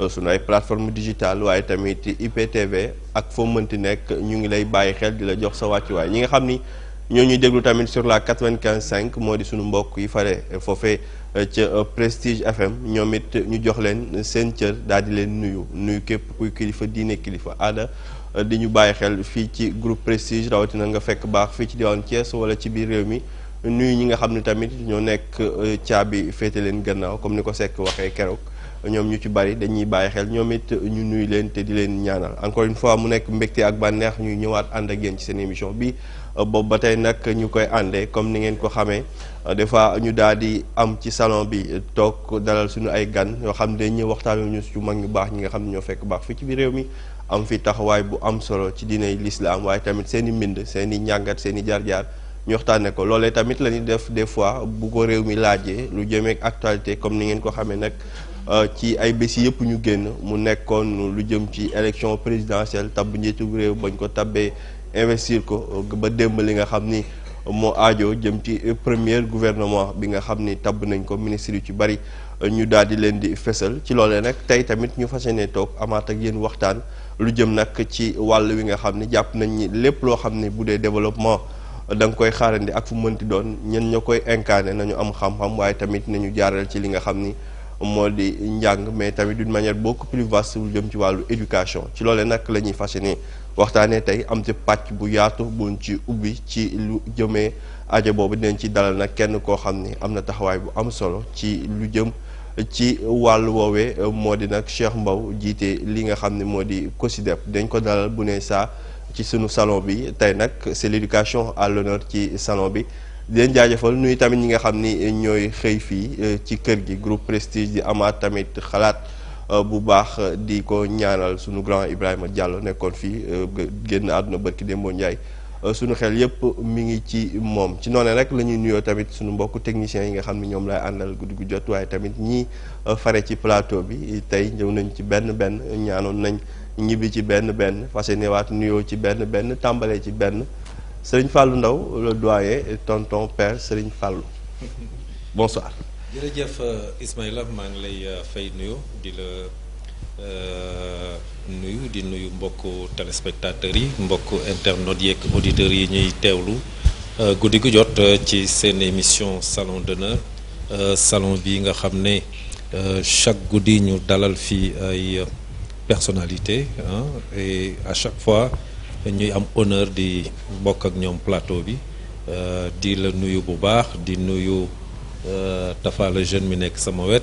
Euh, sunu plateforme digitale waye tamit IPTV ak fo mënti nekk ñu ngi lay baye xel dila jox sa waccu wàccuwaay ñi nga xamni ñoo ñuy déglu tamit sur la 95.5 modi di sunu mbokk yi fare fofé euh, ci euh, Prestige FM ñomit ñu jox leen sen cër daal di leen nuyu nuyu kep kuy kilifa di diine kilifa ala di ñu baye xel fi ci groupe Prestige na nga fekk baax fi ci diwaan Thiès wala ci biir réew mi nuyu ñi nga xamni tamit ñoo nekk caabi fété leen gannaaw comme niko sék waxé waxee ñoom ñu ci bari dañuy bàyyi xel ñoom it ñu nuyu leen te di leen ñaanal encore une fois mu nekk mbégte ak bànneex ñuy ñëwaat ànd a yéen ci seen émission bi euh, boobu ba tey nag ñu koy àndee comme ni ngeen ko xamee euh, des fois ñu daal di am ci salon bi toog dalal suñu ay gan yoo xam ne dañ ñëw waxtaan ñu ci mag ñu baax ñi nga xam ne ñoo fekk baax fii ci biir réew mi am fi taxawaay bu am solo ci diiney lislaam waaye tamit seen i mbind seeni i njàngat seen i jaar-jaar ñu waxtaanee ko loole tamit la ñuy def des fois bu ko réew mi laajee lu jëmee ak actualité comme ni ngeen ko xame nag Euh, ci ay bés yëpp ñu génn mu nekkoon lu jëm ci élection présidentielle tabb njiitu réew bañ ko tabbee investir ko euh, ba démb li nga xam ni moo aajo jëm ci première gouvernement bi nga xam ni tabb nañ ko ministre yu ci bari euh, ñu daal di leen di fesal ci loolee nag tey tamit ñu fas ne toog amaat ak yéen waxtaan lu jëm nag ci wàll wi nga xam ni jàpp nañ ni lépp loo xam ni bu dee développement da nga koy xaarandi ak fu mënti doon ñen ña koy incarné nañu am xam waaye tamit nañu jaaral ci li nga xam ni modi njang mais tamit d'une manière beaucoup plus vaste lu jëm ci walu éducation ci lolé nak lañuy ñuy fas yéene waxtaanee am ci patch bu yaatu buñ ci ubi ci lu jëmé ajo bobu dinañ ci dalal nak kenn ko xamné amna taxaway bu am solo ci lu jëm ci walu wowe modi nak Cheikh mbaw jité li nga xamné modi cosidep dañ ko dalal bu né ça ci sunu salon bi tay nak c'est l'éducation à l'honneur ci salon bi leen jaajëfal nuy tamit ñi nga xam ni ñooy xëy fii euh, ci kër gi groupe prestige di amaat tamit xalaat euh, bu baax di ko ñaanal sunu grand Ibrahima Diallo nekkoon fii euh, génn àdduna barki Dembo Ndiaye sunu xel yépp mu ngi ci moom ci noonu rek la ñuy nuyoo tamit sunu mbokk techniciens yi nga xam ne ñoom lay àndal guddi gu jot waaye tamit ñii fare ci plateau bi tey ñëw nañ ci benn benn ñaanoon nañ ñibbi ci benn benn fas yéenewaat nuyoo ci benn benn tàmbalee ci benn. Serigne Fallou Ndaw le doyen tonton père Serigne Fallou bonsoir. jërëjëf euh, Ismaïla mang lay euh, fay nuyu di euh nuyu di nuyu mbokku téléspectateurs yi mbokk internautes yeeg auditeurs yi ñuy teewlu euh, guddi gu jot ci seen émission salon d'honneur salon bi nga xamné chaque goudi ñu dalal fi ay personnalités hein, et à chaque fois. ñuy am honneur di mbokk ak ñoom plateau bi euh, di la nuyu bu baax di nuyu euh, Tafa la jeune mi nekk sama wet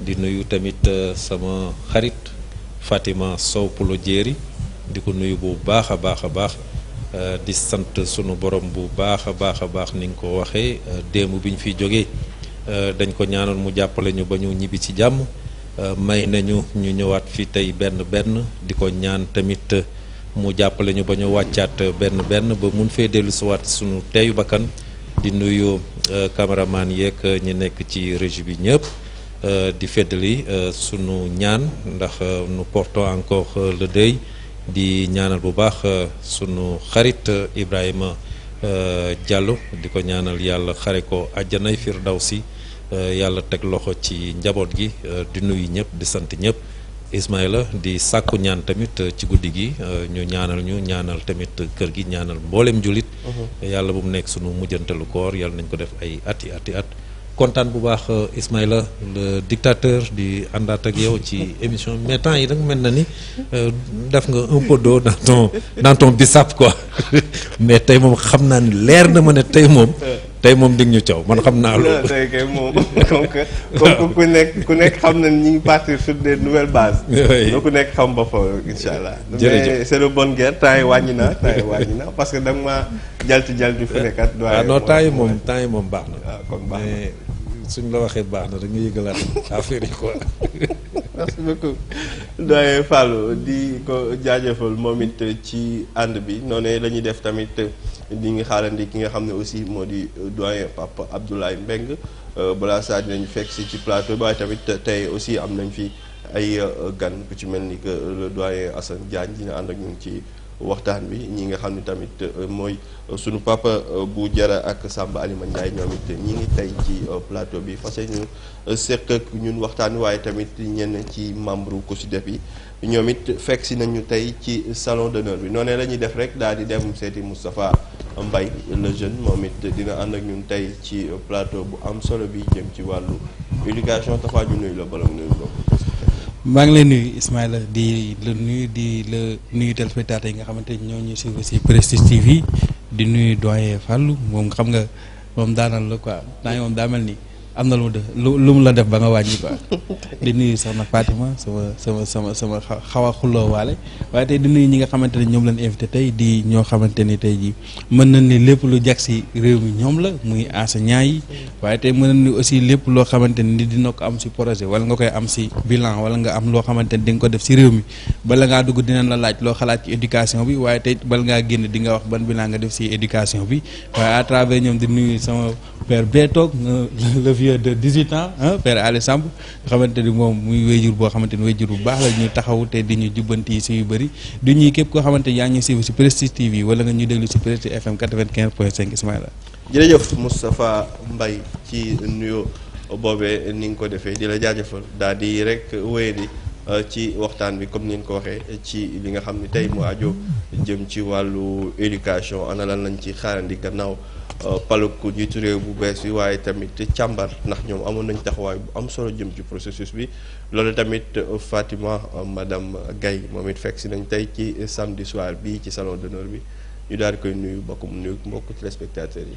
di nuyu tamit euh, sama xarit Fatima Sow Poulo Diéry di ko nuyu bu baax a baax a baax di sant sunu borom bu baax a baax a baax ni nga ko waxee démb bi ñu fiy jógee dañ ko ñaanoon mu jàppale ñu ba ñu ñibbi ci jàmm may nañu ñu ñëwaat fi tey benn benn di ko ñaan tamit. mu jappale ñu bañu waccat ben ben benn ba mun fee dellu siwaat suñu teyu bakkan di nuyu euh, cameraman yek ñi nekk ci régie bi ñepp euh, di fedeli euh, sunu ñaan ndax nu portons encore le deuil di ñaanal bu baax sunu xarit Ibrahima Diallo di ñaanal yalla xare ko aljana firdausi yalla tek loxo ci njabot gi di nuyu ñepp di sant ñepp Ismaïla di sàkku ñaan tamit euh, ci guddi gi euh, ñu ñaanal ñu ñaanal tamit kër gi ñaanal mboolem jullit mhm. yàlla bu mu nekk sunu mujjantalu koor yàlla nañ ko def ay ati ati at kontaan bu baax euh, Ismaïla la dictateur di àndaat ak yow ci émission mais temps yi nag mel na ni def nga un peu d'eau dans ko dans ton bissap quoi mais tey moom xam naa ni leer na ma ne tey moom tey moom dig ñu caw man xam naa loolu. tey kay moom comme que ku nekk xam na ñu ngi partir sur des nouvelles bases. oui ku nekk xam ba foofu incha allah. jërëjëf mais c'est le bonne guerre temps yi wàññi na temps yi wàññi na parce que da nga maa jalti jalti fu nekkat. waaw ah, non temps yi moom temps yi moom baax na. Ah, kon baax na mais suñ la waxee baax na da nga yëgalaat affaire yi quoi. merci beaucoup doyen falo di ko jaajëfal moom it ci ànd bi noonu la def tamit di ngi xaarandi ki nga xam ne aussi moo di doyen Papa Abdoulaye Mbeng euh, balaa saa dinañu fekk si ci plateau bi tamit tey aussi am nañ fi ay euh, gan ku ci mel ni que le doyen Assane Diagne dina ànd ak ñun ci waxtaan bi ñi nga xam ne tamit euh, mooy euh, sunu papa euh, bu jara ak Samba Alima Ndiaye ñoom ñi ngi tey ci plateau bi fas ñu seq ak ñun waxtaan waaye tamit ñenn ci membre COSYDEP yi ñoom it fekk si nañu tey ci salon d'honneur bi noonee la ñuy def rek daal di dem seeti Moustapha mbay la jeune moom it dina ànd ak ñun tey ci plateau bu am solo bi jëm ci wàllu éducation Tafa ñu nuyu la bala mu nuyu maa ngi lay nuyu Ismaïla di la nuyu di la nuyu téléspectateurs yi nga xamante ñoo ñu suivre si Prestige TV di nuyu doyen Fallou moom xam nga moom daanal la quoi daañu moom daa nii am na lu mu def lu lu mu la def ba nga wàññi quoi di nuyu sax nag Fatima sama sama sama sama xaw a xulloo waale waaye tey di nuyu ñi nga xamante ne ñoom lañ invité tey di ñoo xamante ni tey jii mën nañ ni lépp lu jag si réew mi ñoom la muy enseignant yi waaye tey mën nañ ni aussi lépp loo xamante ni dina ko am si projet wala nga koy am si bilan wala nga am loo xamante ni di nga ko def si réew mi bala ngaa dugg dinañ la laaj loo xalaat ci éducation bi waaye tey bala ngaa génn di nga wax ban bilan nga def si éducation bi waaye à travers ñoom di nuyu sama père bee toog vieux de 18 ans ni moom muy wéyjur boo xamante ni wéyjur bu baax la ñuy taxaw te di ñu jubbanti si yu bëri du ñuy képp koo xamante ni yaa ngi suivre si Prestige TV wala nga ñuy déglu si Prestige FM 95.5 Ismaïla. jërëjëf Moustapha Mbaye ci nuyo boobe ni nga ko defee di la jaajëfal daal di rek wéy di euh, ci waxtaan bi comme ni nga ko waxee ci li nga xam ne tey mu ajo jëm ci wàllu éducation ana lan lañ ci xaarandi gannaaw. Euh, paluk njiitu réew bu bees bi waaye tamit càmbar ndax ñoom amoon nañ taxawaay bu am solo jëm ci processus bi loolu tamit euh, Fatima euh, madame Gaye moom it fekk si nañ tey ci samedi soir bi ci salon d'honneur bi ñu daal di koy nuyu bokk mu nuyu mbokk téléspectateurs yi.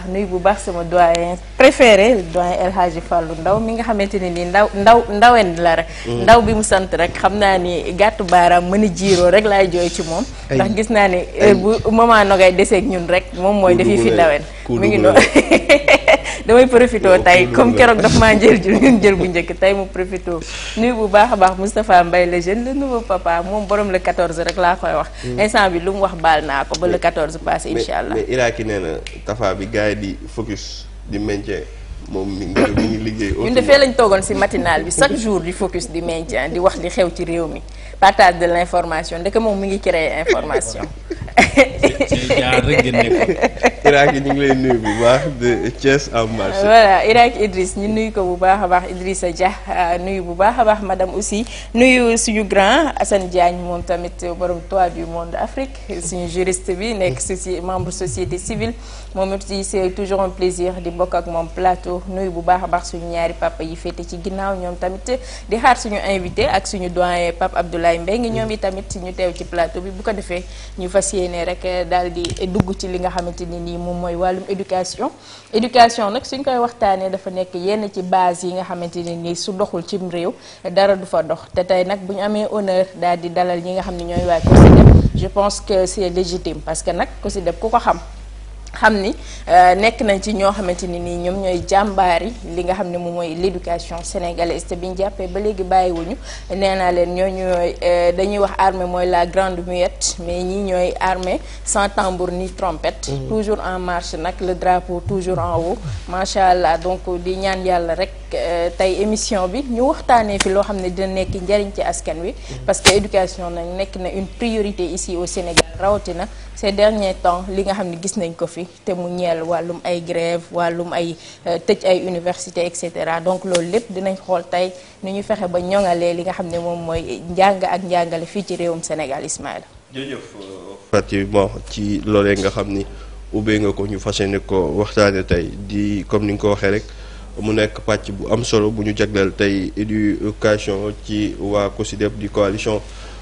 baax bu baax sama doyen préféré doyen El Hadji Fallou Ndaw mi nga xamante ne nii ndaw ndaw ndawen la rek. Mm. ndaw bi mu sant rek xam naa ni gàttu baaraam mën a jiiroo rek laay jooy ci moom. ndax gis naa ni bu moment nogay deseeg ñun rek moom mooy. defi fi ndawen mi ngi noonu damay profité tey comme keroog daf maa njël ñun jël bu njëkk tey mu profité nuyu bu baax a baax Moustapha mbay le jeune le nouveau papa moom borom le 14 rek laa koy wax. Mm. instant bi lu mu wax baal naa ko ba le 14 passé incha allah mais mais Iraki bi gars di focus di maintien. moom mu ngi mi ngi liggéey. ñun defee lañ toogoon si matinale bi chaque jour di focus di maintien di wax li xew ci réew mi. partage de l'information ndeke moom mi ngi créer information. jaar rek ngeen nekkoon. Irak ñu ngi lay nuyu bu baax de Thiès en marche. voilà Irak Idriss ñu nuyu ko bu baax a baax Idrissa Dia euh, nuyu bu baax a baax madame aussi nuyu suñu grand Assane Diagne moom tamit borom toit du monde Afrique suñu juriste bi nekk soci membre société civile moom aussi c' est toujours un plaisir di bokk ak moom plateau nuyu bu baax a baax suñu ñaari papa yi féete ci ginnaaw ñoom tamit di xaar suñu invité ak suñu doyen Pape Abdoulaye. Abdoulaye Mbengue ñoom itamit ñu teew ci plateau bi bu ko defee ñu fas yéene rek eh, daal di dugg ci li nga xamante ne nii moom mooy wàllum éducation éducation nag suñ koy waxtaanee dafa nekk yenn ci base yi nga xamante ne nii su doxul cim réew dara du fa dox te tey nag bu ñu amee honneur daal di dalal ñi nga xam ne ñooy waa COSYDEP je pense que c'est légitime parce que nag COSYDEP ku ko xam. xamni nek euh, nekk nañ ci ño xamanteni ni ñom ñoy jambaari li nga xamni ne moy l'éducation sénégalaise te bi ñu jàppee ba légui bàyyiwuñu nee naa leen ñooñu ñooy euh, dañuy wax armée moy la grande muette mais ñi ñoy armée sans tambour ni trompette. Mm-hmm. toujours en marche nak le drapeau toujours en haut. machallah donc di ñaan yalla rek euh, tay émission bi ñu waxtané fi lo xamni ne dina nekk njariñ ci askan wi. Mm-hmm. parce que éducation nag nekk na une priorité ici au Sénégal rawatina ces derniers temps li nga xam gis nañ ko fi té mu ñeel walum ay grève walum ay euh, tëj ay université etc. donc lool lépp dinañ xol tay ni ñu fexé ba ñoŋalee li nga xam mom moy mooy njàng ak njàngale fi ci réewum Sénégal Ismaïla jërëjëf euh, Fatou ci loolee nga xam ubé nga ko ñu fassé yéene ko waxtaane tay di comme ni nga ko waxee rek mu nek patch bu am solo bu ñu jagleel tey éducation ci waa COSYDEP di coalition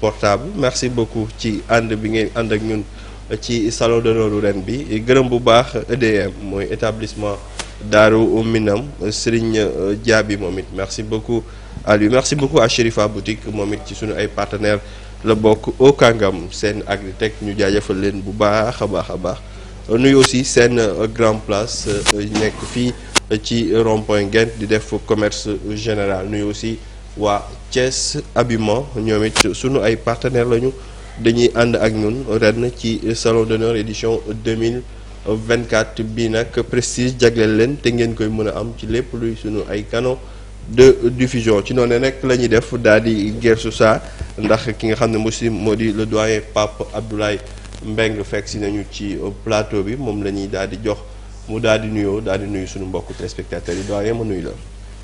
portable merci beaucoup ci and bi ngeen and ak ñun ci salon d'honneur ren bi gërëm bu baax EDM moy établissement daru Minam Serigne euh, Diaby momit merci beaucoup à lui merci beaucoup à Sherifa Boutique momit ci suñu ay partenaires Le bokk au kangam, sen Agritech ñu jaajeufal leen bu baax a baax baax nuyu aussi sen euh, grand place euh, nek fi ci rond-point Gent di def commerce général nuyu aussi wa à Habillement nous it sunu nos partenaires lañu dañuy and ak ñun ren ci salon d'honneur édition 2024 bi nak prestige jaglel leen te ngeen koy nous, am ci de diffusion ci noné nak la def daal di ndax ki ne le doyen Pape Abdoulaye Mbengue nañu ci plateau bi mom la jox mu daal di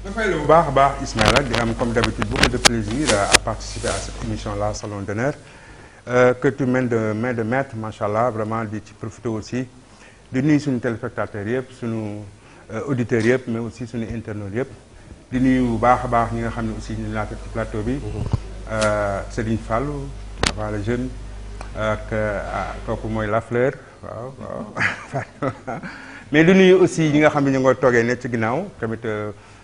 dafay lu Ismaël, comme d'habitude beaucoup de plaisir à participer à cette émission là salon d'honneur euh, que tu mènes de main de maître Machallah, vraiment des tu profites aussi Nous sommes nos téléspectateurs sur euh, auditeurs mais aussi nos internautes Nous di aussi plateau bi. Mhm. Euh, Fallou le jeune La Fleur mais nous nous aussi nous nga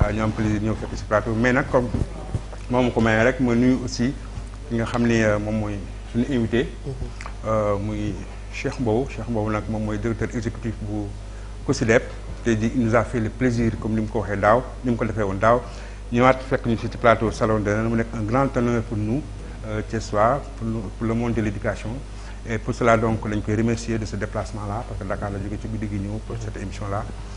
Euh, ñoo am plaisir ñëw fekk si plateau mais nag comme moom ko may rek ma nuyu aussi ki nga xam ni euh, moom mooy suñu invité. Mm-hmm. Euh, muy Cheikh Mbow Cheikh Mbow nag moom mooy directeur exécutif bu COSYDEP tey jii il nous a fait le plaisir comme ni mu ko waxee daaw ni mu ko defee woon daaw ñëwaat fekk ñu si ci plateau salon de mu nekk un grand honneur pour nous Thiessois pour pour le monde de l'éducation et pour cela donc lañ koy remercier de ce déplacement là parce que Dakar la jógee ci guddi gi pour cette émission là.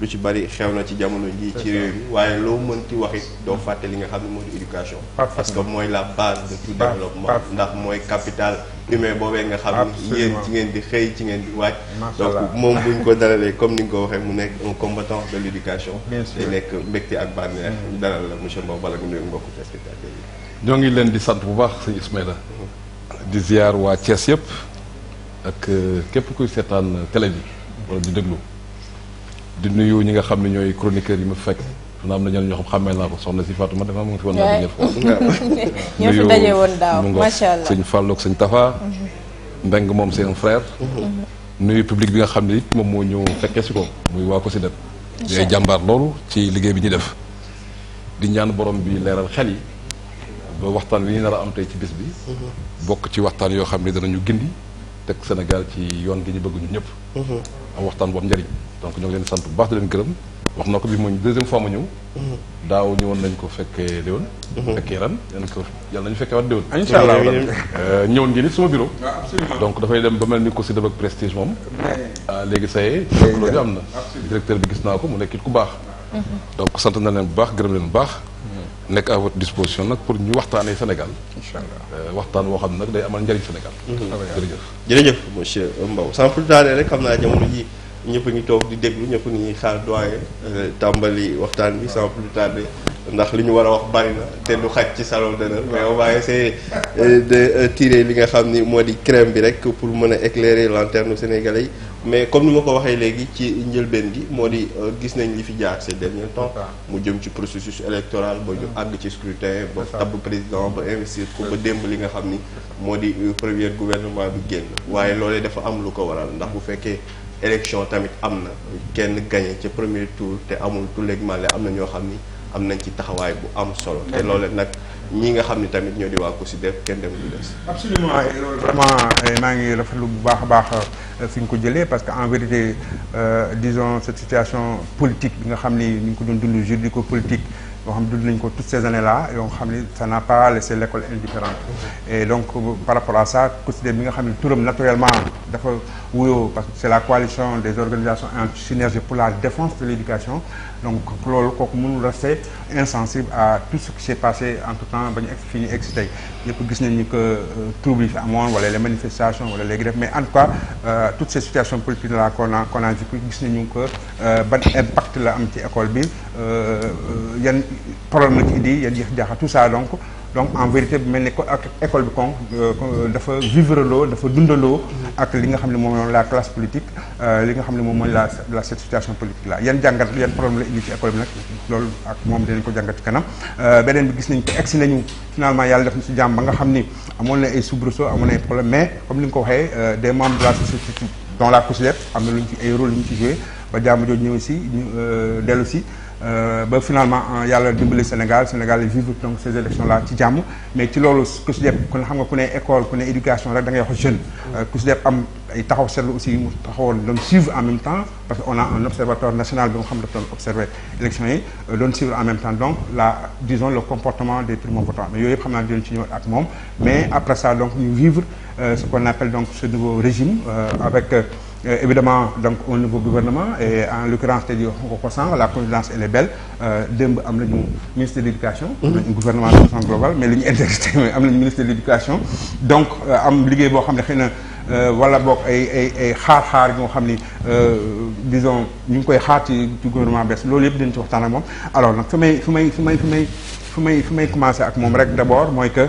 lu ci bari xew na ci jamono ji ci réew mi waaye loo mënti waxit doo fàtte li nga xam ne moo di éducation parce que mooy la base de tout développement ndax mooy capital humain boobee nga xam ni yéen ci ngeen di xëy ci ngeen di wàcc donc moom buñ ko dalalee comme ni nga ko waxee mu nekk un combattant de l' éducation te nekk mbégte ak bànneex ñu mm. dalal la monsieur Mbow bala nga nuyu mbokk téléspectateurs yi ñoo ngi leen di sant bu baax sëñ Ismaïla di ziar waa Thiès yëpp ak euh, képp kuy seetaan télé bi wala di déglu di nuyu ñi nga xam ne ñooy chroniqueurs yi ma fekk na am na ñeneen ñoo xam xàmmee naa ko soxna si Fatou ma dafa mu fi woon naa dernière fois ñoo fi daje woon daaw macha allah sëñ Fallou ak sëñ Tafa Mbeng moom seen frère nuyu public bi nga xam ne it moom moo ñëw fekkee si ko muy waa ko si dem yooyu jàmbaar loolu ci liggéey bi ñuy def di ñaan borom bi leeral xel yi ba waxtaan wi ñu nar a am tey ci bis bi bokk ci waxtaan yoo xam ne danañu gindi teg Sénégal ci yoon gi ñu bëgg ñu ñëpp mhm. am waxtaan bu am njëriñ donc ñoo leen sant bu baax di leen gërëm wax na ko bi mooy deuxième fois ma ñëw mhm. daaw ñëwoon nañ ko fekkee déwén mhm. fekkee ren yéen ko yàlla nañu fekkee waat déwén ah, incha allah euh, ñëwoon ngeen it suma bureau ah, donc dafay dem ba mel ni ko si def ak prestige moom ah, léegi saye loolu am na directeur bi gis naa ko mu nekk it ku baax mhm. donc sant na leen bu baax gërëm leen bu baax nekk à votre disposition nag pour ñu waxtaanee Sénégal. incha allah euh, waxtaan woo xam nag day amal njëriñ Sénégal. jërëjëf jërëjëf monsieur Mbow sans plus tarder rek xam jamono ji ñëpp ñi ngi toog di déglu ñëpp ñi ngi xaar doyen euh, tambali waxtaan bi sans plus tarder ndax li ñu war a wax bari na te du xaj ci salon de d'honneur mais on va essayer euh, de euh, tirer li nga xam ni moo di crème bi rek pour mën a éclairer lanterne sénégalais yi mais comme ni ma ko waxee léegi ci njëlbeen gi moo di gis nañ li fi jaar ces derniers temps mu jëm ci processus électoral ba ñu àgg ci scrutin ba tabb président ba investir ko ba démb li nga xam ni moo di premier gouvernement bi génn waaye loolee dafa am lu ko waral ndax bu fekkee élection tamit amna kenn gagné ci premier tour té amul tout léegement le amna na ñoo xam ni ci taxaway bu am solo té lolé nak ñi nga xamni tamit ñoo di wa ko ci def kenn dem du dess absolument loolu vraiment euh, maa ngi rafetlu bu baax a baax euh, fi ko jëlé parce que en vérité euh, disons cette situation politique bi nga xamni ni ñu ngi ko doon dund juridico politique on a dund nañ toutes ces années là et on ça n'a pas laissé l'école indifférente et donc euh, par rapport à ça considérez bi nga tout le monde naturellement parce que c'est la coalition des organisations en synergie pour la défense de l'éducation donc loolu kooku nous rester insensible à tout ce qui s'est passé entre temps ben, fini, fini fii ñu egg si ni que euh, trouble le monde, voilà, les manifestations wala les grèves mais en tout cas euh, toutes ces situations politiques là qu'on a qu'on a vécu gis nañu que euh, ban impact la am ci école bi un problème qui ci dit il y a tout ça donc donc en vérité bu mel ni école bi kon euh, euh, dafa vivre loo dafa dundaloo ak li nga xam ne moom la classe politique euh, li nga xam ne moom mooy la la situation politique la yan jàngat yan problème la indi ci école bi nag loolu ak moom dinañ ko jàngat ci kanam beneen bi gis nañ ko egsi nañu finalement yàlla def na si jàmm ba nga xam ni amoon na ay soubresaut amoon ay problème mais comme li nga ko waxee des membres de la société dont la considère am na lu ñu ci ay rôle lu ñu ci joué ba jàmm jooju ñëw si ñu dellu si ben finalement il hein, le dimbali Sénégal Sénégal vivre donc ces élections là ci mais tu loolu ku que ce kon xam nga ku école ku éducation rek da wax jeune que mm. euh, si def am ay taxaw aussi mu taxawoon suivre en même temps parce qu'on a un observatoire national donc on xam daf observer élections yi euh, doon suivre en même temps donc la disons le comportement des primo-votants mais il y a eu dinañ ci ñëwaat mais après ça donc ñu vivre ce qu'on appelle donc ce nouveau régime avec euh, évidemment donc au nouveau gouvernement et en l'occurrence c'est la coïncidence elle est belle euh, d'un ministre de l'éducation mhm. un gouvernement de mais ministre de l'éducation donc euh, am et disons nous gouvernement l'olib alors mais d'abord moi que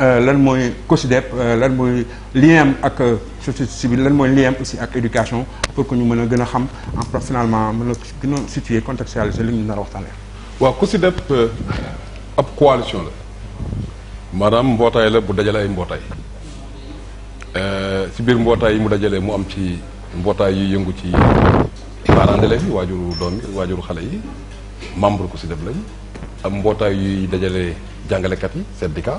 Euh, lan moy cosidep euh, lan moy lien ak euh, société civile lan moy lien aussi ak éducation pour que ñu mëna gëna xam en finalement mëna gëna situer contextualiser li ñu na a wa cosidep ap coalition la madame mbootaay la bu dajale ay mbootaay si biir mbootaay yi mu dajale mu am ci mbootaay yi yëngu ci parents d'élèves yi wajuru doom yi wajuru xalé yi membre cosidep lañ am mbootaay yuy dajale jàngalekat yi syndicat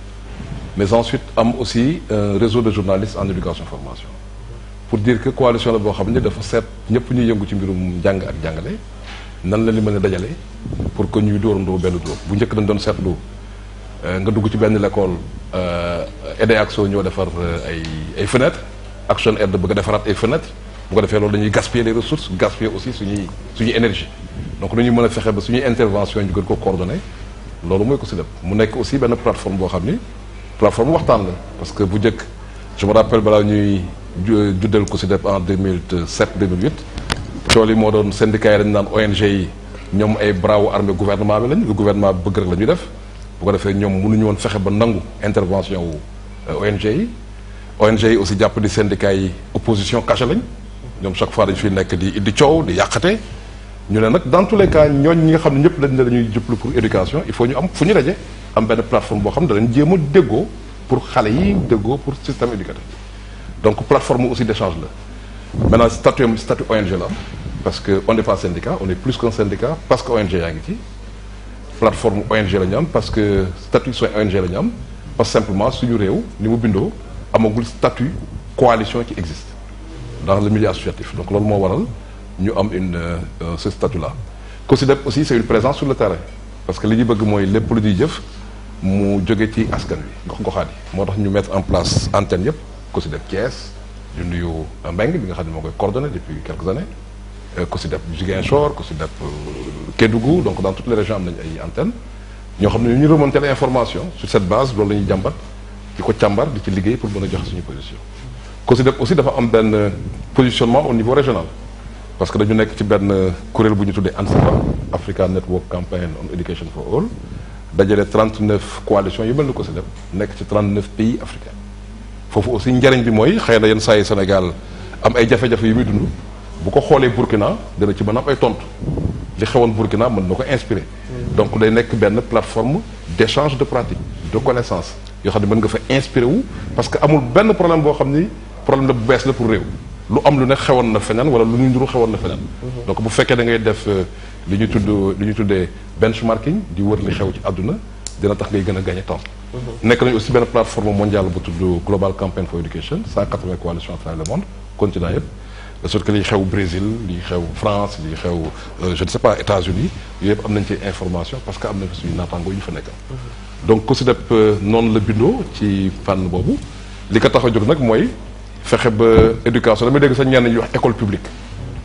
mais ensuite am aussi un euh, réseau de journalistes en éducation formation pour dire que coalition la boo de dafa set ñepp ñuy yëngu ci mbirum jang ak jàngale nan la li mën dajalé pour que ñuy dóorandoo benn dóor bu ñëk dañ doon seetlu euh, nga dugg ci benn l'école euh, action ñoo faire ay ay fenêtres Action Aide bëgg défarat ay fenêtres bu ko defee loolu dañuy gaspiller les ressources gaspiller aussi suñuy suñuy énergie donc dañuy mën a fexe ba suñuy intervention ñu gën ko coordonné loolu mooy ko si def mu nekk aussi benn plateforme boo xam plateforme waxtan la parce que bu njëkk je me rappelle bala ñuy juddel ko ci def en 2007 2008 toli mo moo doon syndicat yi nane ONG yi ñoom ay bras armée gouvernement bi lañ le gouvernement bëgg rek lañu def bu ko ñom mënu ñu won fexe ba nangu intervention wu euh, ONG yi ONG yi aussi japp di syndicat yi opposition caché lañ ñom chaque fois dañu fi nek di di coow di yàqate ñu ne nak dans tous les cas ñooñ ñi nga xam ne ñëpp dañ ne pour éducation il faut ñu am fu ñu am benn plateforme boo xam ne danañ jéem a pour xale yi déggoo pour système éducatif donc plateforme aussi d'échange la maintenant statut statut ONG la parce que on n'est pas syndicat on est plus qu'un syndicat parce que ONG yaa ngi ci plateforme ONG la parce que statut soit ONG la ñu am parce que simplement suñu réew ni mu bindoo amagul statut coalition qui existe dans le milieu associatif donc loolu moo waral ñu am une euh, ce statut là aussi c'est une présence sur le terrain parce que les ñu bëgg moi lépp lu di jëf mu jóge ci askan wi ngox goxaan yi moo tax ñu mettre en place antenne yëpp ku si def Thiès di nuyu Mbengue bi nga xam ne moo koy coordonné depuis quelques années ku euh, si def Ziguinchor ku si def Kédougou donc dans toutes les régions am nañu ay antennes ñoo xam ne ñu remonté la information sur cette base loolu la ñuy jàmbat di ko càmbar di ci liggéey pour mën a joxe suñu position ku si def aussi dafa am benn positionnement au niveau régional parce que dañu nekk ci benn kuréel bu ñu tuddee Africa Network Campaign on Education for All dajale 39 coalitions yëbal na ko si dem nekk ci 39 pays africains foofu aussi njariñ bi mooy xëy na yenn saa Sénégal am ay jafe-jafe yu muy dund bu ko xoolee Burkina dana ci mën am ay tontu li xewoon Burkina mën na ko inspiré. Mm. donc day nekk benn plateforme d'échange de pratiques de connaissances il xam ne mën nga fa inspiré wu. parce que amul benn problème boo xam ni problème de baisse bees la pour réew lu am lu ne xewoon na feneen wala lu ñu nduru xewoon na mm-hmm. donc bu fekkee da ngay def. Euh, li ñu tudd li ñu tuddee benchmarking di wër li xew ci àdduna dina tax ngay gën a gagné temps. Mhm. nekk nañu aussi benn plateforme mondiale bu tudd Global Campaign for Education 180 coalitions à travers le monde continent yëpp. de sorte que liy xew Brésil liy xew France liy xew euh, je ne sais pas États-Unis yëpp am nañ ci information parce que am nañ suñu naataangoo yu fa nekkal. Mhm. donc COSYDEP euh, noonu la bindoo ci fànn boobu li ko tax a jóg nag mooy fexe ba éducation damay dégg sax ñenn ñu wax école publique.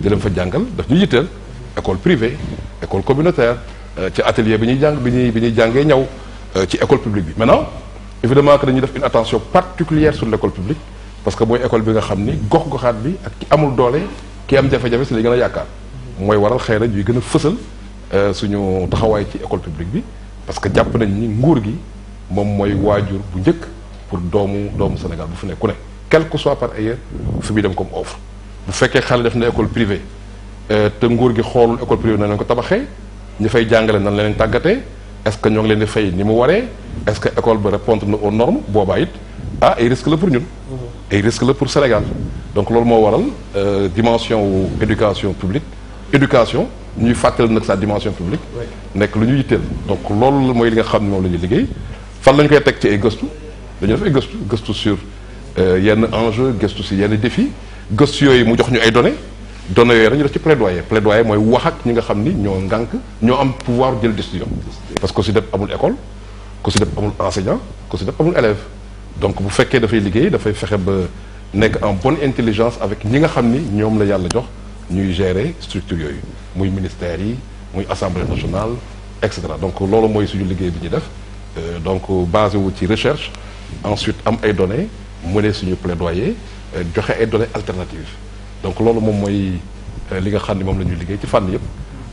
dinañ fa jàngal daf ñu yitteel école privée école communautaire euh, ci atelier bi ñuy jàng bi ñuy bi ñuy jàngee ñaw euh, ci école publique bi maintenant évidemment que dañuy def une attention particulière sur l'école publique parce que mooy école bi nga xam ni gox-goxaat bi ak ki amul doole ki am jafe-jafe si la gën a yaakaar mooy waral xëy na ñuy gën a fësal euh, suñu taxawaay ci école publique bi parce que jàpp nañ ni nguur gi moom mooy Wajur bu njëkk pour doomu doomu Sénégal bu fi nekk ku ne quel soit par ailleurs fi muy dem comme offre bu fekkee xale def na école privée euh, te nguur gi xoolul école privée nan leen ko tabaxee ñu fay jàngale nan la leen tàggatee est-ce que ñoo ngi di fay ni mu waree est-ce que école ba répondre aux normes boobaa it ah ay risque la pour ñun mm-hmm. ay risque la pour Sénégal donc loolu moo waral euh, dimension wu éducation publique éducation ñuy fàttali nag sa dimension publique nekk lu ñu yitteel donc loolu mooy li nga xam ne moom la ñuy liggéey fan la ñu koy teg ci ay gëstu dañu def ay gëstu gëstu sur euh, yenn enjeu gëstu si yenn défi gëstu yooyu mu jox ñu ay données données yooyu rek ñu def ci plaidoyer plaidoyer mooy wax ak ñi nga xam ni ñoo ngànk ñoo am pouvoir jël décision parce que def amul école def amul enseignant def amul élève donc bu fekkee dafay liggéey dafay fexe ba nekk en bonne intelligence avec ñi nga xam ni ñoom la yàlla jox ñuy gérer structure yooyu muy ministère yi muy assemblée nationale et cetera donc loolu mooy suñu liggéey bi ñu def euh, donc basé wu ci recherche ensuite am ay données mu suñu plaidoyer euh, joxe ay données alternatives donc loolu moom mooy euh, li nga xam ne moom la ñuy liggéey ci fànn yëpp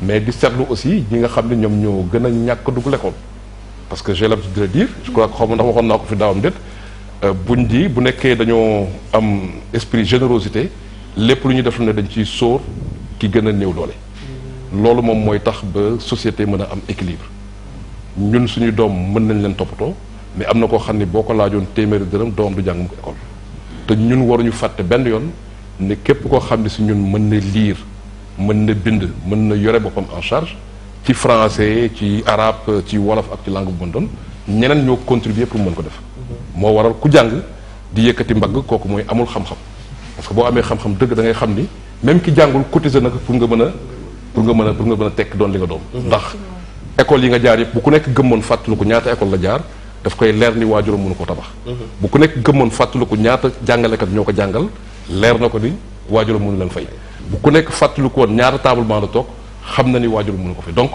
mais di seetlu aussi ñi nga xam ne ñoom ñoo gën a ñàkk dugg l'école parce que j'ai l'habitude de dire je crois que xaw ma ndax waxoon naa ko fi daawam déet euh, buñ di bu nekkee dañoo am esprit générosité lépp lu ñu def lu ne dañ ciy sóor ki gën a néew doole loolu moom mooy tax ba société mën a am équilibre ñun suñu doom mën nañ leen toppatoo mais am na koo xam ne boo ko laajoon téeméeri dërëm doom du jàng ko école te ñun waruñu fàtte benn yoon ne képp koo xam ne si ñun mën na lire mën na bind mën na yore boppam en charge ci français ci arabe ci wolof ak ci langue bu mën doon ñeneen ñoo contribuer pour mën ko def moo waral ku jàng di yëkkati mbagg kooku mooy amul xam-xam parce boo amee xam-xam dëgg dangay xam ni même ki jàngul cotiser nag pour nga mën a pour nga mën a pour nga mën a tekk doon li nga doon ndax école yi nga jaar yëpp bu ku nekk gëmmoon fàttaliku ñaata école la jaar daf koy leer ni waajuram mënu ko tabax mhm. bu ku nekk gëmmoon ko ñaata jàngalekat ñoo ko jàngal leer na ko ni waajuram mënu leen fay bu ku nekk ko woon ñaata tablement la toog xam na ni waajuram munu ko fay donc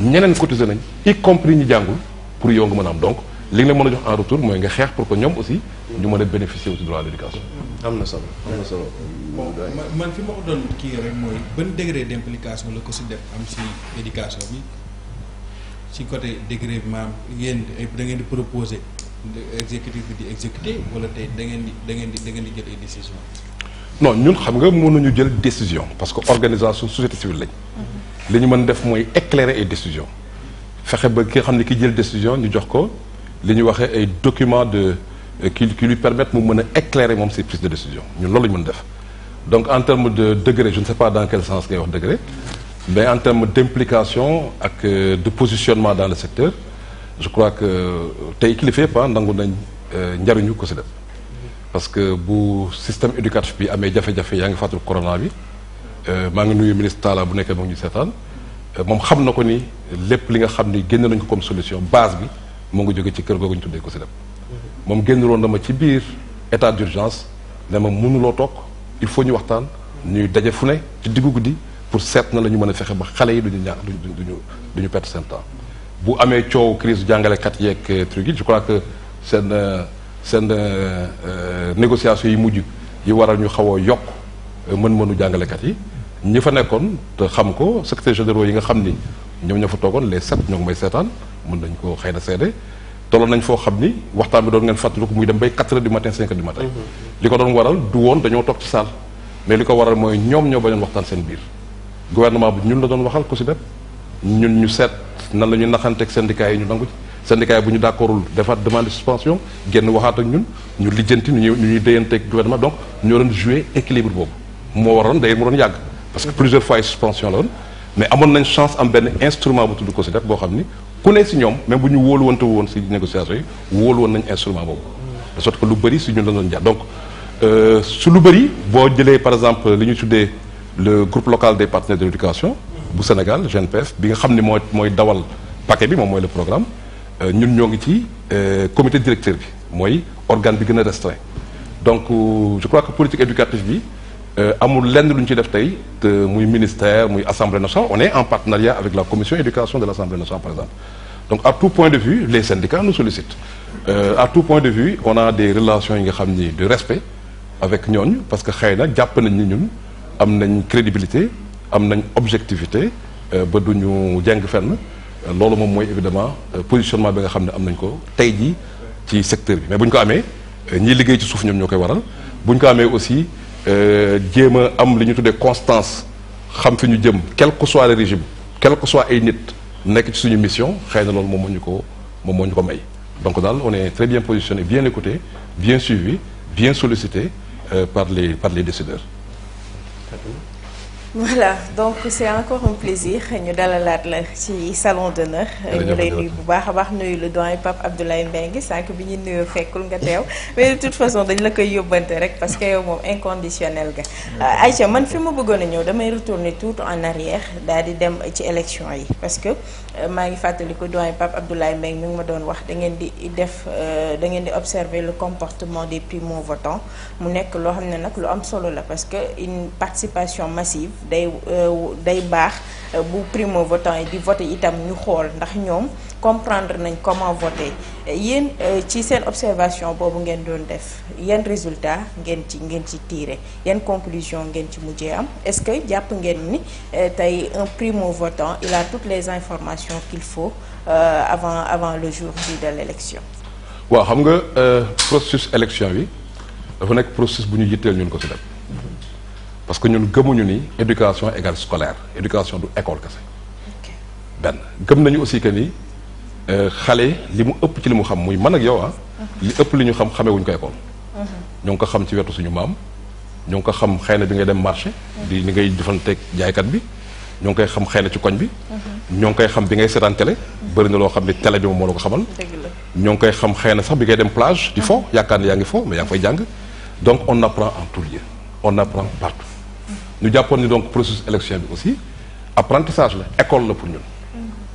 ñeneen cotisé nañ y compris ñi jàngul pour yow nga mën am donc li nga mën a jox en retour mooy nga xeex pour que ñoom aussi ñu mën a bénéficier aussi droit à l'éducation solo am na fi ma ko doon kii rek mooy ban degré d'implication la ko si def am si éducation Si côté dégrèvement yéen da ngeen di proposer exécutif bi di exécuter wala tay da ngeen di da ngeen di da ngeen di jël ay décision non ñun xam nga mënuñu jël décision parce que organisation société civile lañ mm-hmm. li ñu mën def mooy éclairer ay décision fexe ba ki xam ne ki jël décision ñu jox ko li ñu waxee ay document de euh, qui qui lui permettent mu mën a éclairer moom ses prises de décision ñun loolu la ñu mën def donc en terme de degré je ne sais pas dans quel sens ngay wax degré mais en termes d'implication ak euh, de positionnement dans le secteur je crois que euh, tey kilifa yëpp ah, nangu nañ euh, njariñu ko si def parce que bu système éducatif bi amee jafe-jafe yaa ngi fàttali corona bi maa ngi nuyu ministre Talla bu nekkee mu ngi ñu seetaan moom xam na ko ni lépp li nga xam ni génn nañ ko comme solution base bi moo ngi jóge ci kër googu ñu tuddee ko si def moom génnuloon na ma ci biir état d'urgence ne ma mënuloo toog il faut ñu waxtaan ñuy daje fu ne ci diggu guddi pour set na lañu mëna fexé ba xalé yi duñu duñu duñu duñu sen temps bu amé ciow crise jàngalekat yeeg euh, truc yi je crois que sen seen euh, euh, négociation yi mujj yi waral ñu xaw yok mën-mënu kat yi ñi fa nekkon te xam ko secrétaire général yi nga xam ni ñom ñoo togon les sept ñok may seetaan mën nañ ko xeyna sédé tolon nañ fo xam ni waxtaan bi doon ngeen fatlu ko muy dem bay 4 h du matin 5 h du matin mm-hmm. liko doon waral du won dañoo tok ci salle mais liko waral moy ñom ñoo bañoon waxtaan seen biir gouvernement bi ñun la doon waxal ku si dem ñun ñu seet nan la ñu naxanteeg syndicat yi ñu nangu ci syndicats yi bu ñu d'accordul defaat demande suspension génn waxaat ak ñun ñu lijjanti ñu ñuy déyanteeg gouvernement donc ñoo doon jouer équilibre boobu moo waroon day mu doon yàgg parce que plusieurs fois suspension la woon mais amoon nañ chance am benn instrument bu tudd COSYDEP boo xam ni ku ne si ñoom même bu ñu wóolu wante woon si négociation yi wóolu woon nañ instrument boobu de sorte que lu bëri si ñu la doon jaar donc euh, su lu bëri boo jëlee par exemple li ñu tuddee le groupe local des partenaires de l'éducation au Sénégal GNPF bi nga xam dawal paquet bi le programme euh, ñun avons euh, comité directeur bi mooy organe restreint donc euh, je crois que politique éducative bi amul lenn de ñu ci def ministère assemblée nationale on est en partenariat avec la commission éducation de l'assemblée nationale par exemple donc à tout point de vue les syndicats nous sollicitent à tout point de vue on a des relations de respect avec nous parce que nous na nañ am crédibilité am nañ objectivité euh, ba du ñu jàng fenn euh, loolu moom mooy évidemment euh, positionnement bi nga xam ne am nañ ko tey ci secteur bi mais buñ ko amee ñiy liggéey ci suuf ñoom ñoo koy waral buñ ko amee aussi jéem a am li ñu constance xam fi ñu quel que soit le régime quel que soit ay nit nekk ci suñu mission xëy na loolu moom moo ñu ko moom moo ñu ko may donc daal on est très bien positionné bien écouté bien suivi bien sollicité par les par les décideurs voilà donc c'est encore un plaisir nous dalalaat la ci salon d'honneur ñu lay nuyu bu baax le doyen Pape Abdoulaye Mbengue sànq bi ñu nous fekkul nga mais de toute façon dañ la le bon rek parce que yow moom inconditionnel ga euh, Aïcha man fi ma bëggoon a ñëw damay retourner tout en arrière dans di dem élection parce que euh, maa ngi ko doyen Pape Abdoulaye Mbengue mi ngi ma doon wax da ngeen di def euh, da ngeen di observer le comportement des primo-votants mu nekk loo xam ne nag lu am solo la parce que une participation massive day euh, day baax bu primo-votants yi di voter itam ñu xool ndax ñoom comprendre nañ comment voter yéen euh, ci seen observation boobu ngeen doon def yan résultat ngeen ci ngeen ci tirer yan conclusion ngeen ci mujjee am est-ce que jàpp ngeen ni euh, un primo votant il a toutes les informations qu'il faut euh, avant avant le jour de l'élection waaw xam nga processus élection bi dafa nekk processus bu ñu yitteel ñun ko si parce que ñun gëmuñu ni éducation égale scolaire éducation du école kese benn gëm nañu aussi que ni euh, xale li mu ëpp ci li mu xam muy man ak yow ah. li ëpp li ñu xam xamee wuñ ko école. Mhm. ngi ko xam ci wetu suñu maam. ñoo ngi ko xam xëy bi ngay dem marché. Mhm. di ni ngay jëfanteeg jaaykat bi. ñoo ngi koy xam xëy ci koñ bi. Mhm. ñoo ngi koy xam bi ngay seetaan télé. bëri na loo xam ni télé bi moom moo la ko xamal. ñoo ngi koy xam xëy sax bi ngay dem plage. di fo yaakaar ne yaa ngi fo mais yaa ngi fay jàng. donc on apprend en tout lieu on apprend partout. ñu jàppoon ni donc processus élection bi aussi apprentissage la école la pour ñun.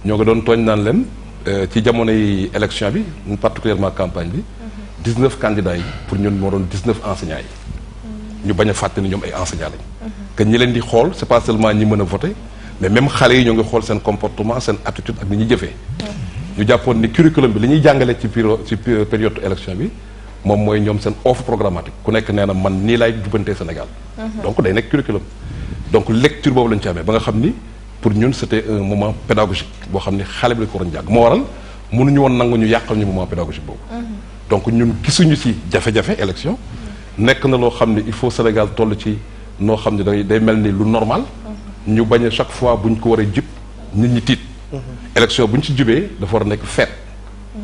ñoo ngi doon tooñ naan leen Euh, ci jamonoy élection bi mu particulièrement campagne bi dix neuf candidats yi pour ñun moo doon dix neuf enseignants yi ñu bañ a fàtte ni ñoom ay enseignants lañ que ñi leen di xool c'est pas seulement ñi mën a voter mais même xale yi ñoo ngi xool seen comportement seen attitude ak ni ñuy jëfee ñu jàppoon ni curriculum bi li ñuy jàngale ci ci période élection bi moom mooy ñoom seen offre programmatique ku nekk nee na man nii laay jubbantee Sénégal mhm. donc day nekk curriculum donc lecture boobu lañ ci amee ba nga xam ni pour ñun c'était un moment pédagogique bo xamné xalé xale bi ko waroon jàng moo waral ñu won nangu ñu yàqal ñu moment pédagogique boobu. Mm-hmm. donc ñun gisuñu ci jafé jafé élection. Mm-hmm. nek na lo xamné il faut Sénégal toll ci no xamné ne day day melni lu normal. Mm-hmm. ñu bañ chaque fois buñ ko wara a jub nit ñi tit élection buñ ci jubee dafa war a nekk fête.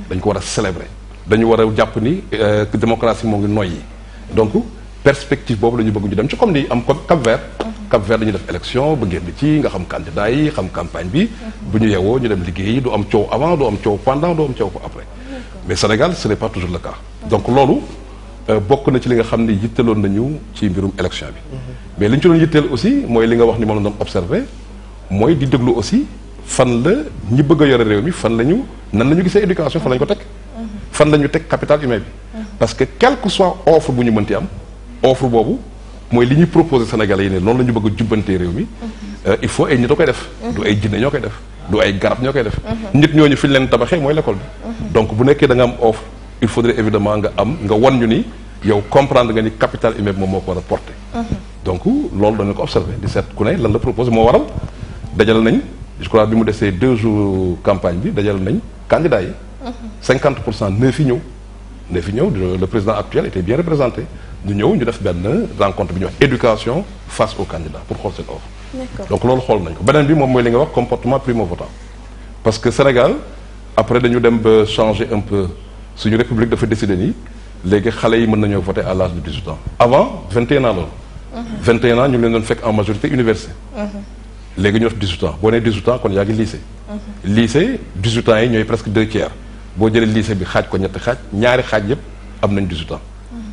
dañ ko wara célébrer dañu wara japp ni euh, démocratie mo ngi noyyi donc perspective bobu lañu bëgg ñu dem ci comme ni am ko Cap Vert Cap Vert dañu def élection ba génn ci nga xam candidat yi xam campagne bi bu ñu yewoo ñu dem liggéeyi du am coow avant du am coow pendant du am coow après mais Sénégal ce n'est pas toujours le cas donc loolu euh, bokk na ci li nga xam ni yitteloon nañu ci mbirum élection bi mais liñ ci doon yitteel aussi mooy li nga wax ni moom la doon observé mooy di déglu aussi fan la ñi bëgg a yore réew mi fan lañu nan lañu ñu gisee éducation fan la ko teg fan lañu ñu teg capital humain bi parce que quelle que soit offre bu ñu mënti am offre bobu moy li ñuy proposé Sénégalais yi né non lañu bëgg jubanté réew mi euh, il faut ay nit a koy def du ay jinne ñokay def du ay garab ñokay def nit ñooñu fi ñu leen tabaxee moy l'école bi donc bu nekké da nga am offre il faudrait évidemment nga am nga won ñu ni yow comprendre nga ni capital humain moom moo ko war a porter donc loolu dañu ko observé di seet ku ne lan la proposé moo waral dajal nañ je crois bi mu desee deux jours campagne bi dajal nañ candidat yi 50 pour cent neuf yi ñëw neuf yi ñëw le président actuel était bien représenté ñu ñëw ñu def benn rencontre bi ñuy wax éducation face aux candidats pour xool seen offre. donc loolu xool nañ ko beneen bi moom mooy li nga wax comportement primo votant parce que Sénégal après dañu dem ba changer un peu suñu république dafa décider nii léegi xale yi mën nañoo voter à l'âge de 18 ans avant 21 ans loolu. 21 mhm. ans ñu ngi leen doon en majorité université. Mhm. léegi ñu def 18 ans boo nee 18 ans kon yaa ngi lycée. Mhm. lycée 18 ans yi ñooy presque deux tiers boo jëlee lycée bi xaaj ko ñetti xaaj ñaari xaaj yëpp am nañ 18 ans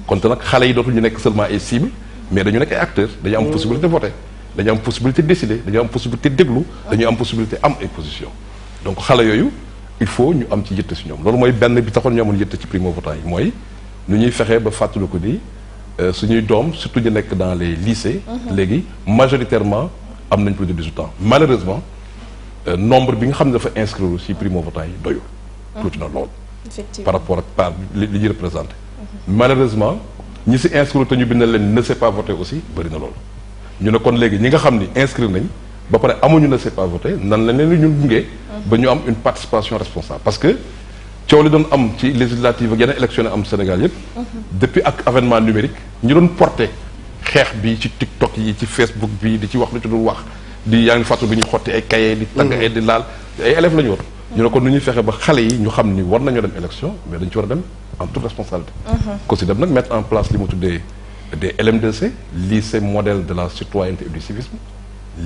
konte nag xale yi dootuñu nekk seulement ay cible mais dañu nekk ay acteurs dañu am mm. possibilité voter dañu am possibilité décider dañu am possibilité déglu dañu am possibilité am ay position donc xale yooyu il faut ñu am ci yitte si ñoom loolu mooy benn bi taxoon ñu amoon yitte ci primo votant yi mooy nu ñuy fexee ba ko ni euh, suñuy doom surtout ñu nekk dans les lycées mm-hmm. léegi majoritairement am nañ plus de 18 ans malheureusement euh, nombre bi nga xam ne dafa inscrire ci primo votant yi doyul mm. tuuti na lool par rapport ak part li ñuy représenté malheureusement ñi ci inscrire te ñu bindal leen ne c'est pas voté aussi bari na lool ñu ne kon léegi ñi nga xam ni inscrire nañ ba pare amuñu ne c'est pas voté nan la leen ñun gunge ba ñu am une participation responsable parce que coow li doon am ci législative ak yeneen élection am Sénégal yëpp depuis ak avènement numérique ñu doon porté xeex bi ci TikTok yi ci Facebook bi di ci wax lu ci dul wax di yaa ngi fàttu bi ñu xotti ay cahier di tagg ay di laal ay élèves la ñu war ñu ne kon nu ñuy fexe ba xale yi ñu xam ni war nañu dem élection mais dañ ci war a dem en toute responsabilité. Mhm. COSIDEP c'est nag mettre en place les mots des LMDC lycée modèle de la citoyenneté et du civisme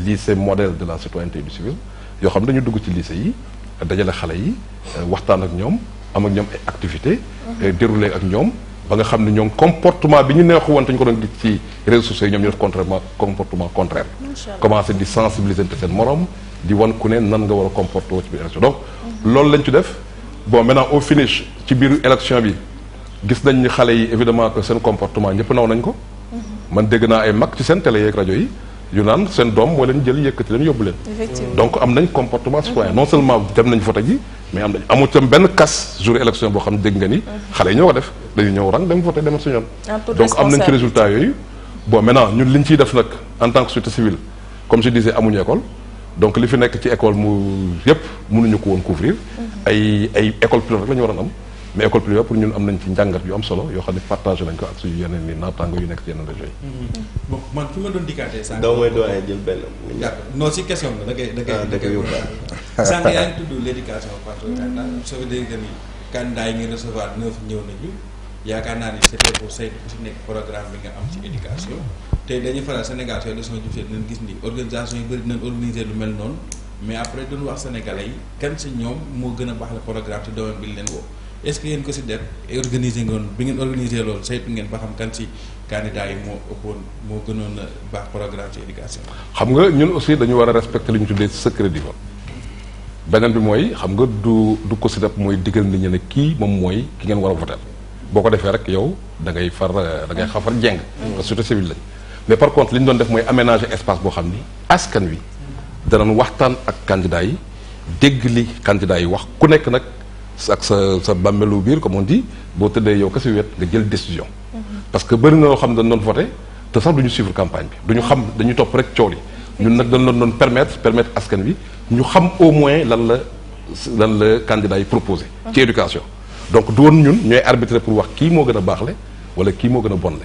lycée modèle de la citoyenneté et du civisme Yo xam même dañu dugg ci lycée yi dajale xalé yi euh, waxtaan ak ñom, am ak ñom et activité mhm. euh, déroulé ak ñom, ba nga xam ni ñom comportement bi ñu neexu won te ko doon gis ci ñu contrairement comportement contraire Commencer di sensibiliser de seen morom di wan ku ne nan nga comportement ci donc mhm. loolu lañ ci def bon maintenant au finish ci biir élection bi gis nañ ni xale yi évidemment que seen comportement ñëpp naw nañ ko. Mhm. man dégg naa ay mag ci seen télé yeeg rajo yi yu naan seen doom moo leen jël yëkkati leen yóbbu leen. donc am nañ comportement mhm. citoyen non seulement dem nañ vote ji mais am nañ amul tam benn casse jour élection boo xam dégg nga ni. Mhm. xale yi ñoo ko def dañu ñëw rang dem vote demal si ñoom. donc am nañ ci résultat yooyu. bon maintenant ñun liñ ciy def nag en tant que société civile comme je disais amuñu école. donc li fi nekk ci école mu yëpp mënuñu ko woon couvrir. Mhm. ay ay école privée rek la ñu am. mais école privée pour ñun am nañ ci njàngat yu am solo yoo xam ne partagé nañ ko ak suñu yeneen ni naataango yu nekk ci yeneen région yi. Mhm. Mhm. bon man fi ma doon dikkaatee. sànq doo may doyen jël benn. d'accord non si question bi da ah, yaa ngi tudd l'éducation partenariat. soo ko déggee nii candidat yi ñëw nañu yaakaar naa ni c'était pour saytu ci nekk programme bi nga am ci éducation. tey dañuy faral Sénégal sooy leçon jufte dinañ gis ni organisation yu bëri dinañ organiser lu mel noonu mais après duñu wax sénégalais yi kan si ñoom moo gën a baax le programme ci domaine bi leen woo est-ce que yéen ko si def organiser ngeen bi ngeen organiser loolu saytu ngeen ba xam kan si candidat yi moo ëppoon moo gënoon a baax programme xam nga ñun aussi dañu war a respecter li ñu tuddee secret di ko beneen bi mooy xam nga du du ko si def mooy digal nit ñi ne kii moom mooy ki ngeen war a voter boo ko defee rek yow da ngay far da ngay xafar jeng mm. parce que société civile lañ mais par contre li ñu def moy aménager espace bo xamni askan wi danañ waxtan ak candidat yi dégg li candidat yi wax ku nekk nak ak sa sa bàmmeelu biir comme on dit bo tëddee yow kese wet nga jël décision. Mhm. parce que bëri na loo xam dañ non voter te sax duñu suivre campagne bi duñu xam dañu top rek cioli ñun nak dañ doon doon permettre permettre askan wi ñu xam au moins lan la lan la candidat yi proposer ci mhm. éducation donc doon ñun ñoy arbitrer pour wax ki mo gën baxlé wala ki mo gën bonlé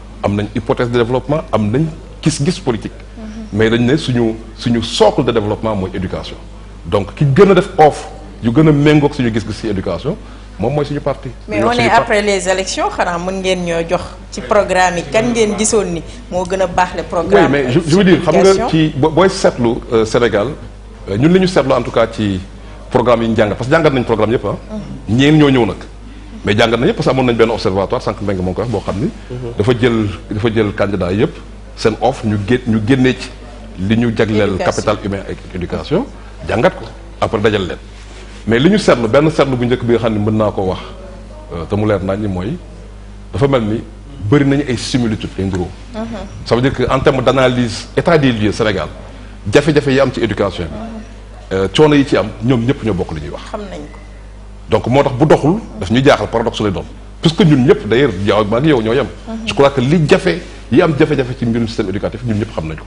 am nañ hypothèse de développement am nañ gis-gis politique mais dañ ne suñu suñu socle de développement mooy éducation donc ki gën a def offre yu gën a méngoog suñu gis-gis ci éducation moom mooy suñu parti. mais on est après les élections xanaa mën ngeen ñoo jox ci programme yi kan ngeen gisoon ni moo gën a baax le programme. oui mais je veux dire xam nga ci booy seetlu euh, Sénégal euh, ñun li ñu seetlu en tout cas ci programme yi ñu jàngat parce que jàngat nañ programme yëpp ah. Mm-hmm. ñeen ñoo ñëw nag. mais jàngat nañu parce que amoon nañ benn observatoire sànq mbeng moo koy wax boo xam ni. Mhm. dafa jël dafa jël candidat yëpp seen off ñu gén ñu génnee ci li ñu jagleel capital humain ak éducation jàngat ko après dajal leen mais li ñu seetlu benn seetlu bu njëkk bi nga xam ne mën naa ko wax euh, te mu leer naa ñi mooy dafa mel ni bëri nañu ay similitude en gros mhm. ça veut dire que en terme d' analyse état des lieux Sénégal jafe-jafe yi am ci éducation bi mhm. euh, coono yi ci am ñoom ñëpp ñoo bokk li ñuy wax xam nañ ko donc moo tax bu doxul daf paradoxe lay puisque ñun mhm. je crois que li jafe yi am jafe-jafe ci système éducatif ñun ñëpp xam nañ ko.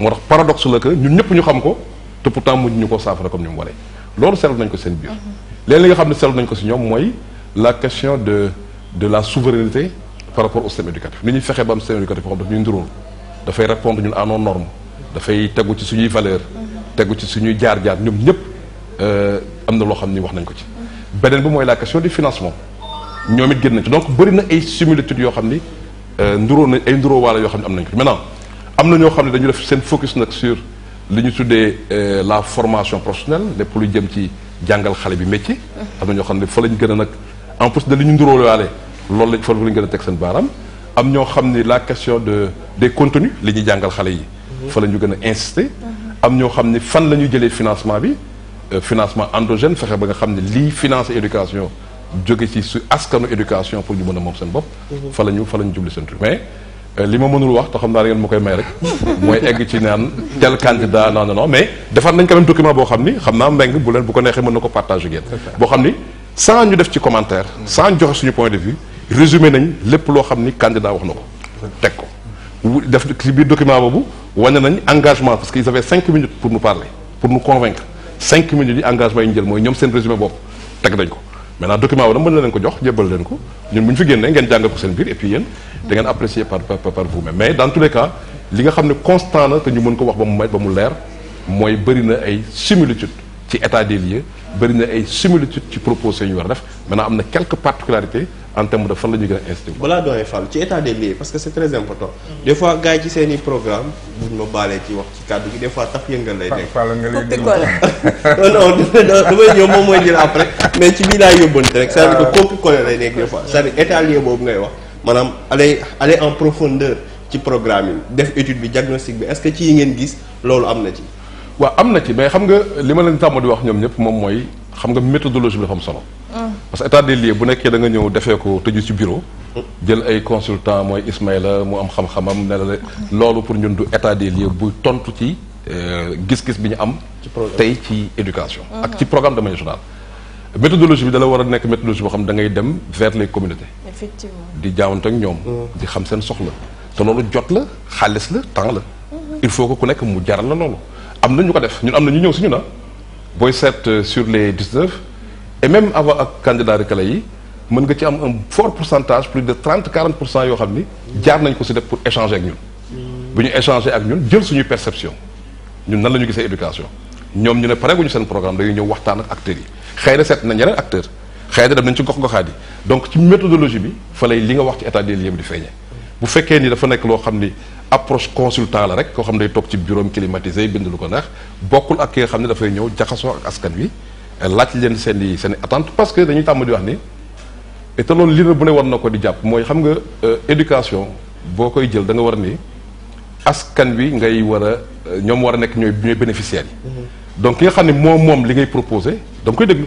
Mhm. la que ñun ñu xam ko te pourtant nous ñu ko comme ni mu waree loolu nañ ko seen biir. Mhm. li nga nañ ko la question de la souveraineté par rapport au système éducatif Nous, ñuy fexe système éducatif nous xam répondre à nos normes dafay tegu ci suñuy valeur nous ci suñuy jaar nous ñoom ñëpp euh, nous beneen bi mooy la question du financement ñoom it gën nañ ci donc bëri na ay similitudes yoo xam ni euh, nduróo na ay nduróo waala yoo xam ne am nañ ko maintenant am na ñoo xam ne dañu def seen focus nag sur li ñu tuddee euh, la formation professionnelle lépp lu jëm ci jàngal xale bi métier. am na ñoo xam ne fa lañ gën a nag en plus de li ñu nduróo waale loolu lañ fa lañ gën a teg seen baaraam am ñoo xam ne la question de des contenus li ñuy jàngal xale yi. fa lañu ñu gën a insister. am ñoo xam ne fan la ñuy jëlee financement bi. Euh, financement endogène fexe ba nga xamné li finance éducation djogé ci su askanu éducation pour ñu mëna mom sen bop mhm. fa lañu fa lañu ñu sen mais euh, li ma mënul wax te xam naa ngeen ma koy may rek mooy egg ci naan tel candidat non non mais defal nañ quand même document boo xam ni xam naa mbeng bu leen bu ko neexee mën na ko partager ngeen. boo xam ni sans ñu def ci commentaire. sans joxe suñu point de vue résumé nañ lépp loo xam ni candidat wax na ko. teg ko def ci biir document boobu wane nañ engagement parce qu'ils avaient cinq minutes pour nous parler pour nous convaincre. 5 minutes yi engagement yi ñu jël mooy ñoom seen résumé bop teg nañ ko maintenant document wala mën la leen ko jox jébal leen ko ñun buñ fi génné ngeen jàng ko seen biir et puis yeen da ngeen apprécier par par par vous même mais dans tous les cas li nga xamné constant na te ñu mën ko wax ba mu may ba mu leer moy bari na ay similitude ci état des lieux bëri na ay similitudes ci propositions yi ñu war a def maintenant am na quelques particularités en termes de fan la ñu gën a incité balaa doonee fàllu ci état des lieux parce que c' très important des fois yi ci seen i programme buñ ma baalee ci wax ci kàddu gi des fois yëngal lay nekk mais ci bii laay yóbbante rek c'est-à-dire que coppi collé lay nekk des fois état lieu boobu ngay wax maanaam aller aller en profondeur ci programme yi def étude bi diagnostic bi est-ce ci yi ngeen gis loolu am na ci waaw am na ci mais xam nga li ma leen tàmm di wax ñoom ñëpp moom mooy xam nga méthodologie bi dafa am solo. Mm. parce que état des lieux bu nekkee da nga ñëw defee ko tëju ci bureau. jël ay consultant mooy Ismaïla mu am xam-xamam ne la loolu pour ñun du état des lieux bu tontu ci euh, gis-gis bi ñu am. tey ci éducation. Mm-hmm. ak ci programme de manière générale méthodologie bi dala war a nekk méthodologie boo xam da ngay dem vers les communautés. di jaawante ak ñoom. Mm. di xam seen soxla te loolu jot la xaalis la temps la. Mm-hmm. il faut que ku nekk mu jaral la loolu. amna ñu ko def ñun am na ñu ñëw suñu na ah. booy seet euh, sur les 19 et même avant ak candidat récalé yi mën nga ci am un fort pourcentage plus de 30 40 pour cent yoo xam ni jaar nañ ko si def pour échanger ak ñun bu ñu échanger ak ñun jël suñu perception ñun nan la ñu gisee éducation ñoom ñu ne pareeguñu seen programme dañuy ñëw waxtaan ak acteurs yi xëy na seet na acteur xëy na dem nañ ci gox-goxaat donc ci méthodologie bi fa lay li nga wax ci état des lieux di feeñee bu fekkee ni dafa nekk loo xam ni approche consultant la rek koo xam ne day toog ci bureau climatisé bind lu ko neex bokkul ak ki nga xam ne dafay ñëw jaxasoo ak askan wi laaj leen seen yi seen i parce que dañuy tàmm di wax ni te loolu li bu ne war na ko di jàpp mooy xam nga euh, éducation boo koy jël da nga war ni askan wi ngay war a ñoom war a nekk ñooy bénéficiaire bénéficiaires mm-hmm. donc ki nga xam ne moom moom li ngay proposé da koy déglu.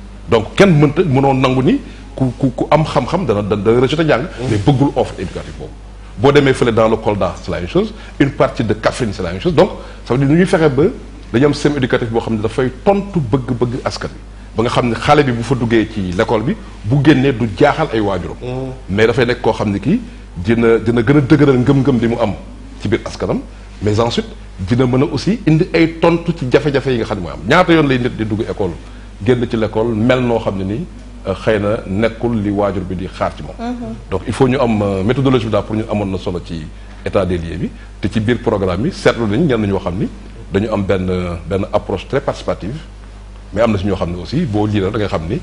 donc ken mënta mënoo nangu ni ku ku ku am xam-xam dana da rejeté jang mm. mais bëggul offre éducative bob bo démé félé dans le colda c'est la même chose une partie de caféine c'est la même chose donc ça veut dire nu ñuy fexe ba dañu am système éducatif boo xam ne dafay tontu bëgg-bëgg askan ba nga xamni xalé bi bu fa duggé ci l'école bi bu génné du jaaxal ay wajuro mm. mais da fay nek ko xamni ki dina dina gëna dëgëral ngëm-ngëm bi mu am ci biir askanam mais ensuite dina mëna aussi indi ay tontu ci jafé-jafé yi nga xam ne am ñaata yoon lay nit di dugg école génn ci l'école mel noo xam ne nii xëy na nekkul li waajur bi di xaar ci moom donc il faut ñu am méthodologie bi daal pour ñu amoon na solo ci état des lieux bi te ci biir programme bi seetlu nañ ñenn ñoo xam ni dañu am benn benn approche très participative mais am na si ñoo aussi boo lii da nga xam ni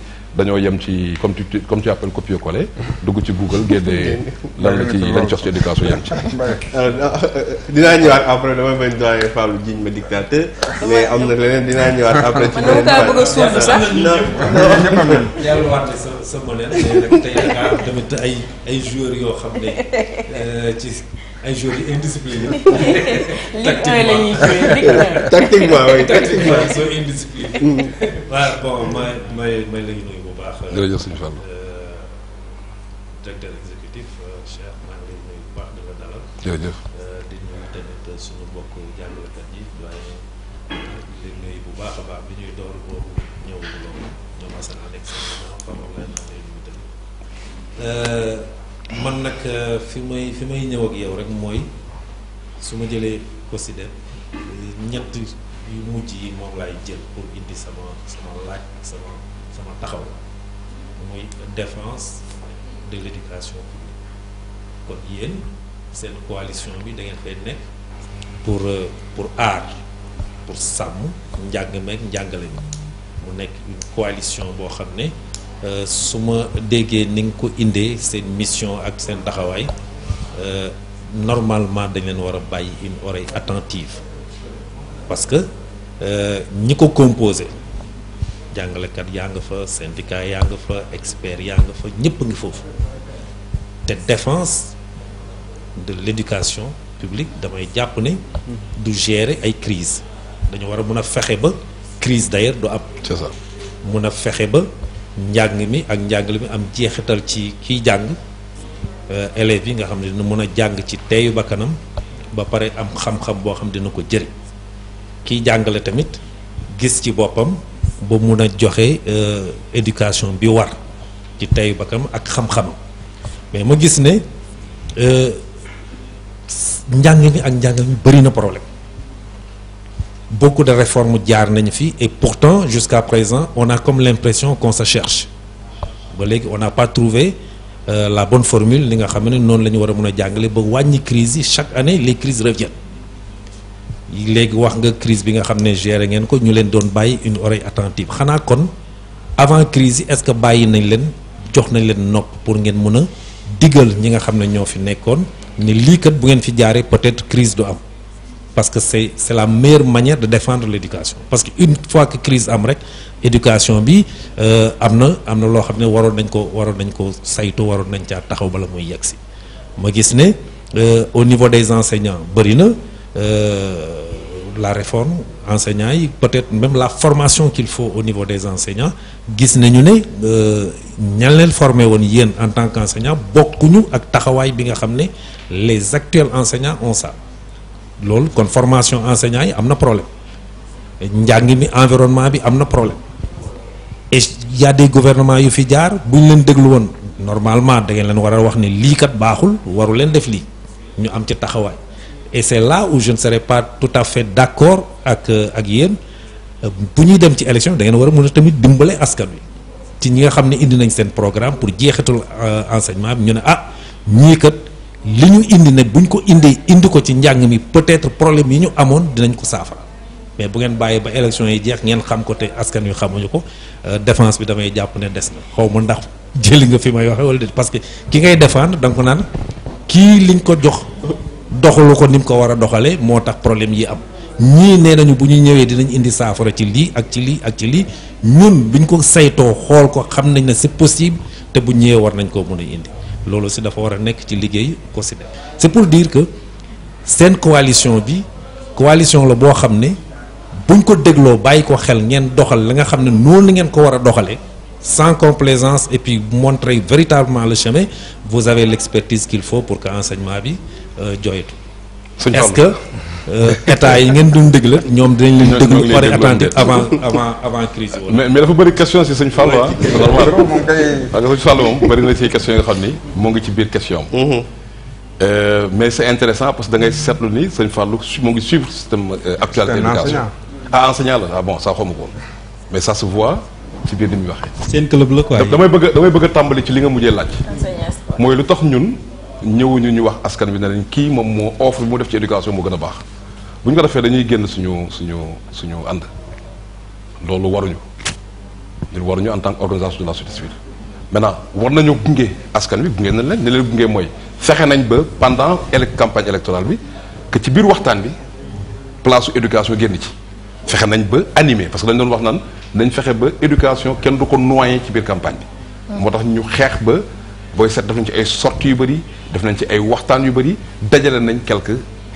yem ci comme tu comme tu appelles copier coller dugg ci Google génne lan la ci lañ jox ci éducation yem ci. dinaa ñëwaat après dama bañ doyen Fallou ma dictateur mais am na leneen ñëwaat après. ci beneen bëgg a sax. sa ay ay joueurs yoo xam euh, ci. ay joueurs yu indiscipliné. tactiquement tactiquement oui tactiquement ils sont indisciplinés. Mm. waaw bon may may may la ñu nuyu bu baax. Euh, jërëjëf sëñ Fall. Euh, directeur exécutif euh, Cheikh maa ngi lay bu baax di la dalal. jërëjëf. di nuyu tamit mbokk jàngalekat yi bu baax a baax bi ñuy door boobu ñëw loolu ñoom Assane Alex Fapal lay nuyu tamit. man nag euh, fi may fi may ñëw ak yow rek mooy su ma jëlee considère ñett yu mujj yi moom laay jël pour indi sama sama laaj sama sama taxaw muy défense de l'éducation publique kon yéen seen coalition bi da ngeen fay nekk pour euh, pour aar pour sàmm njàng meeg njàngale mi mu nekk une coalition boo xam ne euh, su ma déggee ni nga ko indee seen mission ak sen taxaway euh normalement dañ leen wara a une oreille attentive parce que euh ñiko composé jàngalekat yaa nga fa syndicat yaa nga fa expert yaa nga fa ñepp ngi fofu té défense de l'éducation publique damay japp né du gérer ay crise dañu wara mëna fexé ba crise d'ailleurs do du c'est ça mëna fexé ba njàng mi ak njàngale mi am jeexital ci kiy jàng euh, élèves yi nga xam ne dina mën a jàng ci teeyu bakkanam ba pare am xam-xam boo xam dina ko jëriñ kiy jàngale tamit gis ci boppam ba mun a joxe euh, éducation bi war ci teeyu bakkanam ak xam-xamam mais ma gis ne euh, njàng mi ak njàng mi bëri na problème beaucoup de réformes diar et pourtant jusqu'à présent on a comme l'impression qu'on se cherche on n'a pas trouvé euh, la bonne formule li nga xamné non lañu wara mëna jàngalé ba wàññi crise chaque année les crises reviennent léegi wax nga crise bi nga xamné ne géré ko ñu leen doon une oreille attentive xana kon avant crise est-ce que bàyyi nañ leen jox nañ leen nopp pour ngeen mëna digël ñi nga xamné ne ñoo fi nekkoon ni li kat bu fi peut-être crise do parce que c'est la meilleure manière de défendre l'éducation parce qu'une fois que crise est l'éducation, éducation bi euh, am na am na ne ko euh, au niveau des enseignants euh, la réforme enseignants peut-être même la formation qu'il faut au niveau des enseignants nous, avons formé en tant qu'enseignant si ak taxawaay bi nga les actuels enseignants ont ça loolu kon formation enseignant yi am na problème njàng mi environnement bi am na problème et y a gouvernements yu fi jaar bu ñu leen déglu woon normalement da ngeen leen war a wax ne lii kat baaxul waru leen def lii ñu am ci taxawaay et c'est là où je ne serai pas tout à fait d'accord ak ak yéen bu ñuy dem ci élection da ngeen war a mën a tamit dimbale askan wi ci ñi nga xam ne indi nañ seen programme pour jeexitalu euh, enseignement bi ñu ne ah ñii kat. liñu indi nag buñ ko indi indi ko ci njang mi peut-être problème yi ñu amone dinañ ko safa mais bu ngeen baye ba élection yi jeex ngeen xam ko te askan yu xamuñu ko euh, défense bi damay japp ne des na xawma ndax jël nga fi may waxe wala parce que ki ngay défendre donc nan ki liñ ko jox doxalu ko nim ko wara doxale motax problème yi am ñi nee nañu bu dinañ indi saafara ci li ak ci li ak ci li ñun buñ ko sayto xol ko xam nañ c'est possible te bu ñëwee war nañ ko mëna indi loolu aussi dafa war a nekk ci liggéey COSYDEP c'est pour dire que seen coalition bi coalition la boo xam ne buñ ko dégloo bàyyi ko xel ngeen doxal la nga xam ne noonu ngeen ko war a doxalee sans complaisance et puis montrer véritablement le chemin vous avez l'expertise qu'il faut pour que enseignement bi euh, joyetu est-ce que euh, état yi ngeen doon la ñoom dinañ leen déglu pare attentif avant avant avant crise mais mais dafa bëri question si sëñ Fall ah. normal parce que sëñ Fall moom bëri na ci question yi nga xam ni moo ngi ci biir question mhm. euh, mais c'est intéressant parce que da ngay seetlu ni sëñ Fall moo ngi suivre système euh, actuel d'éducation ah enseignant la ah bon ça xawma ko mais ça se voit ci biir ni muy waxee seen club la quoi damay bëgg damay bëgg a tàmbali ci li nga mujjee laaj mooy lu tax ñun ñëwuñu ñu wax askan bi ne leen kii moom moo offre bi mu def ci éducation moo gën a baax bu ñu ko defee dañuy génn suñu suñu suñu ànd loolu waruñu ñun waruñu en tant que organisation de la société civile maintenant war nañoo gunge askan wi gunge nañ leen ne leen gunge mooy fexe nañ ba pendant élec campagne électorale bi que ci biir waxtaan bi place su éducation génn ci fexe nañ ba animé parce que dañ doon wax naan nañ fexe ba éducation kenn du ko noyé ci biir campagne bi moo tax ñu xeex ba booy seet def nañ ci ay sorties yu bëri def nañ ci ay waxtaan yu bëri dajale nañ quelques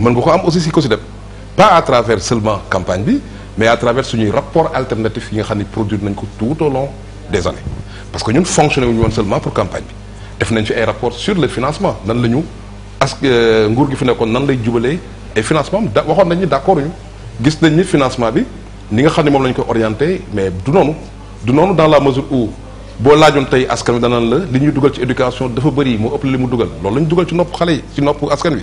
man nga ko am aussi si ko ci def pas à travers seulement campagne bi mais à travers suñu rapport alternatif yi nga xam ne produire nañ ko tout au long des années parce que ñun fonctionné wuñu woon seulement pour campagne bi def nañ fi ay rapport sur le financement nan la ñu as euh, nguur gi fi nekkoon nan lay jubalee ay financement da waxoon nañ ni d' accord ñu gis nañ ni financement bi ni nga xam ne moom lañ ko orienté mais du noonu du noonu dans la mesure où boo laajoon tey askan wi danaan la li ñuy dugal ci éducation dafa bëri moo ëpp li mu dugal loolu la dugal ci nopp xale yi ci nopp askan wi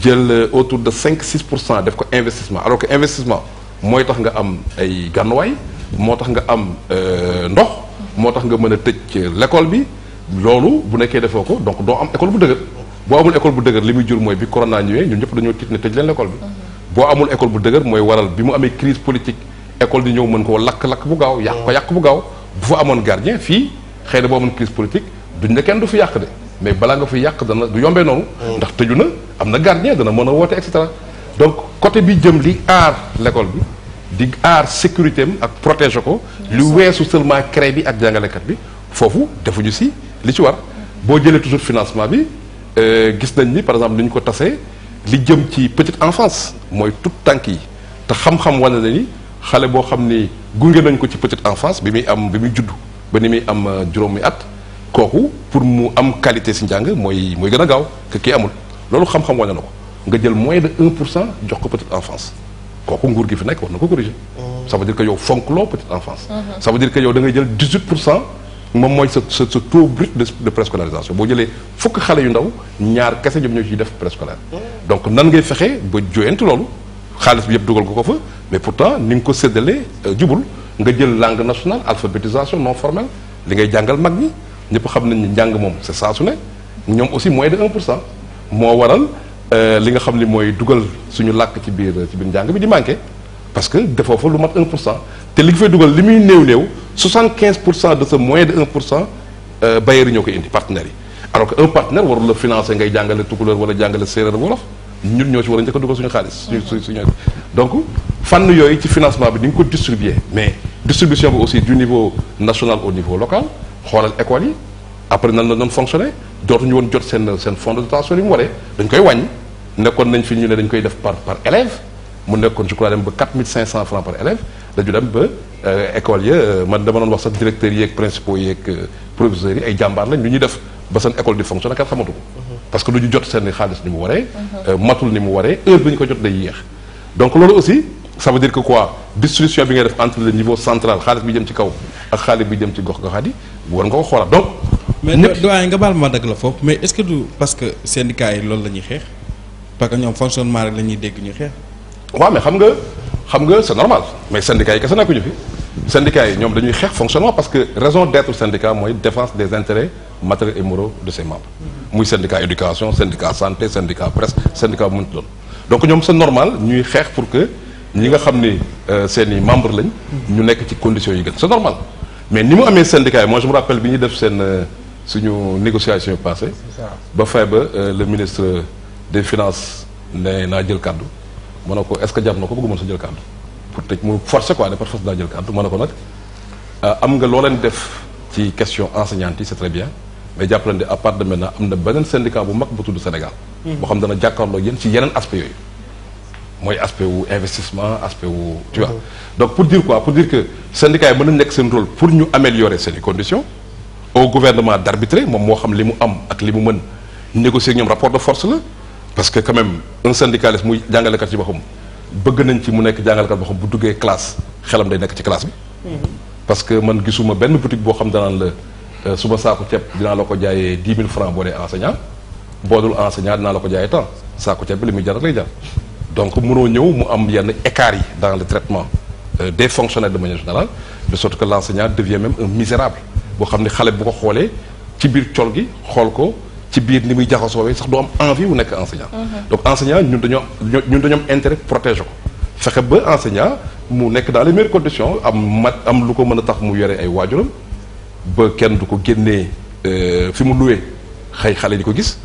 jël euh, autour de cinq 6 pour cent def ko investissement alors que investissement mooy tax nga am ay gànnuwaay moo tax nga am euh, ndox moo tax nga mën a tëj euh, l'école bi loolu bu nekkee defoo ko donc doo am école bu dëgër boo amul école bu dëgër li muy jur mooy bi corona ñëwee ñun ñëpp dañoo tiit ne tëj leen l'école bi mhm. boo amul école bu dëgër mooy waral bi mu amee crise politique école di ñëw mën ko lakk-lakk bu gaaw yàq ko yàq bu gaaw bu fa amoon gardien fii xëy na boo amoon crise politique duñ ne kenn du fi yàq de mais bala nga fi yàq dana du yombee noonu. Mm. ndax tëju na am na gardien dana mën a woote et cetera. donc côté bi jëm li aar l'école bi di aar sécurité am ak protéger ko. lu weesu seulement CREI bi ak jàngalekat bi foofu defuñu si li ci war. boo jëlee toujours financement bi euh, gis nañ ni par exemple ni ñu ko tasee li jëm ci petite enfance mooy tout tànk yi te xam-xam wane na ni xale boo xam ni gunge nañ ko ci petite enfance bi muy am bi muy judd ba ni muy am euh, juróomi at kooku pour mu am qualité si jang moy moy gëna a gaaw que kii amul loolu xam-xam wane nga jël moins de 1 jox ko petite enfance kooku nguur gi fi nek war na ko corriger. Mm. ça veut dire que yow fonk loo petite enfance. Mm-hmm. ça veut dire que yow da ngay jël 18 mom moy ce mooy taux brut de de préscolarisation bo jëlé fukk xalé yu ndaw ñaar kese ñoom ñoo ci def préscolaire. Mm. donc nan ngay fexé ba joyanti lolu xaalis bi yëpp dugal ko ko fa mais pourtant ni ko séddalee euh, jubul nga jël langue nationale alphabétisation non formelle li ngay jàngal mag ñi ñëpp xam nañ ni njàng moom c'est saa su ne ñoom aussi moins de 1 pour cent moo waral euh, li nga xam ni mooy dugal suñu làkk ci biir ci biir njàng bi di manqué parce que defoo fa lu mat 1 pour cent te li nga fay dugal li muy néew-néew 75 pour cent de ce moins de 1 pour cent euh, bailleurs ñoo koy indi partenaires yi alors que un partenaire warul la financer ngay jàngale tukulóor wala jàngale séeréer wolof ñun ñoo ci war a njëkk a dugal suñu xaalis suñu suñu donc fànn yooyu ci financement bi di nga ko distribuer mais distribution bi aussi du niveau national au niveau local xoolal école yi après nan la doon fonctionné dootuñu woon jot seen seen fonds de dotation yi mu waree dañ koy wàññi nekkoon nañ fi ñu ne dañ koy def par par élève mu nekkoon je crois dem ba 4500 francs par élève dañu dem ba euh, école ya euh, man dama doon wax sax directeur yi ak principaux yi ak euh, proviseurs yi ay jàmbaar lañ ñu ñuy def ba seen école di fonctionné kat xamatu ko mhm. parce que du ñu jot seen xaalis ni mu waree mhm. matul ni mu waree heure bi ñu ko jot day yéex donc loolu aussi ça veut dire que quoi distribution entre le niveau central le bi dem ci kaw ak xaalis bi dem ci gox goxaat yi war nga ko donc. mais doyen nga bal ma la mais est-ce que parce que syndicat yi loolu lañuy xex parce que ñom fonctionnement rek la ñuy dégg ñu mais xam nga c'est normal mais syndicat yi est ko ñu fi syndicats yi dañuy xex fonctionnement parce que raison d'être syndicat la défense des intérêts matériels et moraux de ses membres. le syndicat éducation syndicat santé syndicat presse syndicat de mu donc ñom c'est normal ñuy xex pour que ñi nga xam ni euh, seen i membre lañ ñu nekk ci condition yi gën c'est normal mais ni mu amee syndicat yi moi je me rappelle bi ñuy def seen euh, suñu négociation yi passé ba fay ba euh, le ministre des finances ne naa jël kàddu ma ne ko est-ce que jar na ko bëggu mën sa jël kàddu pour tëj mu forcé quoi ne par force daa jël kàddu ma ne ko nag am nga loo leen def ci question enseignante yi c'est très bien mais jàpp leen di à part de maintenant am na beneen syndicat bu mag bu tudd Sénégal hmm. boo xam dana jàkkaarloo yéen ci yeneen aspect yooyu Moy aspect ou investissement aspect ou tu vois donc pour dire quoi pour dire que syndicat yi mën nañ rôle pour nous améliorer ces conditions au gouvernement d'arbitrer moom moo xam li mu am ak li mu négocier ñoom rapport de force là, parce que quand même un syndicaliste muy jàngalekat ci boppam bëgg nañ ci mu nekk jàngalekat boo xam bu duggee classe xelam day nekk ci classe parce que man gisuma benn boutique boo xam danaan la euh, su le saako ceeb dinaa la ko jaayee francs pour les enseignant boo dul enseignant dinaa la ko ça coûte saako ceeb bi li jar donc mënoo ñëw mu am yenn écart dans le traitement euh, des fonctionnaires de manière générale de sorte que l'enseignant devient même un misérable boo xam ne xale bu ko xoolee ci biir col gi xool ko ci biir ni muy jaxasoowee sax du am envie wu nekk enseignant mhm. donc enseignant ñun dañoo ñun dañoo intérêt protéger ko fexe ba enseignant mu nekk dans les meilleures conditions am mat am lu ko mën a tax mu yore ay waajuram ba kenn du ko génnee euh, fi mu luwee xëy xale di ko gis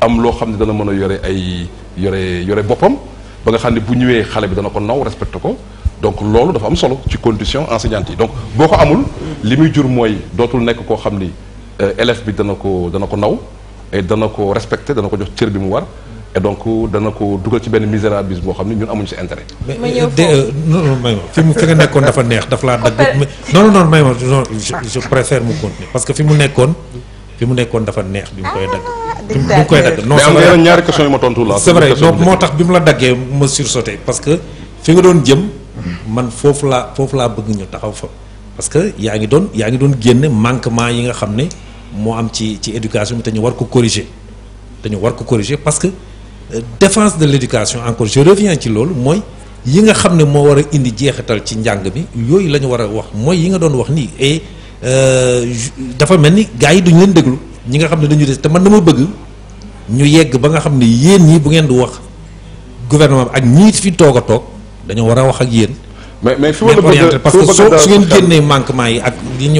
am loo xam dala dana mën yore ay yore yore boppam ba nga xam ne bu ñëwee xale bi dana ko naw respecté ko donc loolu dafa am solo ci condition enseignante yi donc boo ko amul li muy jur mooy dootul nekk koo xam ni euh, élève bi dana ko dana ko naw et dana ko respecté dana ko jox cër bi mu war et donc dana ko dugal ci benn misérabilisme boo xam ne ñun amuñu si intérêt. mais ñëw euh, euh, non non may ma fi mu fi nga nekkoon dafa neex dafa laa dagg. non non non may ma je préfère mu continuer parce que fi mu nekkoon fi mu nekkoon dafa neex bi mu koy dagg. dictateur koy dagg non mais ñaari tontu la. c'est vrai donc moo tax bi mu la daggee ma sursauté parce que fi nga doon jëm. man foofu laa foofu laa bëgg ñu taxaw fa. parce que yaa ngi doon yaa ngi doon génne manquement yi nga xam ne moo am ci ci éducation bi te ñu war ko corriger te ñu war ko corriger parce que euh, défense de l'éducation encore je reviens ci loolu mooy yi nga xam ne moo war a indi jeexital ci njàng bi yooyu la ñu war a wax mooy yi nga doon wax nii et euh, dafa mel ni gars yi duñu leen déglu. ñi nga xam ne dañu des te man dama bëgg ñu yegg ba nga xam ne yéen ñi bu ngeen di wax gouvernement bi ak ñii fi toog a toog dañoo war a wax ak yéen. mais mais fi ma la bëgg parce que soo su ngeen génnee manquement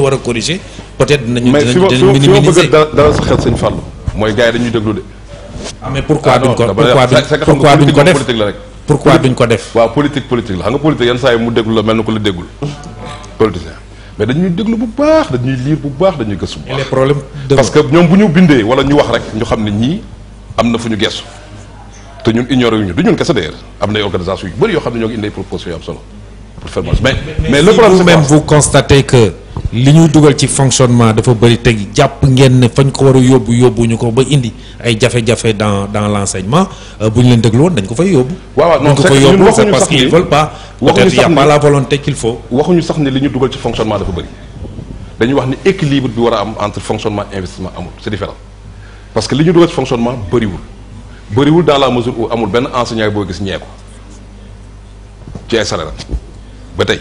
war a corriger peut-être dinañu. dinañu dinañu dara xel sëñ Fallou mooy gars yi dañuy déglu de. Ah, pourquoi ah, duñ ko def pourquoi duñ ko def. waaw politique politique la xam nga politique yenn saa yi mu déglu la mel na ko la déggul mais dañuy déglu bu baax dañuy lire bu baax dañuy gëssu bu baax problème parce que ñoom bu ñu bindee wala ñu wax rek ñu xam ne ñii am na fu ñu te ñun ignoré wuñu du ñun kese d'ailleurs am organisation yu bari yoo xam ñoo indi ay yu am solo pour faire mais mais, le problème même vous constatez que li ñu dugal ci fonctionnement dafa bëri teg jàpp ngeen ne fañ ko war a yóbbu yóbbuñu ko ba indi ay jafe-jafe dans dans l' enseignement euh, bu ñu leen déglu woon dañ ko fay yóbbu. waaw waaw non ko fay yóbbu c'est parce qu'ils veulent pas. waxuñu sax peut-être y a pas sax ne li ñu dugal ci fonctionnement dafa bëri dañuy wax ne équilibre bi war a am entre fonctionnement investissement amul c' est différent parce que li ñu dugal ci fonctionnement bëriwul bëriwul dans la mesure où amul benn enseignant boo gis ñee ko ci ay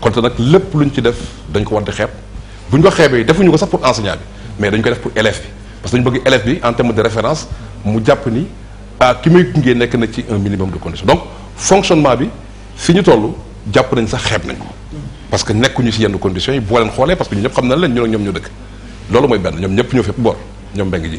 konte nag lépp lu ñu ci def dañ ko wante xeeb bu ñu ko xeebee defuñu ko sax pour enseignant bi mais dañ ko def pour élève bi parce que dañu bëgg élève bi en terme de référence mu jàpp ni ah ki muy gunge nekk na ci un minimum de condition donc fonctionnement bi fi ñu toll jàpp nañ sax xeeb nañ ko parce que nekkuñu si yenn conditions yi boo leen xoolee parce que ñu ñëpp xam na leen ñun ak ñoom ñoo dëkk loolu mooy benn ñoom ñëpp ñoo fépp bor ñoom mbeng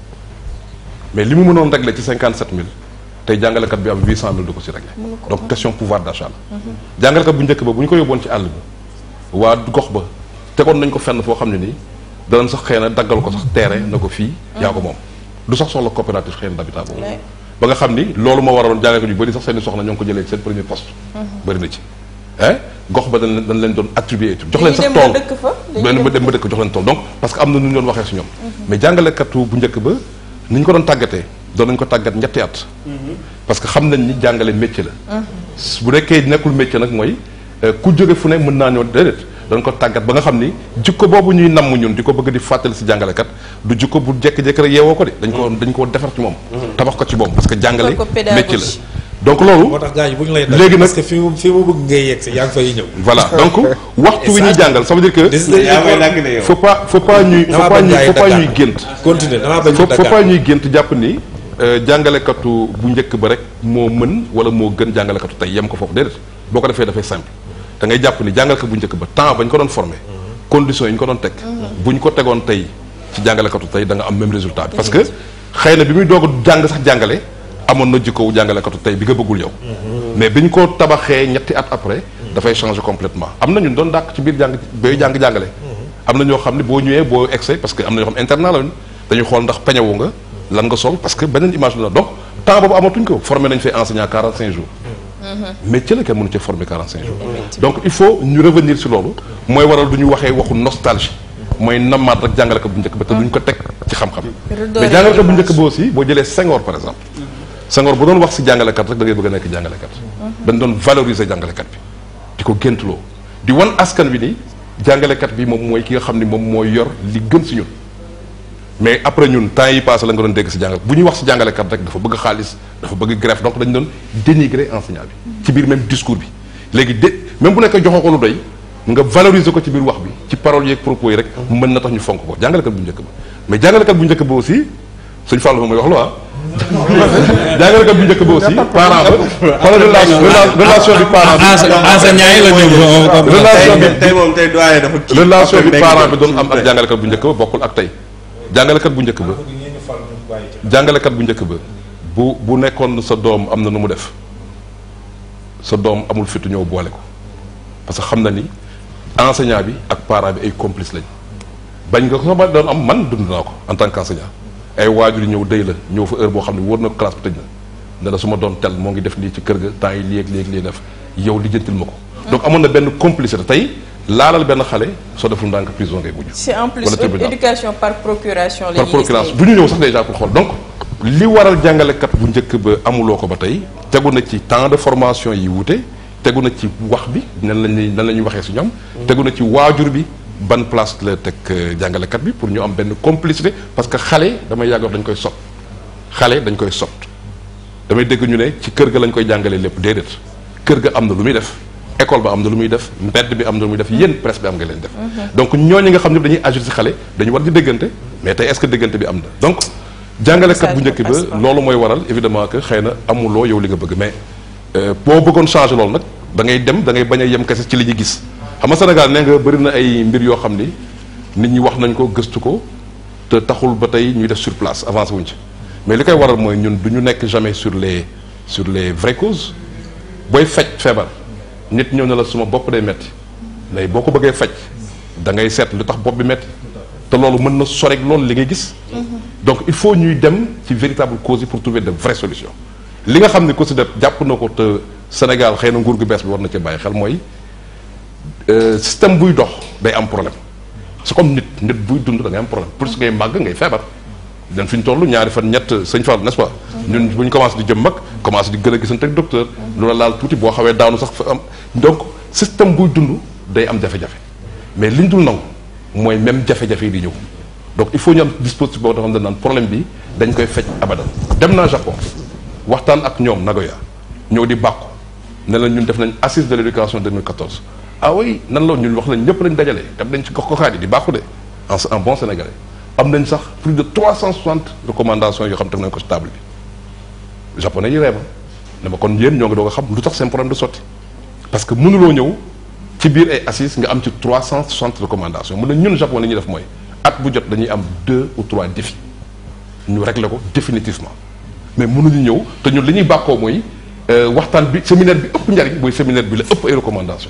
mais li mu mënoon régler ci 57000 tey jàngalekat bi am 800000 du ko ci régler. donc question pouvoir d'achat la. Mhm. jàngalekat bu njëkk ba bu ñu ko yóbboon ci àll bi waa gox ba tegoon nañ ko fenn foo xam ne nii danañ sax xëy na daggal ko sax teere na ko fii. Mhm. yaa ko moom du sax soxla coopérative xëy na d'habitat ba nga xam ni loolu moo waraloon jàngalekat yu bëri sax seen i soxna ñoo ngi jëlee seen premier mhm. gox ba dañ leen dañ leen doon attribué jox leen sax tool dañuy dem ba dëkk fa. dañuy dem ba dëkk jox leen tool donc parce que am na nu ñu doon waxee si ñoom. mais jàngalekatu bu njëkk ba ni ñu ko doon tàggatee doon nañu ko tàggat ñetti at. parce que xam nañ ni jàngale métier la. bu nekkee nekkul métier nag mooy euh, ku jóge fu ne mën naa ñëw déedéet dañ ko tàggat ba nga xam ni jikko boobu ñuy namm ñun di ko bëgg di fàttali si jàngalekat du jikko bu jékki-jékki rek yeewoo ko de. dañ ko dañ ko defar ci moom. Mm-hmm. tabax ko ci moom parce que jàngale métier la. donc loolu. moo tax gars yi bu ñu léegi nag parce que fi mu fi mu bëgg ngay yegg si yaa ngi fay ñëw. voilà donc waxtu wi ñuy jàngal ça veut dire que. il faut pas faut pas ñuy. faut pas ñuy gént. continuer damaa bañ faut pas ñuy gént jàpp ni. Euh, jàngalekatu bu njëkk ba rek moo mën wala moo gën jàngalekatu tey yem ko foofu déedéet boo ko defee dafay simple da ngay jàpp ni jàngalekat bu njëkk ba temps ba ñu ko doon formé. conditions yi ñu ko doon teg. bu ñu ko tegoon tey ci jàngalekatu tey danga am même résultat bi parce que xëy na bi muy doogu jàng sax jàngale amono na jikkowu jàngalekatu tay bi nga bëggul yow mhm. mais biñ ko tabaxé ñetti at après mhm. da fay changer complètement Amna ñu ñun doon dàq ci biir jang bay jang jangale. Mhm. Amna ño xamni bo ñué bo excès parce que amna ño xam internal internat lañu dañuy xool ndax peñewu nga lan nga sol parce que benen image la donc temps bobu amatuñ ko formé nañu fay enseignant 45 jours métier la kenn mënu ci formé 45 jours donc il faut ñu revenir ci loolu moy waral duñu waxé waxu nostalgie mooy namaat rek ko bu njëkk ba te duñ ko tek ci xam-xam mais jàngalekat bu njëkk ba aussi boo 5 heures par exemple sangor bu doon wax si kat rek da ngay bëgg nek jangale kat dañ doon valoriser kat bi diko di won askan bi ni kat bi mom moy ki nga xamni mom moy yor li gën ci ñun mais après ñun temps yi passé la nga doon dégg si jangale bu ñu wax jangale kat rek dafa bëgg xaaliss dafa bëgg greffe donc dañ doon dénigrer enseignant bi ci biir même discours bi légui même bu nek ko lu doy nga valoriser ko ci biir wax bi ci parole yeeg propos yi rek mën na tax ñu fonk ko kat bu ñëk ba mais kat bu ñëk ba aussi fallu wax lo ah Jangan ko bu njëkk ba aussi parent ba xoolal relation bi parent bi enseignant yi la ñëw relation bi tey moom tey doyen dafa kii relation bi parent bi doon am ak jàngalekat bu njëkk ak bu njëkk ba jàngalekat bu njëkk ba bu bu sa doom def sa doom amul fitu ñëw boole ko parce que xam na ni enseignant bi ak parent bi ay complice lañ bañ nga ko ba doon am man dund ko en tant qu'enseignant ay waajur ñëw dëy la ñëw fa heure boo xam ne wóor na classe bi tëj na ne la su ma doon tel moo ngi def nii ci kër ga temps yi léeg léeg lii def yow lijjantil ma ko donc amoon na benn complicité tey laalal benn xale soo deful ndànk prison ngay mujj c'est du ñu ñëw sax déjà pour xool donc li waral jàngalekat bu njëkk ba amuloo ko ba tey tegu na ci temps de formation yi wute tegu na ci wax bi nan lañuy nan la ñuy waxee si ñoom tegu na ci waajur bi ban place la tek euh, kat bi pour ñu am ben complicité parce que xalé dama yago dañ koy sop xalé dañ koy sop damay dégg ñu né ci kër ga lañ koy jangale lepp kër ga amna lu muy def école ba amna lu muy def mbedd bi amna lu muy def yeen presse bi am nga leen def mhm. donc ñoñ nga xamni dañuy agir ci xalé dañu war di déggante mais tay est ce que déggante bi amna donc jangale kat bu njëkk ba loolu moy waral évidemment que xeyna amulo yow li nga bëgg mais euh, boo bëggon changer loolu nak da ngay dem da ngay baña yëm kess ci li gis xam nga Sénégal nee nga bëri na ay mbir yoo xam ni nit ñi wax nañ ko gëstu ko te taxul ba tey ñuy def sur place avancé wuñ ci mais li koy waral mooy ñun duñu nekk jamais sur les sur les vraies causes booy faj feebar nit ñëw na la suma bopp day metti lay boo ko bëggee faj da ngay seet lu tax bopp bi metti te loolu mën na sorek loolu li ngay gis mm-hmm. donc il faut ñuy dem ci véritable cause yi pour trouver de vraies solutions li nga xam ne ko si def jàpp na ko te Sénégal xëy na nguur gu bees bi war na ci bàyyi xel mooy Euh, système buy dox day am problème c'est comme nit nit buy dund da ngay am problème plus ngay màgg ngay feebar dem fi ñu toll ñaari fan ñett sëñ Fall n'est-ce ñun bu ñu commencé di jëm mag commencé di gën a gisante ak docteur loola laal tuuti boo xawee daanu sax fa am donc système buy dund day am jafe-jafe mais liñ dul nangu mooy même jafe-jafe yi di ñëw donc il faut ñu am dispositif boo xam ne naan problème bi dañ koy faj abadan dem naa Japon waxtaan ak ñoom Nagoya ñëw di bàkku ne la ñun def nañ assise de l'éducation 2014 ah oui nan la ñun wax nañ ñëpp lañ dajalé tam dañ ci gox goxaan yi di baaxu de en bon sénégalais am nañ sax plus de 360 recommandations yoo xam teg nañ ko ci bi japonais yi ree ma ne ma kon yéen ñoo ngi doog a xam lu tax seen problème de sotti parce que mënuloo ñëw ci biir ay assises nga am ci 360 recommandations mu ne ñun japonais ñi def mooy at bu jot dañuy am deux ou trois défis ñu régler ko définitivement mais mënuñu ñëw te ñun li ñuy bàkkoo mooy euh, waxtaan bi séminaire bi ëpp njariñ mooy séminaire bi la ëpp ay recommandations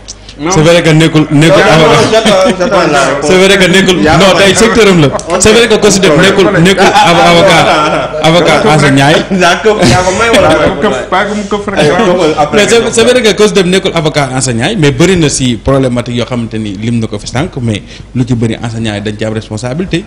c'est vrai que nekkul nekkul avocat que nekkul non tey secteur am la c'est que ko si def nekkul nekkul avocat avocat enseignant yi mais c'est vrai que ko si def nekkul avocat enseignant mais bëri na si problématique yoo xamante ni lim na ko fi sànq mais lu ci bëri enseignant dañ ci am responsabilité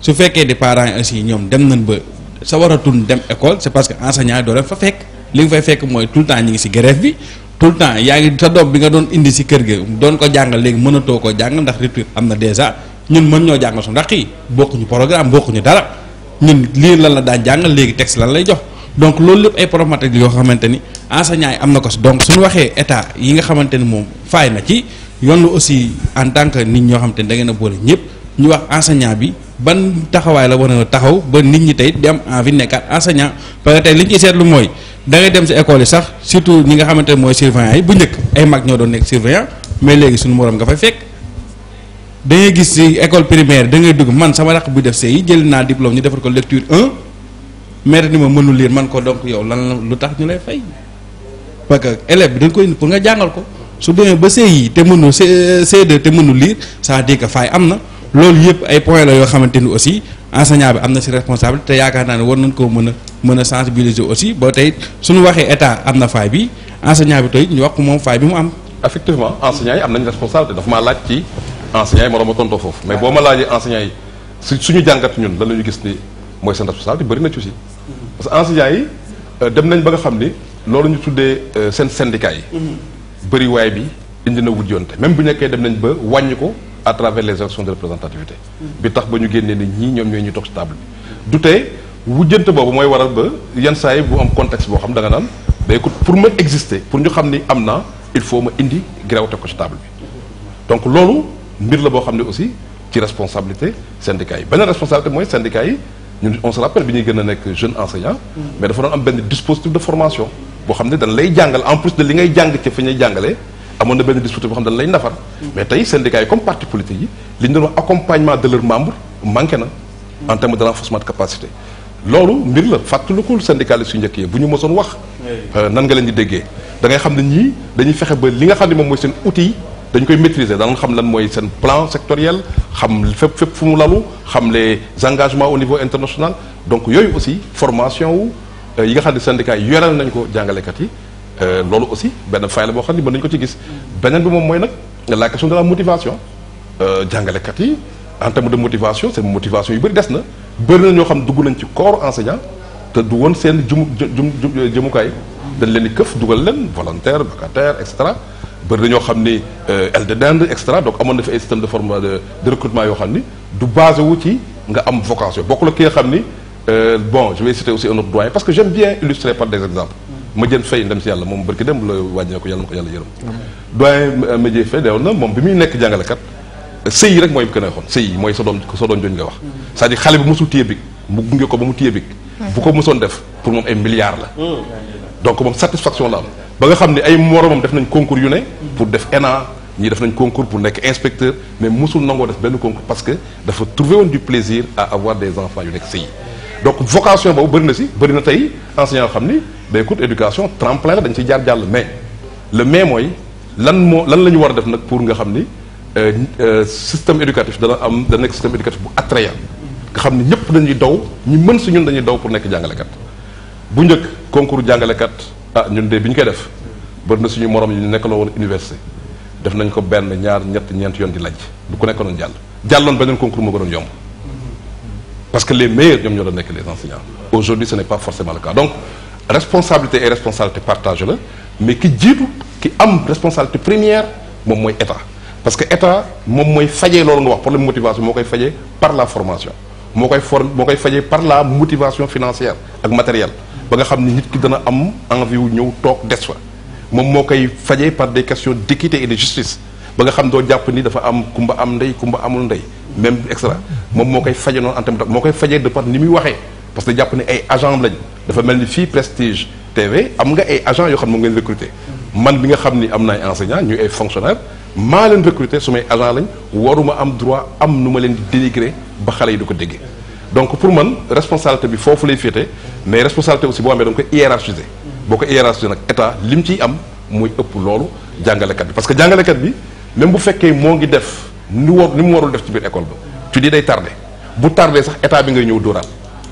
su fekkee di parents yi aussi ñoom dem nañ ba sa waratun dem école c'est parce que enseignant yi doo leen fa fekk li nga fay fekk mooy tout le temps ñi ngi si grève bi tout le temps yaa ngi sa doom bi nga doon indi si kër gi doon ko jàngal léegi mënatoo koo jàngal ndax rupture am na dèjà ñun mën ñoo jàngal su ndax yi bokkuñu programme bokkuñu dara ñun lii lan la daan jàngal léegi texte lan lay jox donc loolu lépp ay problématique yoo xamante ni enseignant yi am na ko si donc suñu waxee état yi nga xamante ni moom faay na ci yoon lu aussi en tant que nit ñoo xamante ni da ngeen a boole ñëpp ñu wax enseignant bi ban taxaway la war taxaw ba nit ñi tey di am envie nekkaat enseignant parce que tay liñ ci sétlu moy da ngay dem ci école sax surtout ñi nga xamante moy surveillant yi bu ñëk ay mag ñoo doon nek surveillant mais légui suñu morom nga fay fekk da ngay gis ci école primaire da ngay dugg man sama raq bu def sey jël na diplôme ñu defar ko lecture 1 mère ni ma mënu lire man ko donc yow lan la lu tax ñu lay fay parce que élève bi dañ koy indi pour nga jangal ko su demee ba sey te mënu C2 te mënu lire ça dit que fay amna loolu yëpp ay points la yoo xamante ni aussi enseignant bi am na si responsable te yaakaar naa ne war nañ koo mën a mën a sensibiliser aussi boo tey suñu waxee état am na faay bi enseignant bi tey ñu wax ko moom faay bi mu am. effectivement enseignants yi am nañu responsabilité dafa maa laaj ci enseignants yi ma doon ma tontoo foofu mais boo ma laajee enseignants yi su suñu jàngat ñun lan la ñu gis ni mooy seen responsabilité bari na ci aussi parce que enseignants yi euh, dem nañ ba nga xam ni loolu ñu tuddee euh, seen syndicat yi. Mm-hmm. bëri waay bi indi na wut yoonte même bu nekkee dem nañ ba wàññi à travers les actions de représentativité bi tax ba ñu génnee ne ñii ñoom ñooy ñu toog ci table bi du tey wujjante boobu mooy waral ba yenn bu am contexte boo xam da nga pour ma exister pour ñu xam ni il faut me indi grève teg ko ci table bi donc loolu mbir la boo xam ne aussi ci responsabilité syndicats Ben la responsabilité mooy syndicats yi ñun on se rappelle bi ñuy gën a nekk jeune enseignant mais dafa doon am dispositif de formation pour xam dans dañ lay jàngal en plus de li ngay jàng ci fi amoon na benn dispositif xam dañ lay nafar mais tay syndicats yi comme parti politique yi li ñu wax accompagnement de leurs membres manqué na en termes de renforcement de capacité loolu mbir la fàttalikul syndicalistes yu njëkk yi bu ñu mosoon wax euh, nan nga leen di déggee da ngay xam ne ñii dañuy fexe ba li nga xam ne moom mooy seen outil dañ koy maîtriser danañ xam lan mooy seen plan sectoriel xam fépp fépp fu mu lalu xam les engagements au niveau international donc yooyu aussi formation wu euh, yi nga xam ne syndicats yi yoral nañ ko jàngalekat yi euh, loolu aussi benn fay la boo xam ne mën nañu ko ci gis beneen bi moom mooy nag la question de la motivation euh, jàngalekat yi en terme de motivation seen motivation yu bëri des na bëri na ñoo xam dugg nañ ci corps enseignant te du woon seen jum jum jëmukaay dañ leen di këf dugal leen volontaire vacataire et cetera bëri na ñoo xam ni de euh, d'Inde et cetera donc amoon na fi ay système de forme de recrutement yoo xam ni du basé wu ci nga am vocation bokk la ki nga xam ni bon je vais citer aussi un autre doyen parce que j'aime bien illustrer par des exemples ma jën fay ndem si yàlla moom barki dem la wàññee ko yàlla na ko yàlla yërëm doyen méjee fay deewoon na moom bi muy nekk jàngalekat sëy yi rek mooy bi ko xon sëy yi mooy sa doom sa doom jooñ nga wax c'est-à-dire xale bi mosul téye bi mu gunge ko ba mu téye bi bu ko mosoon def pour moom ay milliards la donc moom satisfaction la am ba nga xam ne ay moromam def nañ concours yu ne pour def ENA ñii def nañ concours pour nekk inspecteur mais mosul nangoo def benn concours parce que dafa trouvé woon du plaisir à avoir des enfants yu nekk sëy donc vocation boobu bëri na si bëri na tey enseignant yoo xam ni ben écoute éducation tremplin la dañ ci jaar jàll mais le mais mooy lan moo lan la ñu war a def nag pour nga xam ni euh, euh, système éducatif dana am dana nekk système éducatif bu attrayant nga xam ni ñëpp dañuy daw ñu mën si ñun dañuy daw pour nekk jàngalekat bu njëkk concours jàngalekat ah ñun de bi ñu koy def bëri na suñu morom ñu nekk la woon université def nañ ko benn ñaar ñett ñeent yoon di laj du ku nekkoon jàll jàlloon beneen concours moo gënoon yomb parce que les meilleurs ñoom ñoo doon nekk les enseignants aujourd'hui ce n'est pas forcément le cas donc responsabilité et responsabilité partagée là mais qui dit ki am responsabilité première moom mooy état parce que état moom mooy fajee loolu nga wax problème motivation mon koy par la formation mon koy for par la motivation financière ak matérielle ba nga xam ni nit ki dana am envie wu ñëw toog des fa moom moo par des questions d'équité et de justice ba nga xam doo jàpp ni dafa am kumba am ndey kumba amul ndey même etc. Mon moom moo non faje noonu en terme de par ni muy parce que japonais, ne ay agent lañ dafa mel ni Prestige TV am nga ay agent yoo xam ne recruter man bi nga xam am enseignant ñu ay fonctionnaire M'a leen recruter su may agent lañ waruma am droit am nu ma leen di dénigrer ba yi du ko donc pour man responsabilité bi foofu lay fêter, mais responsabilité aussi boo amee donc nga beaucoup hiérarchiser boo ko hiérarchiser nag état li mu am muy ëpp loolu jàngalekat bi parce que jàngalekat bi même bu faites moo ngi def ni nous ni mu warul def ci Tu école ba ci di day tardé bu tardé sax état bi ngay ñëw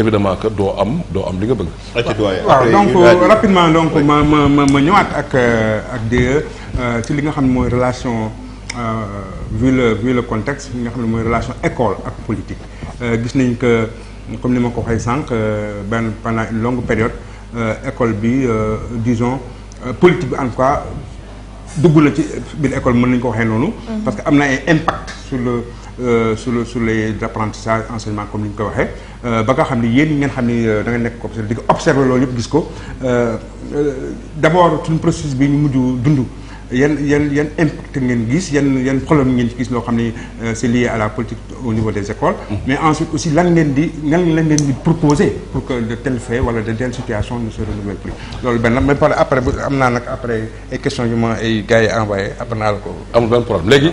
évidemment que doo am doo am li nga bëgg. waaw donc rapidement donc ma ma ma ñëwaat ak euh, ak DE euh, ci li nga xam ne mooy relation euh, vu le contexte li nga xam ne mooy relation école ak politique gis nañ que comme ni ma ko waxee sànq benn pendant une longue période école bi dison politique bi en tout dugg na ci biir école mën nañ ko waxee noonu. Mm-hmm. parce que am na impact sur le. Euh, sur le sur les apprentissages enseignement comme ni ñu ko waxee euh, ba nga xamni yeen yéen ñi ngeen xam euh, da nga nek ko di ko observer loolu yëpp gis ko d' abord une processus bi ñu muju dundu yeen yeen yan impact ngeen gis yeen yeen problème ngeen gis lo xamni c'est lié à la politique au niveau des écoles. Mm-hmm. mais ensuite aussi lan ngeen di lan lan ngeen di proposer pour que de tel fait wala de telle situation ne se renouvellent plus. loolu benn la mais par après amna nak après ay questions yu ma ay gars yi envoyé après naa ko. amul ben problème légui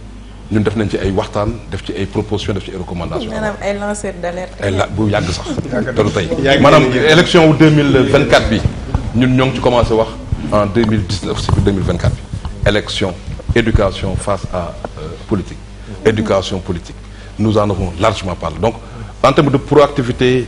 nous devons faire des propositions, et def ci ay Madame, def ci d'alerte ay la élection 2024 nous ñun pas commencé en 2019 2024 élection éducation face à euh, politique mhm. éducation politique nous en avons largement parlé donc en termes de proactivité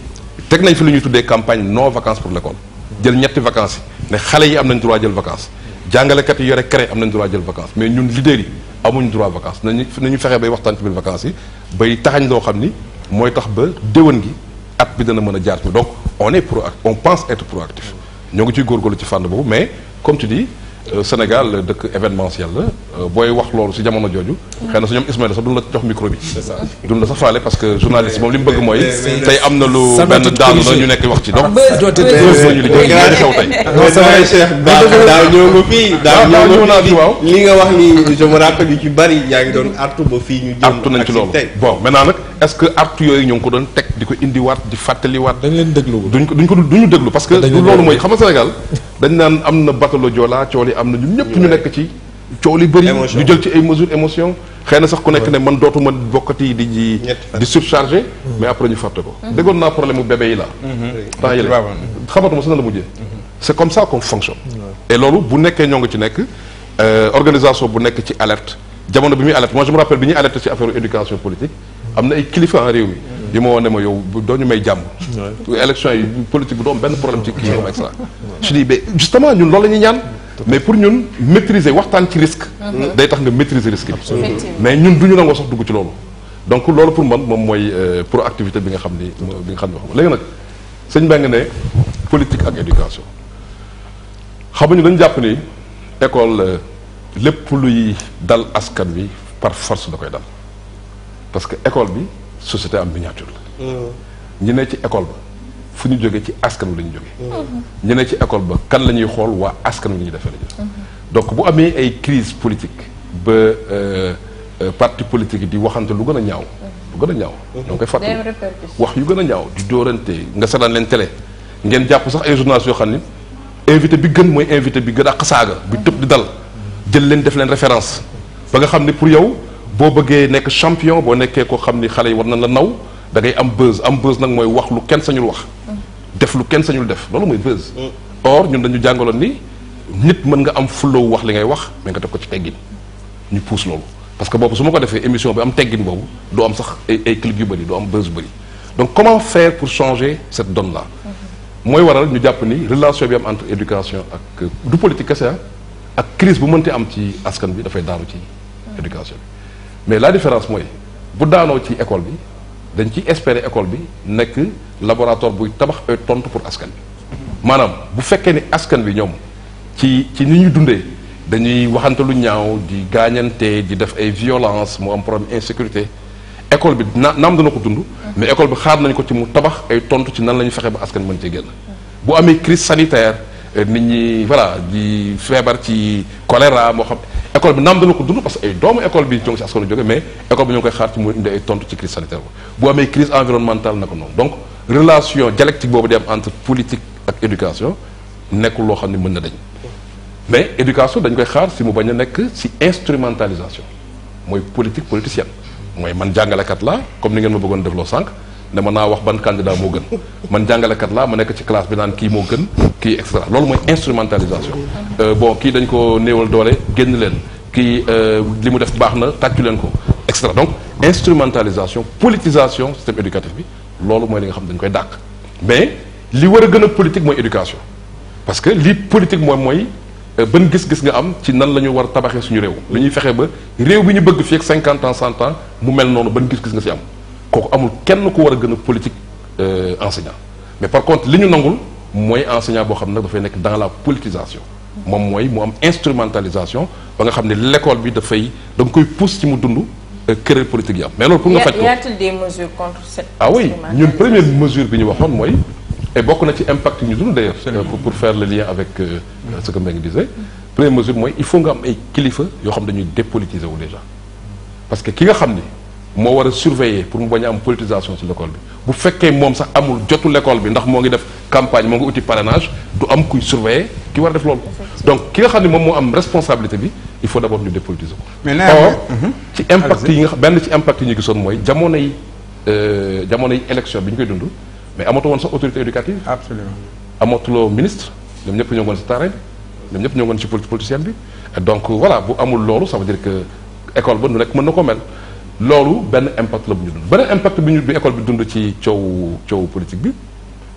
technique nañ fi des campagnes non vacances pour l'école jël ñetti vacances des vacances. yi am nañ droit de vacances jàngalekat yi yore des am nañ droit jël vacances mais nous, leader amuñ droit vacances nañu nañu fexe bay waxtaan ci biir vacances yi bay taxañ loo xam ni mooy tax ba déwén gi at bi dana mën a jaar donc on est pro on pense être proactif ñoo ngi ciy góorgóorlu ci fànn boobu mais comme tu dis Euh, Sénégal dëkk événementiel la euh, booy wax lolu ci jamono joju xena na Ismaël sax duñ la jox micro bi. c'est ça duñ la sax faale parce que journaliste mom lim mu bëgg mooy. tey am lu ben daanu la ñu nekk wax ci donc. dootul ah, tey ñu li xew tey. non c'est vrai Cheikh daaw ñoo ñëw fi fii. ñoo ñëw nga fii waaw li nga wax ni je me rappelle ci bari yaa ngi doon artu ba fi ñu. jëm artu nañ ci lolu bon maintenant nak est-ce que artu yoy ñu ko doon tek diko indi wat di fatali wat dañ leen déglu duñ ko duñ ko duñu déglu parce que lolu moy xam nga Sénégal dañ naan am na bateau le Joola coow li am na ñun ñëpp ñu nekk ci coow li bëri ñu jël ci ay mesures émotion xëy na sax ku nekk ne man dootuma bokkati di ji di surchargé mm-hmm. mais après ñu fàtte ko mm-hmm. déggoon naa problème mu bébé yi la mm-hmm. temps yële xamatuma su na la mujjee c'est comme ça qu'on fonctionne et loolu bu nekkee ñoo ngi ci nekk euh, organisation bu nekk ci alerte jamono bi muy alerte moi je me rappelle bi ñuy alerte ci affaire éducation politique am na ay kilifa en réew mi li ma woon ne ma yow doo ñu may jàmm. élection yi politique bi doom benn problème ci kii comme extra. je dis mais justement ñun loolu la ñuy ñaan. mais pour ñun maîtriser waxtaan ci risque. Mhm. day tax nga maîtriser risque bi. mais ñun duñu ñu nangoo sax dugg ci loolu. donc loolu pour man moom mooy euh, pour activité bi nga xam ni bi nga xam ni wax léegi nag sëñ Mbengue ne politique ak éducation xamuñu dañu jàpp ni école euh, lépp luy dal askan bi par force da koy dal parce que école bi. société am miniature la. Mm. ñi ne ci école ba fu ñu jógee ci askan bi la ñu jógee. Mm. ñi ne ci école ba kan la ñuy xool waa askan bi la ñuy defee la ñu. Mm-hmm. donc bu amee ay crise politique ba euh, euh, parti politique di waxante lu gën a ñaaw. gën a ñaaw. Mm-hmm. ñoo wax yu gën a ñaaw di dóorante nga seetaan leen télé ngeen jàpp sax ay journalistes yoo xam ni invité bi gën mooy invité bi gën a xasaaga bi tëb di dal mm-hmm. jël leen def leen référence ba nga xam ne pour yow. boo bëggee nekk champion boo nekkee koo xam ni xale yi war na la naw da ngay am buzz am buzz nag mooy wax lu kenn sañul wax def lu kenn sañul def loolu mooy buzz mm. or ñun dañu jàngaloon ni nit mën nga am flow wax li ngay wax mais nga def ko ci teggin ñu pousse loolu parce que boobu su ma ko defee émission bi am teggin boobu doo am sax ay ay clics yu bëri doo am buzz yu bëri donc comment faire pour changer cette donne là mm-hmm. mooy waral ñu jàpp ni relation bi am entre éducation ak du politique kese ah, ak crise bu mënti am ci askan bi dafay daaru ci mm. éducation bi mais la différence mooy bu daanoo ci école bi dañ ci espérer école bi nekk laboratoire pour askan Madame, maanaam bu fekkee ni askan bi ñoom ci ci ni de dundee dañuy lu ñaaw di gaañante di def violence mu problème insécurité na mais école bi xaar nañ ko ci mu tabax ay tontu ci nan la ba askan crise sanitaire nit ñi voilà di ci choléra école bi nam dañu ko dund parce que ay doomu école bi jong ngi si askanu jóge mais école bi ñoo koy xaar ci mu indi ay tontu ci crise sanitaire ba bu amee crise environnementale na noonu donc relation dialectique boobu di am entre politique ak éducation nekkul loo xam ne mën na dañ mais éducation dañ koy xaar si mu bañ a nekk si instrumentalisation mooy politique politicienne mooy man jàngalekat la comme ni ngeen ma bëggoon defloo sànq ne mën naa wax ban candidat moo gën man jàngalekat laa ma nekk ci classe bi naan kii moo gën kii et cetera loolu mooy instrumentalisation euh, bon kii dañ ko néewal doole génn leen kii euh, li mu def baax na tàccu leen ko et cetera donc instrumentalisation politisation système éducatif bi loolu mooy li nga xam dañ koy dàq mais li war a gën a politique mooy éducation parce que li politique moom mooy euh, ban gis-gis nga am ci nan la ñu war tabaxee suñu réew. li ñuy fexe ba réew bi ñu bëgg fii ak 50 ans 100 ans mu mel noonu ban gis-gis nga si am kooku amul kenn ku war a gën a politique euh, enseignant mais par contre li ñu nangul mooy enseignant boo xam ne nag dafay nekk dans la politisation moom mooy mu am instrumentalisation ba nga xam ne l'école bi dafay da nga koy pousse ci mu dund querelle euh, politique yi am mais loolu pour nga faj ko y a contre ah oui ñun première mesure bi ñu waxoon mooy et bokk na ci impact ñu dund d'ailleurs euh, pour faire le lien avec ce que Mbengue disait première mesure mooy il faut nga am ay kilifa yoo xam dañuy dépolitiser wu déjà parce que ki nga xam moo war a surveiller pour mu bañ am politisation ci l'école bi bu fekkee moom sax amul jotu l'école bi ndax moo ngi def campagne moo ngi uti parrainage du am kuy surveiller ki war a def loolu donc ki nga xam ne moom moo am responsabilité bi il faut d'abord ñu dépolitiser ko or uh-huh. ci impact yi nga benn ci impact yi ñu gisoon mooy jamono yi euh, jamono yi élection bi ñu koy dund mais amatu woon sax autorité éducative absolument amatuloo ministre ñoom ñëpp ñoo ngoon ci terrain bi ñoom ñëpp ñoo ngoon si politicienne bi donc voilà bu amul loolu ça veut dire que école ba nu nekk mën na ko mel loolu benn impact la bu ñu dund beneen impact bi ñu bi école bi dund ci coow coow politique bi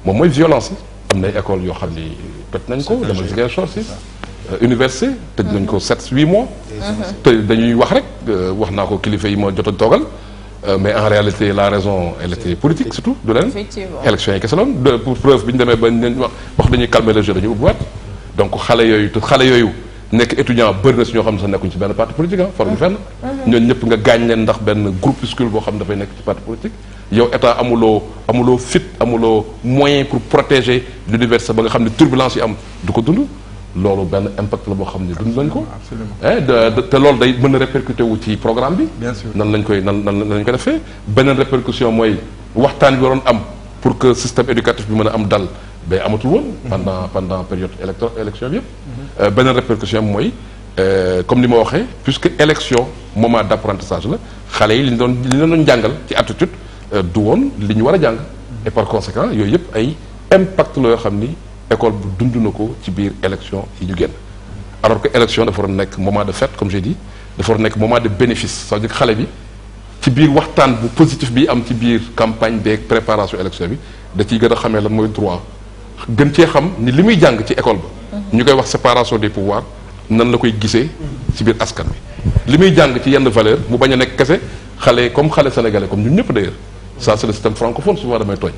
moom mooy violence yi am na école yoo xam ni toj nañ ko dama Ziguinchor si euh, université tëj nañ ko 7 8 mois mhm. te dañuy wax rek euh, wax naa ko kilifa yi ma jot a toogal euh, mais en réalité la raison elle était politique surtout du leen élection yi kese la pour preuve bi ñu demee ba wax dañuy calmer le jeu dañu ubbiwaat donc xale yooyu te xale yooyu nek étudiant bëri ci si ñoo xam sa nekkuñ si benn parti politique ah forme fenn mhm. ñooñu ñëpp nga gaañ leen ndax benn groupuscule boo xam dafay nekk ci parti politique yow état amuloo amuloo fit amuloo moyen pour protéger l'université ba nga xam ne turbulence yi am du ko dund loolu benn impact la boo xam ne dund nañ ko absolument eh, te loolu day mën a répercuté wu ci programme bi bien sûr nan lañ koy nan nan lañ ko defee beneen répercussion mooy waxtaan bi waroon am pour que système éducatif bi mën a am dal ba ben, amatul won pendant pendant période électorale élection bi yëpp. Euh, répercussion moy euh, comme ni ma waxé puisque élection moment d'apprentissage là la l'indon yi li qui doon li ñu doon jàngal ci euh, et par conséquent yooyu yëpp ay impact lo xamni école bu dund tibir ci biir élection yi ñu alors que élection de war moment de fête comme j'ai dit de war moment de bénéfice ça à dire xalé bi ci biir waxtaan bu positif bi am ci biir campagne des préparation élection bi da ciy gën a xamee droit gën cee xam ni li muy jàng ci école ba ñu koy wax séparation des pouvoirs nan la koy gisee ci biir askan bi li muy jàng ci yenn valeur mu bañ a nekk kese xale comme xale sénégalais comme ñun ñëpp d'ailleurs ça c'est le système francophone souvent damay tooñ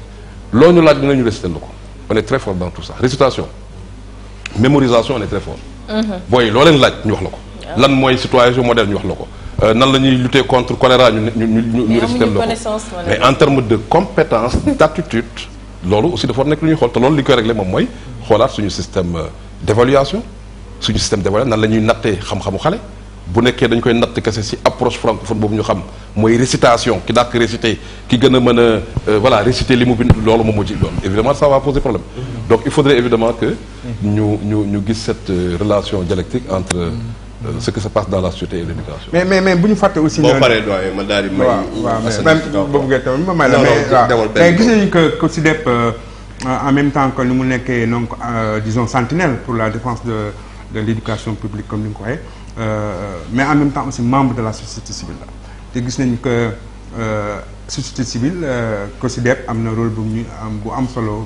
loo ñu laaj ñu réciter la ko on est très fort dans tout ça récitation mémorisation on est très fort booy mhm. loo leen laaj ñu wax la ko ah. lan mooy citoyen moderne ñu wax la ko euh, nan la ñuy lutter contre choléra ñu ñu ñu ñu la ko mais en termes de compétence d'attitude loolu aussi dafa war nekk lu ñuy xool te loolu li koy régler moom mooy xoolaat suñu système euh, d'évaluation suñu système d'évaluation nan la ñuy nattee xam-xamu xale bu nekkee dañ koy natt kese si approche francophone boobu ñu xam mooy récitation ki dàkk récité ki gën a mën a euh, voilà récité li mu bind loolu moom moo ci évidemment ça va poser problème mm-hmm. donc il faudrait évidemment que mm-hmm. ñu ñu ñu gis cette euh, relation dialectique entre mm-hmm. Euh, ce que se passe dans la société et l'éducation. mais mais mais bu ñu aussi. boo paree doyen ma daal vous may. waaw waaw mais mais mais que que euh, en même temps que nous sommes nekkee donc euh, disons sentinelle pour la défense de de l'éducation publique comme nous le euh, mais en même temps aussi membre de la société civile la te gis nañu que société civile que a un rôle qui est am bu am solo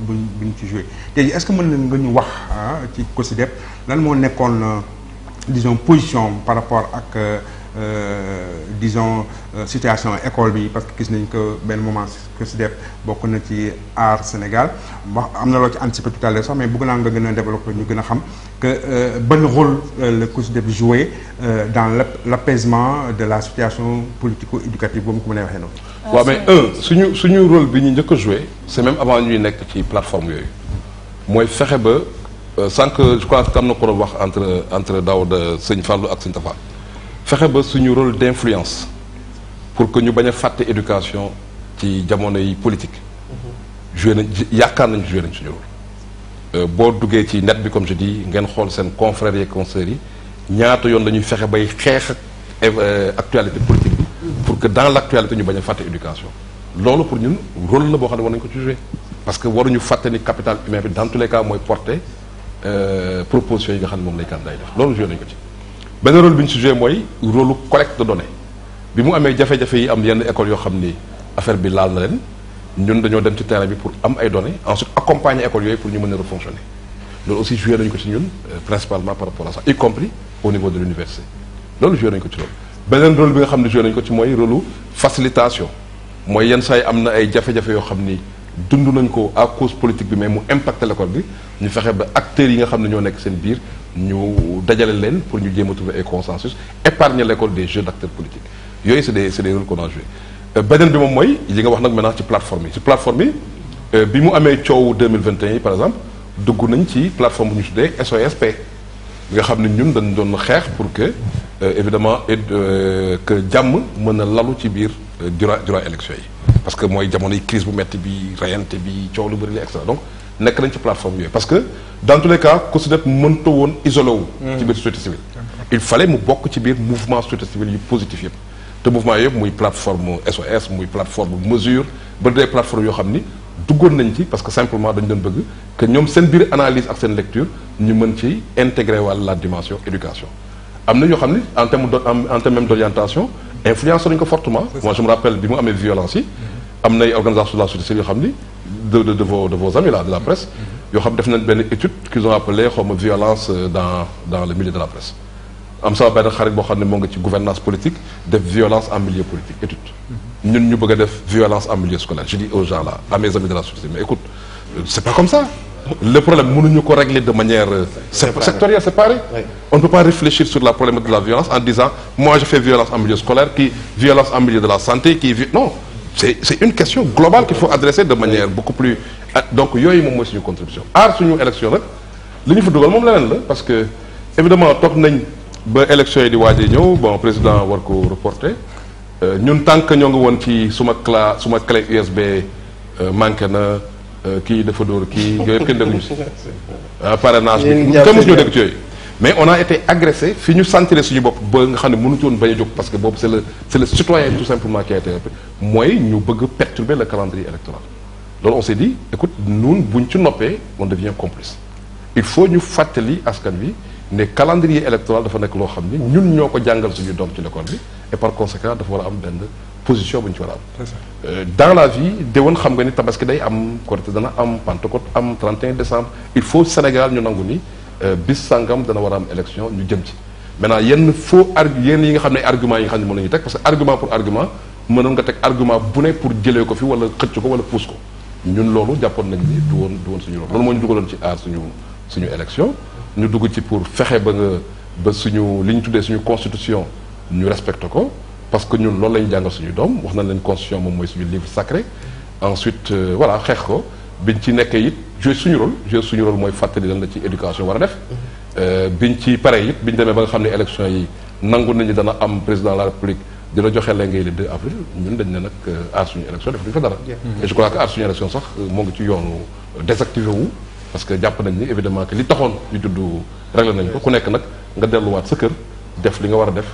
est-ce que vous pouvez nous wax ah, ci COSIDEP lan moo nekkoon disons position par rapport que euh, euh, disons euh, situation école bi parce que gis nañ que ben moment que c'est def beaucoup na ci art Sénégal wax un na ci anticiper tout à l'heure mais bëgg de nga nous développer ñu gëna xam que le rôle la joué dans l'apaisement de la situation politico-éducative boobu ko mën a waxee mais un suñu suñu rôle bi ñu que jouer c'est même avant ñuy nekk ci plateforme yoyu moy fexé ba. Euh, sans que je crois que nous na ko wax entre entre Daouda Seigne Fallou ak Seigne Tafa fexe ba suñu rôle d'influence pour que nous bañ fait l'éducation éducation ci jamono yi politique. Mhm. joué nañ yaakaar nañ joué nañ suñu rôle. Euh, bon tout ci net bi comme je dis ngeen c'est un confrère et conseiller yi a yoon la ñuy nous bay baisser ak euh, actualité politique pour que dans l'actualité nous ñu fait l'éducation. éducation. loolu pour ñun rôle la boo xam ne ko ci joué parce que waruñu fàtte ni capital humain bi dans tous les cas mooy porté. Euh, proposition yi nga xam ne moom lay candidat yi def loolu joué nañu ko ci benn rôle bi ñu si joué mooy rôle collecte de données bi mu amee jafe-jafe yi am yenn école yoo xam ni affaire bi laal na leen ñun dañoo dem ci terrain bi pour am ay données ensuite accompagner école yooyu pour ñu mën a refonctionner loolu aussi joué nañu ko ci ñun euh, principalement par rapport à ça y compris au niveau de l'université loolu joué nañu ko ci loolu beneen rôle bi nga xam ne joué nañu ko ci mooy rôle facilitation mooy yenn saa yi am na ay jafe-jafe yoo xam ni dund nañ ko à cause politique bi mais mu impacté l'école bi ñu fexe ba acteurs yi nga xam ne ñoo nekk seen biir ñu dajale leen pour ñu jéem a trouver un consensus épargner l'école des jeux d'acteurs politiques yooyu c'est des c'est des rôles qu'on a joué euh, beneen bi moom mooy yi nga wax nag maintenant ci plateforme yi ci plateforme yi euh, bi mu amee coow 2021 par exemple dugg nañ ci plateforme bu ñu tuddee SOSP nga xam ne ñun dañ doon xeex pour que euh, évidemment que jàmm mën a lalu ci biir durant durant élection parce que mooy jamonoy crise bu metti bi rayante bi coow lu bëri la et donc nek nañ ci plateforme parce que dans tous les cas ku si nekk mënta woon isolé mm-hmm. ci biir société civile. il fallait mu bokk ci biir mouvement société civile positif yëpp. te mouvement yëpp muy plateforme SOS muy plateforme mesure ba des plateformes yoo xam ni duggoon nañ ci parce que simplement d'un doon bëgg que ñoom seen biir analyse ak seen lecture ñu mën ci intégrer la dimension éducation. amener na en terme d'orientation en terme même ko fortement. moi je me rappelle bi mu mes violence yi. Mm-hmm amener organisation de la société de de de vos amis là de la presse yo xam def nañ ben étude qu'ils ont appelé comme violence euh, dans dans le milieu de la presse am ça ben xarit bo xamni mo gouvernance politique def violence en milieu politique étude ñun ñu bëgg def violence en milieu scolaire je dis aux gens là à mes amis de la société mais écoute euh, c'est pas comme ça le problème nous ko régler de manière euh, sectorielle séparée on ne peut pas réfléchir sur la problème de la violence en disant moi je fais violence en milieu scolaire qui violence en milieu de la santé qui non c'est une question globale qu'il faut adresser de manière beaucoup plus... Ah, donc, il y a une contribution. Art, c'est une élection. Nous avons fait parce que, évidemment, nous élection de Wadjenyo, bon, le président a reporté. Euh, nous, tant que nous avons fait sous clé USB manquée, qui de Fodor, qui... Parrainage. Nous avons fait mais on a été agressé fini ñu sentir suñu que ba nga xam ne mënuñu woon bañ parce que Bob c'est le c'est le citoyen tout simplement qui a été mooy ñu bëgg perturber le calendrier électoral loolu on s'est dit écoute ñun buñ ci noppee on devient complice il faut ñu ce askan bi le calendrier électoral dafa faire loo xam nous ñun ñoo ko jàngal suñu doom ci l'école bi et par conséquent dafa war a am benn position bu ci euh, dans la vie on xam nga ni tabaski day am Korité dana am Pentecôte am 31 décembre il faut Sénégal ñu nangu euh, bis sangam dana war a am élection ñu jëm ci maintenant yenn faux arg yenn yi nga xam ne argument yi nga xam ne mën nañu teg parce que argument pour argument mënoon nga teg argument bu ne pour jëlee ko fi wala xëcc ko wala puus ko ñun loolu jàppoon nañ ni du woon du woon suñu loolu moo ñu dugaloon ci aar suñu suñu élection ñu dugg ci pour fexe ba nga ba suñu li ñu tuddee suñu constitution ñu respecte ko parce que ñun loolu la ñu jàngal suñu doom wax nañ leen constitution moom mooy suñu livre sacré ensuite euh, voilà xeex ko biñ ci nekkee it joué suñu rôle joué suñu rôle mooy fàttali lan la ci éducation war a def euh, biñ ci pare it biñ demee ba nga xam ne élection yi nangu nañu dana am président de la république dina joxe léegi le 2 avril ñun dañ ne nag euh, aar suñu élection def duñu fa dara mm-hmm. et je crois que aar suñu élection sax euh, moo ngi ci yoonu désactivé wu parce que jàpp nañ ni évidemment que li taxoon ñu juddu réglé nañ ko ku nekk nag nga delluwaat sa kër def li nga war a def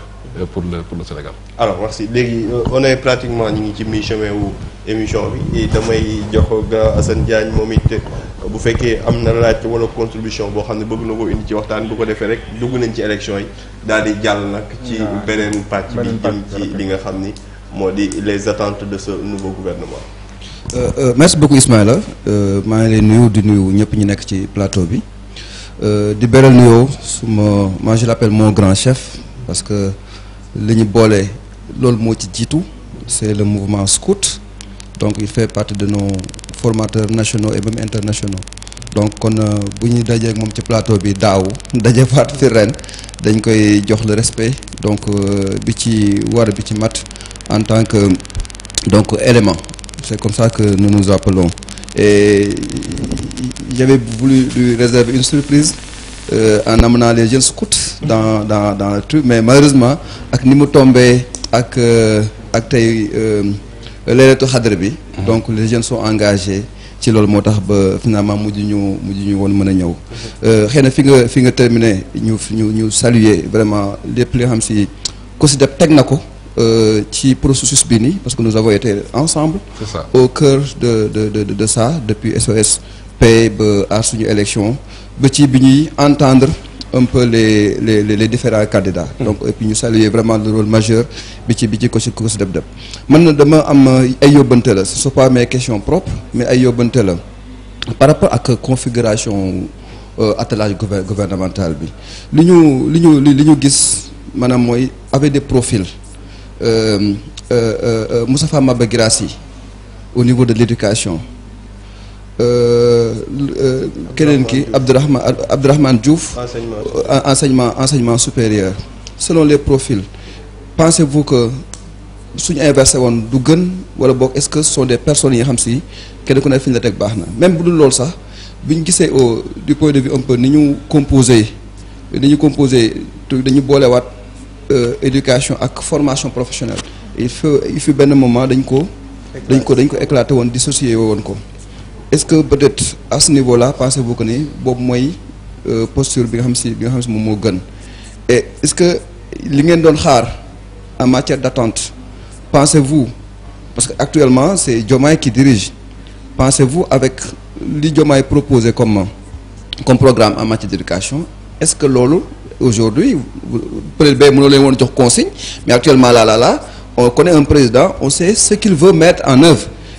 euh, pour le pour le Sénégal. alors merci léegi euh, on est pratiquement ñu ngi ci mi-chemin wu émission bi damay jox ga Assane Diagne moom it euh, bu fekkee am na laaj wala contribution boo xam ne bëgg na ko indi ci waxtaan bu ko defee rek dugg nañ ci élection yi daal di jàll nag. ci ah, beneen pàcc bi jëm ci li nga xam ni moo di les attentes de ce nouveau gouvernement. merci beaucoup Ismaïla maa ngi lay nuyu di nuyu ñëpp ñu nekk ci plateau bi moi je l'appelle mon grand chef parce que li c'est le mouvement scout donc il fait partie de nos formateurs nationaux et même internationaux donc on a euh, ñu dajee plateau bi a respect, a le respect donc euh, mat en tant que donc élément c'est comme ça que nous nous appelons et j'avais voulu lui réserver une surprise euh, en amenant les jeunes scouts dans, dans, dans le truc, mais malheureusement, avec ni tombé, avec, euh, avec euh, l'élève Khadrebi, mhm. donc les jeunes sont engagés. ci lol motax ba finalement mujj ñu mujj ñu won mëna ñëw euh xéna fi nga fi nga terminé ñu ñu ñu saluer vraiment les li nga xam si COSYDEP teg na ko euh, ci processus bi ni parce que nous avons été ensemble au cœur de de de de ça depuis SOS paye à son élection ba entendre un peu les les les différents candidats. Mm. donc et puis ñu saluer vraiment le rôle majeur de ci bi ci ko Deb Deb man na sont pas mes questions propres mais ay yóbbante par rapport à la configuration euh, attelage gouvernemental bi li nous avons avec des profils Moussa Fama Begrassi, au niveau de l'éducation euh, euh, Kenen ki Abdourahman Djouf, Diouf euh, enseignement enseignement supérieur selon les profils pensez-vous que suñu inversé woon du gën wala bok est-ce que ce sont des personnes yi nga xam si kenn ne fi la même bu dul loolu sax bi ñu au du point de vue un peu ni composer, composé composer, ñu composé dañu boolewaat éducation ak formation professionnelle il faut il fut benn moment dañ ko dañ ko dañ ko éclaté woon dissocié ko est-ce que peut-être à ce niveau-là pensez-vous que Bob Moy, euh, posture bi nga si et est-ce que li en matière d'attente pensez-vous parce qu'actuellement, c'est Diomaye qui dirige pensez-vous avec li proposé comme comme programme en matière d'éducation est-ce que lolo aujourd'hui peut-être mais actuellement là là là on connaît un président on sait ce qu'il veut mettre en œuvre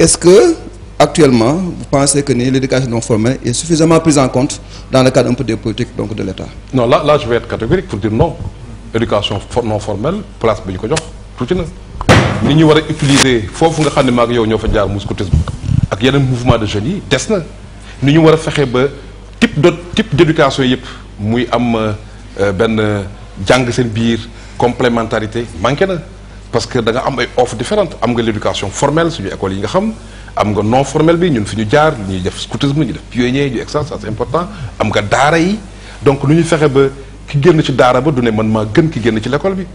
Est-ce que, actuellement, vous pensez que l'éducation non formelle est suffisamment prise en compte dans le cadre des politiques donc, de l'État Non, là, je vais être catégorique pour dire non. Éducation non formelle, place utiliser nga mouvement de jeunes yi devons type d'éducation qui est euh, complémentarité parce que da nga am ay offre différentes am nga l'éducation formelle suñu école yi nga xam am nga non formelle bi ñun fi ñu jaar ñuy def scoutisme ñu def pionnier ñu extra ça c'est important am nga daara yi donc lu ñu fexe ba ki génn ci daara ba du ne man maa gën ki génn ci l' école bi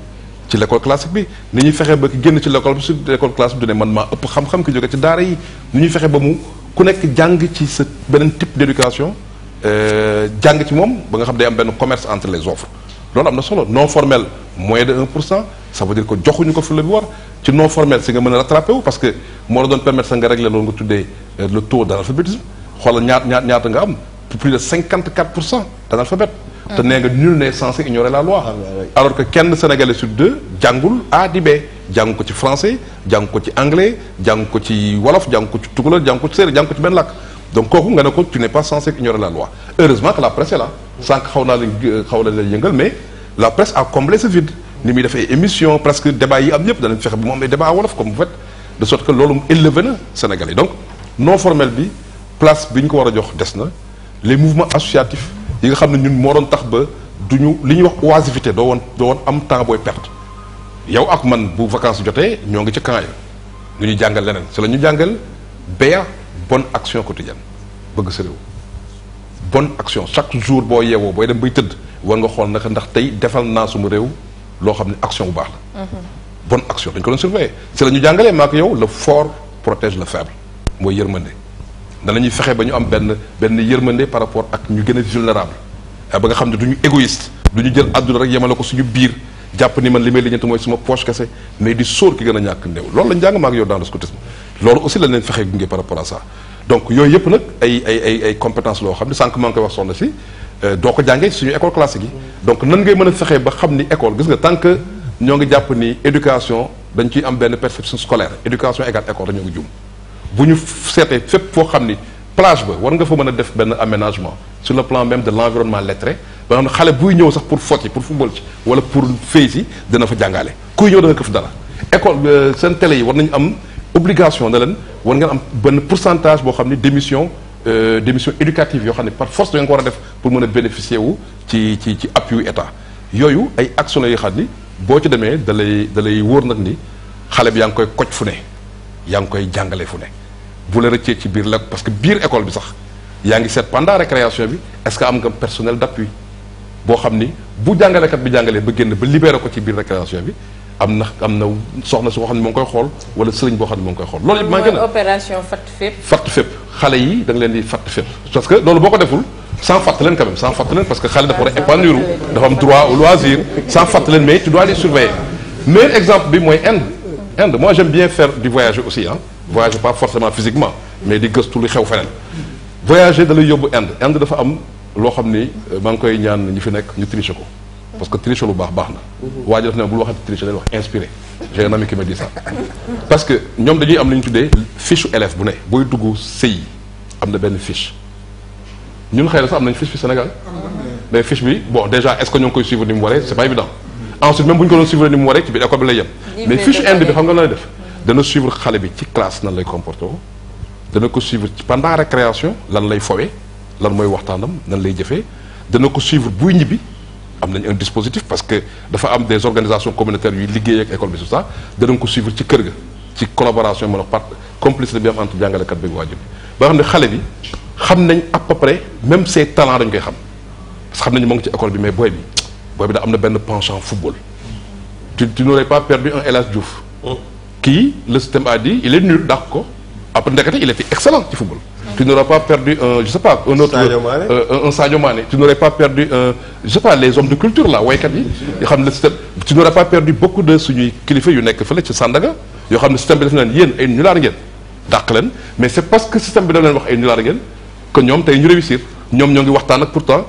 ci l' école classique bi ni ñuy fexe ba ki génn ci l' école bi su l' école classique du ne man maa ëpp xam-xam ki jóge ci daara yi nu ñuy fexe ba mu ku nekk jàng ci sa beneen type d' éducation euh, jàng ci moom ba nga xam day am benn commerce entre les offres loolu am na solo non formel moins de 1 ça veut dire que joxuñu ko fu la bi war ci non formel si nga mën a rattrapé wu parce que moo la doon permettre sa nga régler loolu nga tuddee euh, le taux d' analphabétisme xoolal ñaat ñaat ñaata nga am plus de 54 pour cent d' ah. te nee nga nul n'est censé ignorer la loi ah, alors que kenn sénégalais sur deux jàngul A di B jàng ko ci français jàng ko ci anglais jàng ko ci wolof jàng ko ci tukulóor jàng ko ci séeréer jàng ko ci benn donc kooku nga ne ko tu n'es pas censé ignorer la loi heureusement que la presse est là sans xaw naa leen euh, xaw mais la presse a comblé ce vide ni muy def émission presque débat yi am ñëpp danañ fexe bi mais am ay débat wolof comme bu fait de sorte que loolu élevé le Sénégal donc non formel bi place bi ñu ko jox des les mouvements associatifs yi nga xam ne ñun moo doon tax ba du ñu li ñuy wax oisiveté doo woon doo woon am temps booy perte yow ak man bu vacances jotee ñoo ngi ci camp ya ñu ñu jàngal leneen si ñu jàngal bonne action quotidienne bëgg sa bonne action chaque jour boo yeewoo booy dem bay tëdd war nga xool naka ndax tey defal naa suma réew loo xam ne action bu baax la mhm. bonne action dañ ko doon surveiller c'est la ñu jàngalee maa yow le fort protège le faible mooy yërmande danañuy fexe ba ñu am benn benn yërmande par rapport ak ñu gën a vulnérable ah, ba nga xam ne du ñu égoïste du ñu jël àdduna rek yemale ko suñu biir jàpp ni man li may liñante mooy suma poche kese mais di sóor ki gën a ñàkk néew loolu lañ jàng maa yow dans le scoutisme loolu aussi lañ leen fexe gunge par rapport à ça donc yooyu yëpp nag ay ay ay ay compétence loo xam ne sànq maa ngi koy wax soxna si euh, doo ko jàngee suñu école classique yi donc nan ngay mën a fexee ba xam ni école gis nga tant que ñoo ngi jàpp ni éducation dañ ciy am benn perception scolaire éducation égale école dañoo ngi jum bu ñu seetee fépp foo xam ni plage ba war nga fa mën a def benn aménagement sur le plan même de l'environnement lettré ba nga xale buy ñëw sax pour foot pour football ci wala pour fay si dina fa jàngaale kuy ñëw dana këf dara école euh, seen télé yi war nañ am obligation de l'un bon pourcentage pour ramener démission démission euh, démission éducative yoo par force de ngeen pour mon bénéficier ou qui ci ci appui état yooyu ay action et rani xam de mes ci les les les ni xalé bi yang koy koj fu yang koy ne le ci parce que bire école bi sax yaa set pendant récréation bi est-ce que personnel d'appui bo xamni ni bu kat bi de ba génn ba libérer ko ci bir récréation bi amna amna am soxna si boo xam ne moo wala serigne bo xane mo ngoy xol lolou ma loolu opération fat fépp. fat fépp xale yi da nga leen di fat fépp parce que lolou boko deful sans fat len quand même sans fat len parce que xale da war a épanouir dafa am droit au loisir sans fat len mais tu dois les surveiller meilleur exemple bi moy Inde. Inde moi j'aime bien faire du voyage aussi hein voyage pas forcément physiquement mais di gëstu lu xew feneen voyager da lay yóbbu Inde Inde dafa am lo xamni euh, mang koy ñaan ñi fi nek ñu tricher ko parce que tricher lu bax baxna wadi waa na bu waxat bul waxati tricher dañu wax inspiré j'ai un ami qui me dit ça parce que ñom dañuy am luñ tuddé fiche élève bu ne booy dugg sëy am na benn fiche ñun xëy na sax am nañ fiche fi Sénégal mais fiche bi bon déjà est-ce que ñoo koy suivre ni mu waree c'est pas évident ensuite même buñ ko doon suivre ni mu waree ci bi école bi lay yem mais fiche ind bi xam nga lan lay def dana suivre xalé bi ci classe nan lay comporté woo dana ko suivre ci pendant récréation lan lay fowe lan moy waxtanam nan lay jëfé dana ko suivre buy ñibi am un dispositif parce que dafa am des organisations communautaires yuy liggéey ak école bi ça danañ ko suivre ci kër ga ci collaboration man part complice la bi am entre jàngalekat bi ak waajur bi ba xam ne xale bi xam à peu près même ses talents dañ koy xam parce que xam nañu moo ngi ci école bi mais booy bi booy bi da am benn penchant football tu n'aurais pas perdu un hélas Diouf qui, oh. le système a dit il est nul d'accord. après ndekete il était excellent ci football tu n'auras pas perdu un, je sais pas, un autre. Euh, un Sadio Mané. Tu n'aurais pas perdu un, je sais pas, les hommes de culture là, waykat yi. tu n'auras pas perdu beaucoup de suñuy kilifa yu nekk fële ci Sandaga yoo xam ne système bi def na leen yéen ay nulaar ngeen dàq leen mais c'est parce que système bi daf leen wax ay nulaar ngeen que ñoom tey ñu réussir ñoom ñoo ngi waxtaan ak pourtant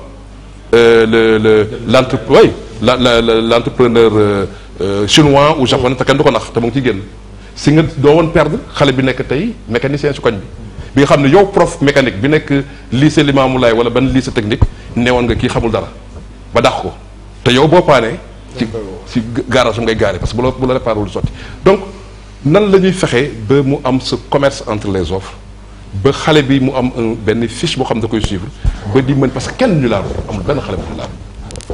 euh, le le l'entre oui la la l'entrepreneur euh, euh, chinois ou japonais te kenn du ko nax te mu ngi ciy génn si nga doo woon perdre xale bi nekk tey mécanicien su koñ bi nga xam ne yow prof mécanique bi nekk lycée Limamoulaye wala ban lycée technique newoon nga kii xamul dara ba dax ko te yow boo paanee ci ci garage am ngay gaare parce que bu la bu la sotti donc nan la ñuy fexe ba mu am ce commerce entre les offres ba xale bi mu am benn fiche boo xam ne da koy suivre ba di mën parce que kenn ñu laal amul benn xale bu ñu laal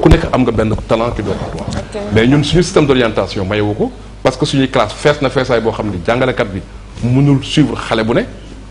ku nekk am nga benn talent ki doon mais ñun suñu système d'orientation mayewu ko parce que suñuy classe fees na feesaay boo xam ne jàngalekat bi mënul suivre xale bu ne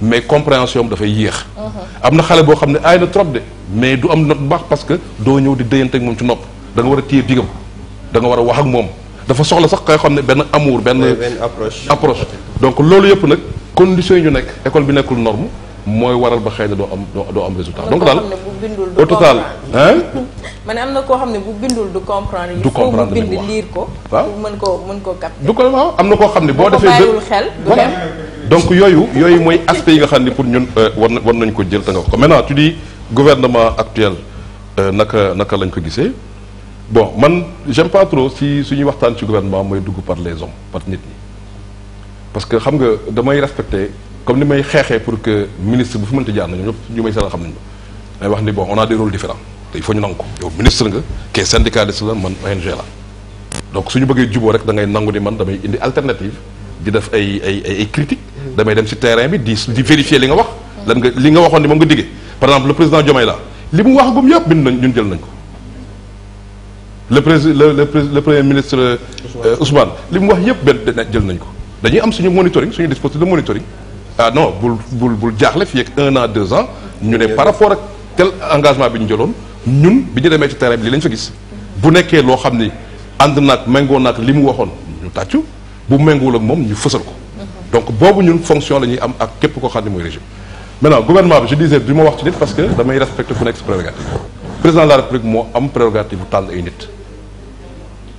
mais compréhension am dafay yéex. am na xale boo xam ne aay na trop de mais du am note baax parce que doo ñëw di déyante ak moom ci nopp da nga war a téye digam da nga war a wax ak moom dafa soxla sax kay xam ne benn amour benn. approche approche. donc loolu yëpp nag condition yi ñu nekk école bi nekkul norme mooy waral ba xëy na doo am doo am résultat. donc daal au total hein? man am na koo xam ne bu bindul du comprendre. du comprendre li bind lire ko. waaw pour mën koo mën koo capter. du ko waaw am na koo xam ne boo. defee xel du dem donc yooyu yooyu mooy aspect yi nga xam ne pour ñun euh, war war nañ ko jël te nga ko maintenant tu dis gouvernement actuel euh, naka naka lañ ko gisee bon man j'aime pas trop si suñu waxtaan ci gouvernement mooy dugg par les hommes par nit ñi parce que xam nga damay respecter comme ni may xeexee pour que ministre bu fi mënti jaar na ñoom ñu may seetal xam nañu ko may wax ni bon on a des rôles différents te il faut ñu nangu ko yow ministre nga kee syndicaliste la man ONG la donc suñu bëggee juboo rek da ngay nangu ni man damay indi alternative di def ay ay ay critiques damay dem ci terrain bi di di vérifier li nga wax lan nga li nga waxoon ni moom nga diggee par exemple le président Diomaye la li mu wax gum yëpp bind nañ ñun jël nañ ko le président le le premier ministre euh, Ousmane li mu wax yëpp benn jël nañ ko dañuy am suñu monitoring suñu dispositif de monitoring ah non bul bul bul jaaxle fii ak un an deux ans ñu ne par rapport ak tel engagement bi ñu jëloon ñun bi ñu demee ci terrain bi li lañ fa gis bu nekkee loo xam ni ànd naag méngoo naag li mu waxoon ñu tàccu bu méngoowul ak moom ñu fësal ko donc boobu ñun fonction la ñuy am ak képp koo xam ne mooy régime maintenant gouvernement bi je disais du ma wax ci nit parce que damay respecté ku nekk si prérogative président de la république moo am prérogative bu tànn ay nit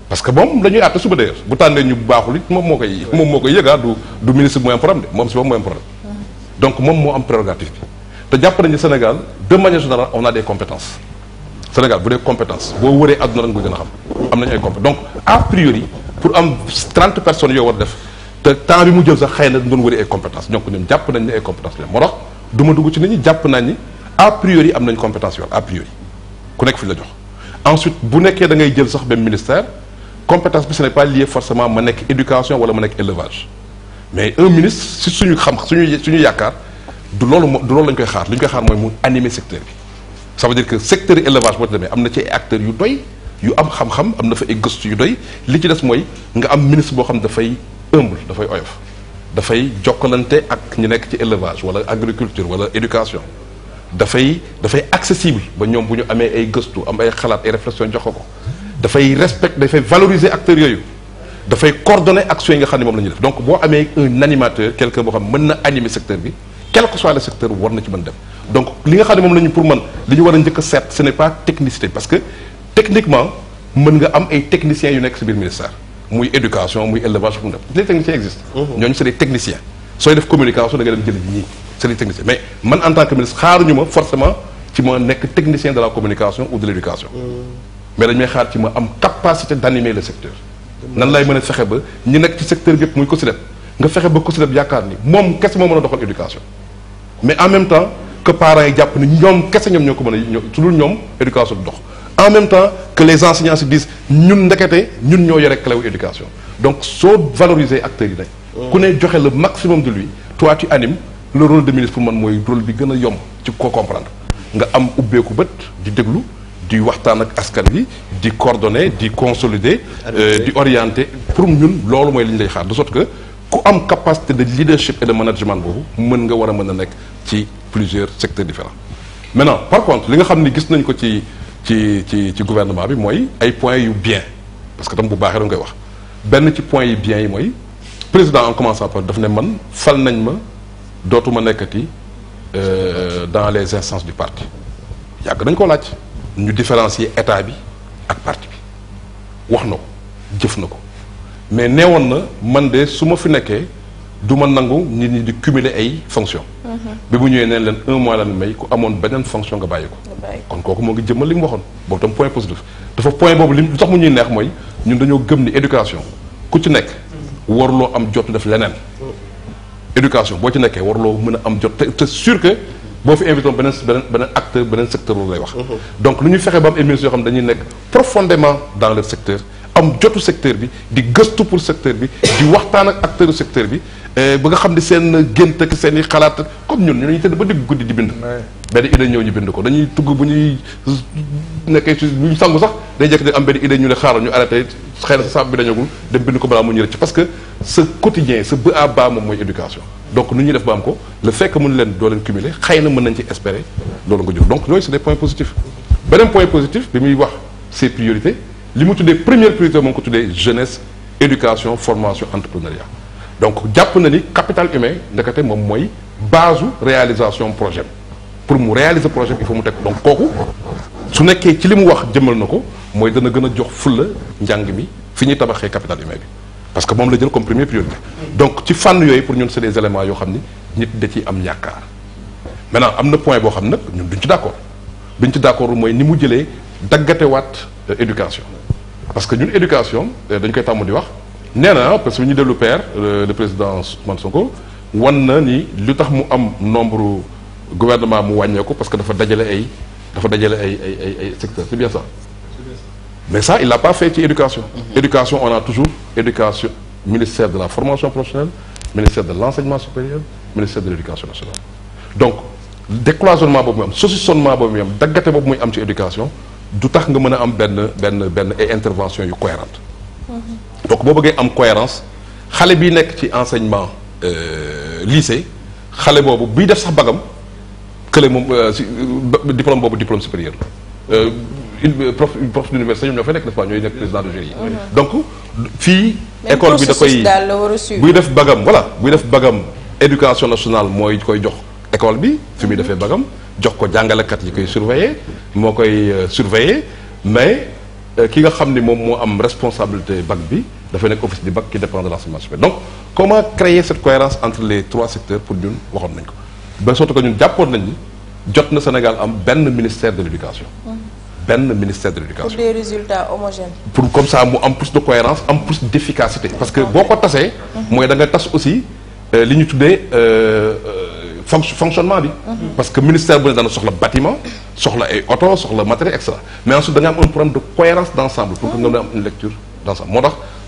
parce que moom la ñuy àtte suba d'ailleurs bu tànnee ñu baaxul it moom moo koy moom moo koy yëgaa ah, du du ministre bi mooy am problème de moom si moom mooy am problème donc moom moo am prérogative bi te jàpp nañu Sénégal de manière générale on a des compétences Sénégal bu dee compétence boo wëree àdduna rek nga gën a xam am nañ ay donc a priori pour am 30 personnes yoo war def te temps bi mu jël sax xëy na doon wëri ay compétence donc ñoom jàpp nañ ne ay compétence la moo tax du ma dugg ci nit ñi jàpp nañ ni a priori am nañ compétence yoon a priori ku nekk fi la jox ensuite bu nekkee da ngay jël sax benn ministère compétence bi ce n'est pas lié forcément ma nekk éducation wala ma nekk élevage mais un ministre si suñu xam suñu suñu yaakaar du loolu du loolu lañ koy xaar li koy xaar mooy mu animer secteur bi ça veut dire que secteur élevage boo demee am na ci ay acteurs yu doy yu am xam-xam am na fa ay gëstu yu doy li ci des mooy nga am ministre boo xam dafay Humble. dafay oyof dafay jokkalante ak ñu nekk ci élevage wala agriculture wala éducation dafay dafay accessible ba ñoom bu ñu amee ay gëstu am ay xalaat ay réflexion jox ko ko dafay respect dafay valoriser acteurs yooyu dafay coordonner action yi nga xam ne moom def donc boo amee un animateur quelqu'un boo xam mën na animer secteur bi quel que soit le secteur war na ci mën dem donc li nga xam ne moom la ñu pour man li ñu war a ce n'est pas technicité parce que techniquement mën nga am ay techniciens yu nekk si biir ministère muy éducation muy élevage fu les techniciens existent mhm. ñooñu c'est des techniciens sooy def communication da nga dem jëli ji ñii c'est des techniciens mais man en tant que ministre xaaruñu ma forcément ci ma nekk technicien de la communication ou de l'éducation mhm. mais dañ may xaar ci ma am capacité d'animer le secteur nan lay mën a fexe ba ñi nekk ci secteur bi yëpp muy COSYDEP nga fexe ba COSYDEP yaakaar ni moom kese moo mën a doxal éducation mais en même temps que parents yi jàpp ni ñoom kese ñoom ñoo ko mën a su dul ñoom éducation dox en même temps que les enseignants se disent ñun ndekete ñun ñoo yore clé éducation donc saut valoriser acteur yi qu'on ku le maximum de lui toi tu animes le rôle de ministre pour mouille le rôle bi gën tu yomb ci ko comprendre nga am ubbeeku bët di déglu di waxtaan ak askan bi di coordonner di consolider. Euh, di orienter pour ñun loolu moy li lay xaar de sorte que ku am capacité de leadership et de management vous mën nga wara mëna nek ci plusieurs secteurs différents maintenant par contre li nga xamni gis nañ ko ci ci ci ci gouvernement bi mooy ay points yu bien parce que tam bu baaxee da nga koy wax benn ci points yu bien yi mooy président en commençant par daf ne man fal nañ ma dootuma nekkati euh, dans les instances du parti yàgg dañ ko laaj ñu différencier état bi ak parti bi wax na ko jëf na mais neewoon na man de su ma fi nekkee du ma nangu nit ñi di cumuler ay fonctions bi mu ñëwee neen leen un mois lan may ku amoon beneen fonction nga bàyyi ko kon kooku moo ngi jëmmal li mu waxoon boobu tam point positif dafa point boobu li tax mu ñuy neex mooy ñun dañoo gëm ni éducation ku ci nekk warloo am jot def leneen éducation boo ci nekkee warloo mën a am jot te sûr que boo fi invité woon beneen beneen beneen acteur beneen secteur loolu lay wax mm-hmm. donc lu ñuy fexe ba am émission yoo xam dañuy nekk profondément dans le secteur am jotu secteur bi di geustu pour secteur bi di waxtan ak acteur secteur bi euh ba nga xamni sen seen ak seen i xalaat comme ñun ñu tëdd ba digg guddi di bind benn idée ñëw ñu bind ko dañuy tugg bu ñuy nekkee ci bu ñu sangu sax day jekk ne am benn ida ñu le xaar ñu arrêté xëy na sa bi dañagul dem bind ko balaa mu ñu rëcc parce que ce quotidien ce ba ba moom mooy éducation donc nu ñu def ba am ko le fait que mënu leen do leen cumuler xeyna na mën nañ ci espérer loolu nga jur donc yooyu c'est des points positifs beneen point positif bi muy wax ses priorités li des tuddee première priorité moo ko jeunesse éducation formation entrepreneuriat donc jàpp na ni capital humain ndekete moom moyen base réalisation projet pour mu réaliser projet il faut monter donc kooku su nekkee ci li mu wax jëmal na ko mooy dana gën a jox fulla njàng mi capital humain bi parce que moom la jël comme première priorité donc ci fànn yooyu pour ñun c'est des éléments yo xam ni nit da ciy am yakar maintenant am na point bo xam nag ñun duñ ci d'accord biñ ci d'accord mooy ni mou wat euh, éducation parce que l'éducation éducation euh, d'un koy tàmm di wax néna parce que ñu dellu père euh, le président Ousmane Sonko wan na ni lutax mu am nombre gouvernement mu ko parce que dafa dajalé ay dafa dajalé ay ay ay c'est bien ça mais ça il l'a pas fait ci éducation mhm. éducation on a toujours éducation ministère de la formation professionnelle ministère de l'enseignement supérieur ministère de l'éducation nationale donc décloisonnement bobu même am saucissonnement boobu am daggate bobu muy am ci éducation du tax nga intervention cohérente donc boo bëggee am cohérence bi enseignement euh, lycée def bagam euh, euh, diplôme diplôme supérieur prof d'université nest pas président de jury mhm. donc école bi da koy voilà bagam éducation nationale koy jox école bi fi bagam jox ko jàngalekat yi koy surveiller moo koy euh, surveiller mais euh, ki nga xam ni moom moo am responsabilité bac bi dafa nekk office du bac qui dépend de l'enseignement supérieur donc comment créer cette cohérence entre les trois secteurs pour ñun waxoon nañ ko ba surtout que ñun jàppoon nañ ni jot na Sénégal am benn ministère de l'éducation hum. benn ministère de l'éducation pour des résultats homogènes. pour comme ça mu am plus de cohérence am plus d'efficacité parce que boo ko tasee hum. mooy da nga tas aussi euh, li ñu tuddee fonctionnement mhm. parce que ministère bu ne le soxla bâtiment soxla et sur soxla matériel extra mais ensuite da nga un problème de cohérence d'ensemble pour que nous une lecture dans ensemble moo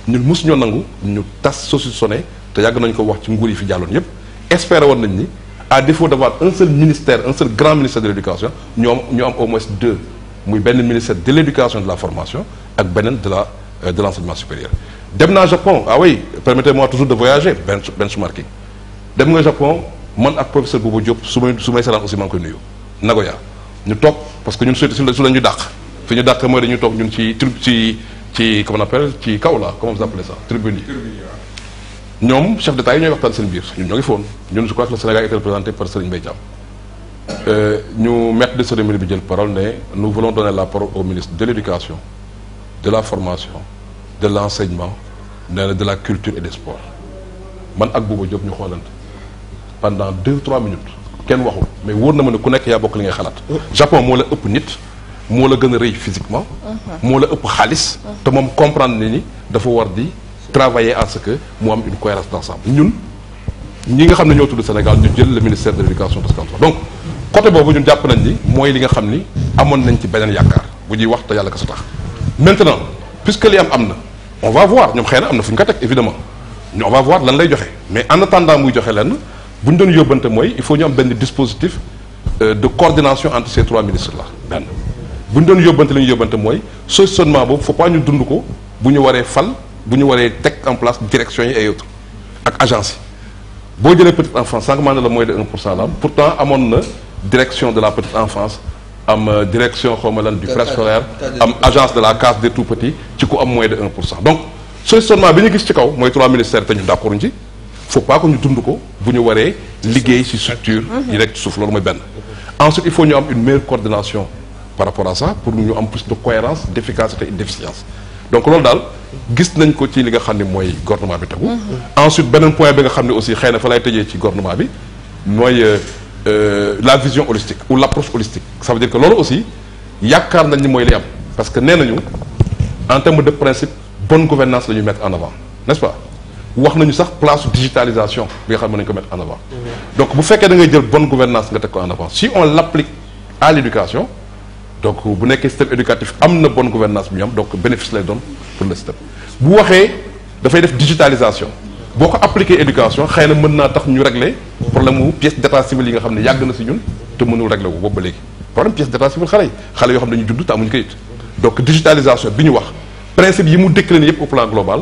nous ñun mosu nous nangu ñu tas saucissonné te yàgg nañu ko wax ci nguur yi fi jàlloon yëpp espéré ni à défaut d'avoir un seul ministère un seul grand ministère de l'éducation nous ñu am au moins deux avons le ministère de l'éducation de la formation et beneen de la euh, de l'enseignement supérieur dem au Japon ah oui permettez-moi toujours de voyager benchmarking ben dem au Japon man ak professeur Boubou Diop su may su may aussi maa ngi koy nuyu Nagoya ñu toog parce que ñun su su la ñu dàq fi ñu dàq mooy dañu toog ñun ci tri ci ci comment on appelle ci kaw comment vous appelez ça tribune yi ñoom chef d'état yi ñooy waxtaan seen biir ñun ñoo ngi foon ñun je crois que le Sénégal était représenté par Serigne Mbaye Thiam euh, ñu mettre de cérémonie bi jël parole ne nous voulons donner la parole au ministre de l'éducation de la formation de l'enseignement de la culture et des sports man ak Boubou Diop ñu xoolante pendant deux trois minutes kenn waxul mais wóor na ma ne ku nekk yaa bokk li ngay xalaat. Japon moo la ëpp nit moo la gën a rëy physiquement. Uh-huh. moo la ëpp xaalis. te moom comprendre na ni dafa war di travailler à ce que mu am une cohérence d'ensemble ñun ñi nga xam ne ñoo tudd Sénégal ñu jël le ministère de l'éducation de ce donc côté boobu ñun jàpp nañ ni mooy li nga xam ni amoon nañ ci beneen yaakaar bu ñuy wax te yàlla kese tax maintenant puisque li am am na on va voir ñoom xëy na am na fu ñu ko teg évidemment on va voir lan lay joxe mais en attendant muy joxe lenn bu ñu doon yóbbante il faut ñu am benn dispositif euh, de coordination entre ces trois ministres là benn bu ñu doon yóbbante li ñu yóbbante mooy solutionnement boobu faut pas ñu dund ko bu ñu waree fal bu ñu waree en place direction yi et autres ak agence yi boo jëlee petite enfance sànq maa ne la mooy de 1 pour cent la am pourtant amoon direction de la petite enfance am euh, direction xaw ma lan du préscolaire am agence de la case des tout petits ci ku am moins de 1 pour cent donc solutionnement bi ñu gis ci kaw mooy trois ministères te ñu d'accord ci faut pas que ñu dund ko bu ñu waree liguer ci structure directe, sous le suuf de ensuite il faut une meilleure coordination par rapport à ça pour nous am plus de cohérence d'efficacité et d'efficience donc loolu a gis nañ ko ci li nga gouvernement bi ensuite il point bi nga xam aussi rien fa lay ci gouvernement euh, euh, la vision holistique ou l'approche holistique ça veut dire que l'on aussi il nañ ni mooy parce que nous, en termes de principe bonne gouvernance la ñu mettre en avant n'est-ce pas wax nañu sax place digitalisation bi nga xam ne nañu ko mettre en avant mm-hmm. donc bu fekkee da ngay jël bonne gouvernance nga teg ko en avant si on l'applique à l'éducation donc bu nekkee système éducatif am na bonne gouvernance bi ñu am donc bénéfice lay doon pour le système bu waxee dafay def digitalisation boo ko appliqué éducation xëy na mën naa tax ñu régler problème mu pièce d'état civil yi nga xam ne yàgg na si ñun te mënul régler wu boobu ba léegi problème pièce d'état civil xale yi xale yoo xam ne ñu judd te amuñu donc digitalisation bi ñu wax principe yi mu décliner yëpp au plan global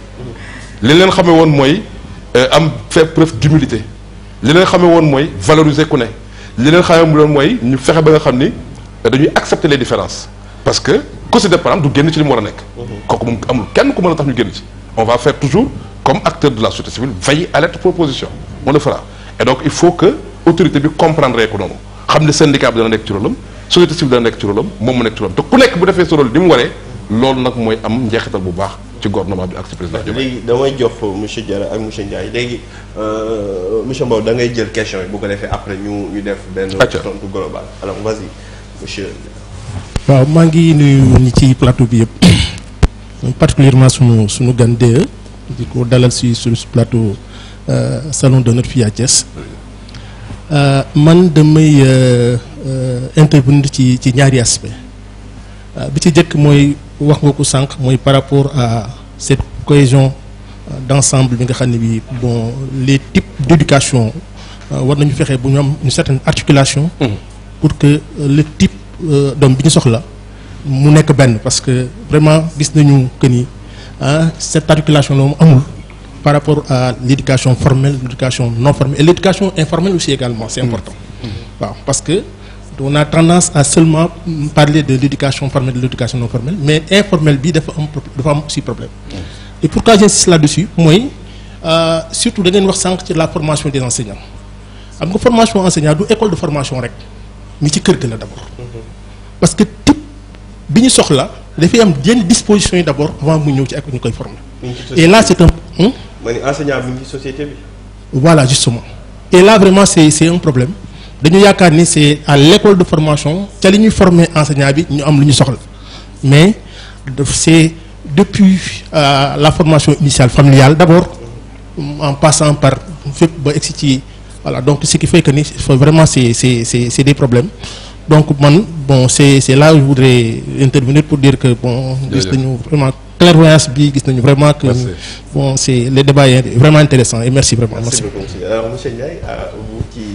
li leen xamee woon mooy euh, am fait preuve d'humilité li leen xamee woon mooy valoriser ku ne li leen xamee woon mooy ñu fexe ba nga xam ni euh, dañuy accepter les différences parce que cause de des parents du génn ci li mu war a nekk. kooku moom kenn ku mën tax ñu ci. on va faire toujours comme acteur de la société civile veiller à l'être proposition on le fera et donc il faut que autorité bi comprendre rek noonu xam ne syndicat bi dana nekk ci rôlam société civile dana nekk ci rôlam moom mu nekk ci rôlam te ku nekk bu defee sa rôle loolu nag mooy am njeexital bu baax ci gouvernement bi ak ci président Diomaye léegi damay jox monsieur Diarra ak monsieur Ndiaye léegi euh, monsieur Mbow da ngay jël question yi bu ko defee après ñu ñu def benn tontu global alors vas-y monsieur waaw maa ngi nuyu ñi ci plateau bi yëpp particulièrement sunu suñu gan DE di ko dalal si suñu plateau euh, salon d'honneur fii à Thiès euh, man damay intervenir ci ci ñaari aspect bi ci jëkk mooy par rapport à cette cohésion euh, d'ensemble bon les types d'éducation euh, war nañu faire une certaine articulation mmh. pour que euh, le type d'homme là, soit soxla parce que vraiment hein, cette articulation par rapport à l'éducation formelle l'éducation non formelle et l'éducation informelle aussi également c'est mmh. important mmh. parce que on a tendance à seulement parler de l'éducation formelle, de l'éducation non formelle, mais informelle, il y a aussi problème. Et pourquoi j'insiste là-dessus Moi, euh, surtout, de la formation des enseignants. La formation enseignants, une école de formation, mais c'est d'abord. Parce que tout ce qu'on a dafay am une disposition d'abord avant mu ñëw ci ak former. et là c'est un. Hmm? mais enseignant bi société bi. voilà justement et là vraiment c'est un problème c'est à l'école de formation ca li ñuy former enseignant bi ñu am mais c'est depuis euh, la formation initiale familiale d'abord en passant par voilà donc ce qui fait que ni vraiment c'est des problèmes donc bon c'est là où je voudrais intervenir pour dire que bon gis vraiment clairvoyance bi vraiment que bon c'est le débat est vraiment intéressant et merci vraiment merci, euh,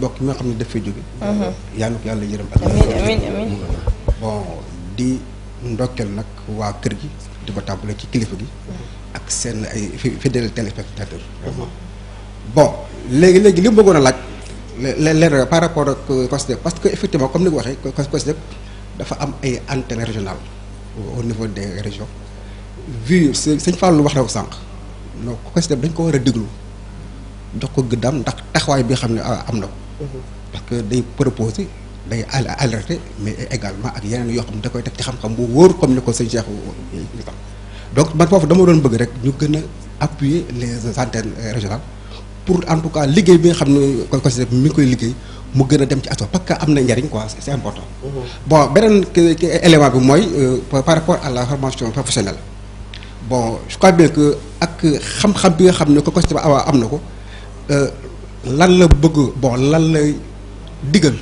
bok mi nga xam ne dafay jóge mhm. yalla na ko yàlla yërëm ak bon di ndokkel nak wa kër gi di ko tabulé ci kilifa gi mhm. ak sen ay fidèles téléspectateurs vraiment bon légui légui li bëggona bëggoon a laaj leer par rapport ak COSDEP parce que effectivement comme ni nga waxee COSDEP dafa am ay antennes régionales au niveau des régions vu sëñ Fallou wax na ko sànq donc COSDEP dañ ko wara a dox ko gëddaam ndax taxawaay bi xam ah, am na ko parce que day proposer day alerter mais également ak yeneen yo xam da koy tek ci xam-xam bu wóor comme ni ko sëñ Cheikh ñu tam donc man fofu dama doon bëgg rek ñu gën a appuyer les antennes régionales pour en tout cas liggéey bi nga xam ne ko ko mi koy liggéey mu gën a dem ci aso parce que am na njariñ quoi c'est important mm-hmm. bon beneen élément bi mooy euh, par rapport à la formation professionnelle bon je crois bien que ak xam-xam bi nga xam ne ko ko am na ko euh, lan la bëgg bon lan lay digal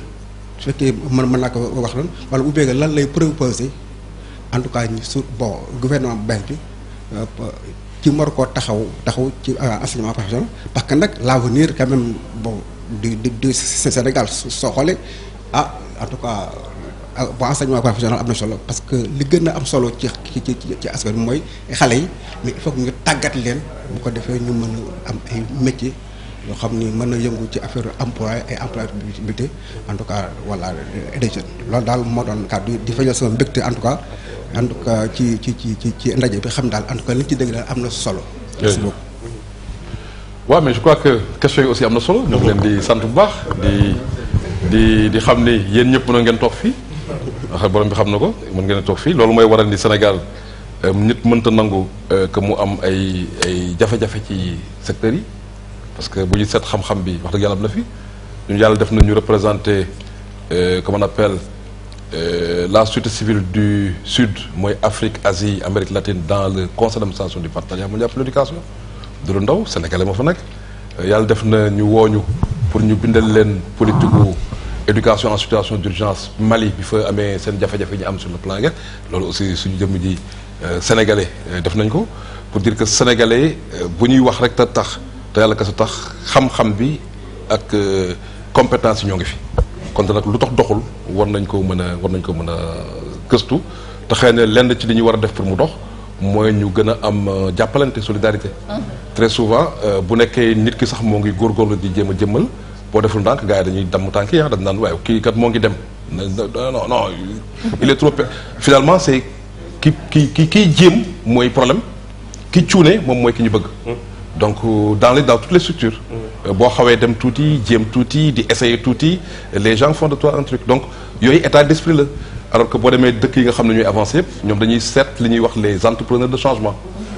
su fekkee mën naa ko wax noonu wala bu beeg lan lay proposé en tout cas su bon gouvernement bu bees bi euh, ci war taxaw taxaw ci euh, enseignement professionnel parce que nag l' avenir quand même bon du du du Sénégal soo xoolee ah en tout cas euh, bon enseignement professionnel am na solo parce que li gën a am solo ci ci ci ci askan mooy xale yi mais il ñu tàggat leen bu ko defee ñu mën a am ay métier yoo xam ni mën na yëngu ci affaire emploi et employabilité en tout cas voilà des jeunes loolu daal moo doon kàddu di feñal sama mbégte en tout cas en tout cas ci ci ci ci ci ndaje bi xam daal en tout cas liñ ci dégg daal am solo merci beaucoup waaw mais je crois que question yi aussi am solo ñu ngi leen di sant bu baax di di di xam ni yéen ñëpp mën ngeen toog fii wax borom bi xam na ko mën ngeen toog fii loolu mooy waral ni Sénégal euh, nit mënta nangu euh, que mu am ay ay jafe-jafe ci secteurs yi parce que bu ñu seet xam-xam bi wax dëgg yàlla am na fi ñun yàlla def nañu représenter euh, comme on appelle euh, la suite civile du sud mooy Afrique Asie Amérique latine dans le conseil d'administration du partenariat mondial pour l'éducation du lu ndaw sénégalais moo fa nekk euh, yàlla def na ñu wooñu pour ñu bindal leen politique éducation en situation d'urgence Mali bi fa amee seen jafe-jafe ñu am sur le plan guerre loolu aussi suñu jëm ji sénégalais def nañ ko pour dire que sénégalais bu ñuy wax rek ta tax te yàlla kese tax xam-xam bi ak euh, compétence yi ñoo ngi fi kon nak lu tax doxul war nañ ko mëna war nañ ko mëna a gëstu te xëy na lenn ci li ñu wara def pour mu dox moy ñu gëna am euh, jappalante solidarité. Ah. très souvent euh, bu nekké nit ki sax mo ngi góorgóorlu di jéem a jëmmal boo deful ndànk gaay dañuy dam tank ya ah, dañ nan waaye ki kat mo ngi dem non non il est trop finalement c'est ki ki ki jëm moy problème ki ciuné mom moy ki ñu bëgg. Hmm. donc euh, dans dans toutes les structures. Mm. Euh, essayer les gens font de toi un truc donc y il un état d'esprit là. alors que pour les deux qui nga ne avancé dañuy les entrepreneurs de changement.